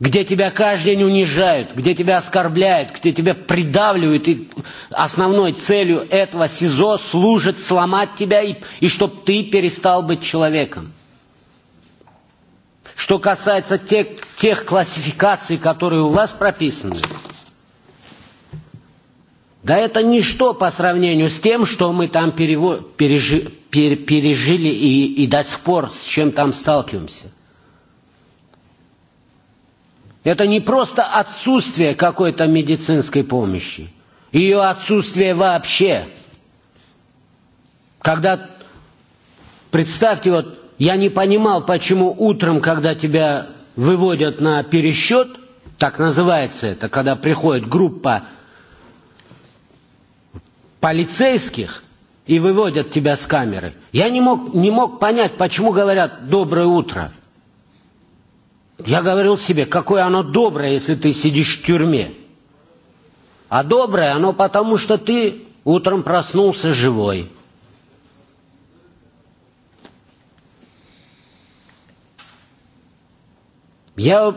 где тебя каждый день унижают, где тебя оскорбляют, где тебя придавливают, и основной целью этого СИЗО служит сломать тебя, и, и чтобы ты перестал быть человеком. Что касается тех, тех классификаций, которые у вас прописаны, да это ничто по сравнению с тем, что мы там перево, пережи, пер, пережили и, и до сих пор с чем там сталкиваемся. Это не просто отсутствие какой-то медицинской помощи, ее отсутствие вообще. Когда, представьте, вот я не понимал, почему утром, когда тебя выводят на пересчет, так называется это, когда приходит группа полицейских и выводят тебя с камеры. Я не мог, не мог понять, почему говорят «доброе утро». Я говорил себе, какое оно доброе, если ты сидишь в тюрьме. А доброе оно потому, что ты утром проснулся живой. Я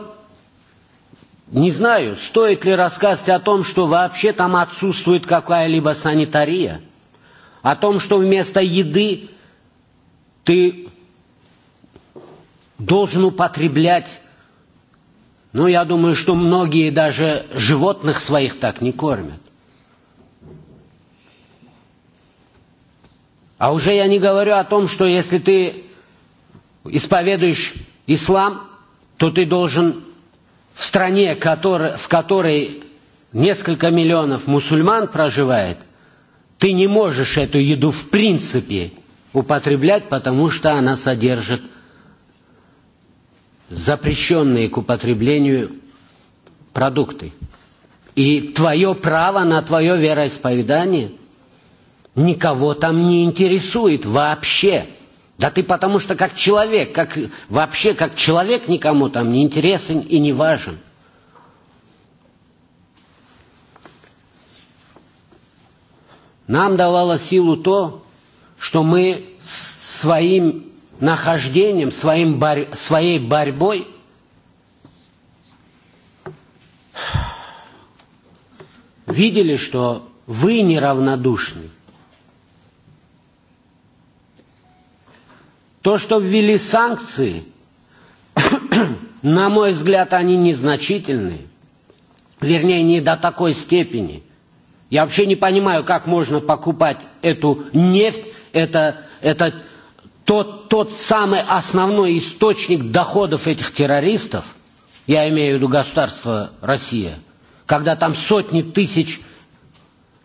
не знаю, стоит ли рассказывать о том, что вообще там отсутствует какая-либо санитария, о том, что вместо еды ты должен употреблять Ну, я думаю, что многие даже животных своих так не кормят. А уже я не говорю о том, что если ты исповедуешь ислам, то ты должен в стране, в которой несколько миллионов мусульман проживает, ты не можешь эту еду в принципе употреблять, потому что она содержит запрещенные к употреблению продукты. И твое право на твое вероисповедание никого там не интересует вообще. Да ты потому что как человек, как, вообще как человек никому там не интересен и не важен. Нам давало силу то, что мы своим нахождением, своим борь, своей борьбой видели, что вы неравнодушны. То, что ввели санкции, на мой взгляд, они незначительные. Вернее, не до такой степени. Я вообще не понимаю, как можно покупать эту нефть, это, это тот, тот самый основной источник доходов этих террористов, я имею в виду государство Россия, когда там сотни тысяч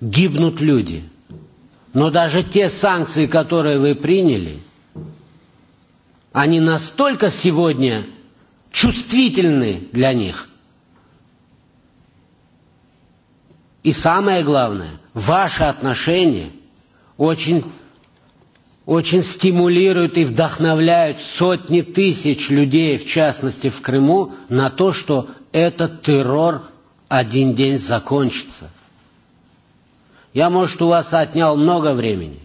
гибнут люди. Но даже те санкции, которые вы приняли, они настолько сегодня чувствительны для них. И самое главное, ваше отношение очень очень стимулируют и вдохновляют сотни тысяч людей, в частности в Крыму, на то, что этот террор один день закончится. Я, может, у вас отнял много времени.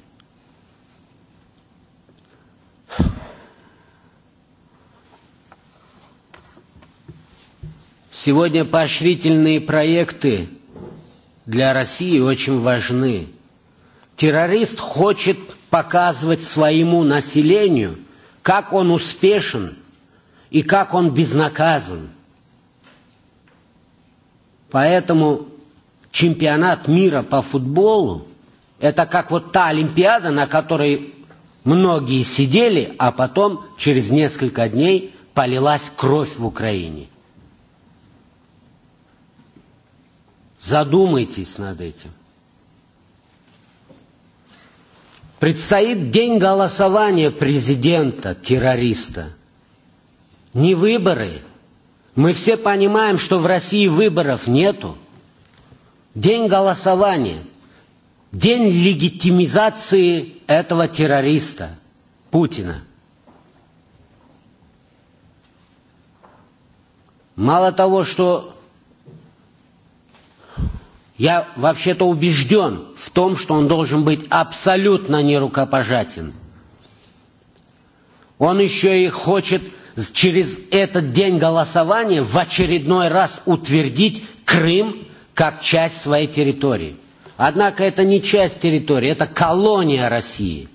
Сегодня поощрительные проекты для России очень важны. Террорист хочет показывать своему населению, как он успешен и как он безнаказан. Поэтому чемпионат мира по футболу – это как вот та Олимпиада, на которой многие сидели, а потом через несколько дней полилась кровь в Украине. Задумайтесь над этим. Предстоит день голосования президента-террориста. Не выборы. Мы все понимаем, что в России выборов нету. День голосования. День легитимизации этого террориста Путина. Мало того, что Я вообще-то убежден в том, что он должен быть абсолютно нерукопожатен. Он еще и хочет через этот день голосования в очередной раз утвердить Крым как часть своей территории. Однако это не часть территории, это колония России.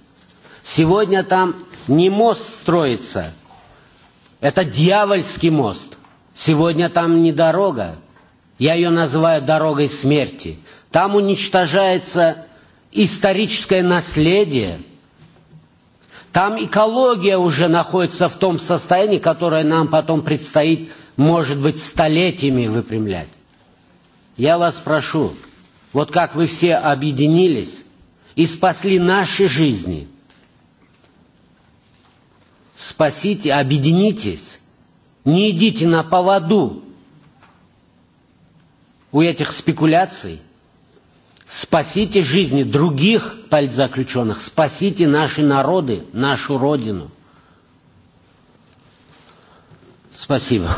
Сегодня там не мост строится, это дьявольский мост. Сегодня там не дорога, Я ее называю дорогой смерти. Там уничтожается историческое наследие. Там экология уже находится в том состоянии, которое нам потом предстоит, может быть, столетиями выпрямлять. Я вас прошу, вот как вы все объединились и спасли наши жизни, спасите, объединитесь, не идите на поводу у этих спекуляций. Спасите жизни других политзаключенных, спасите наши народы, нашу Родину. Спасибо.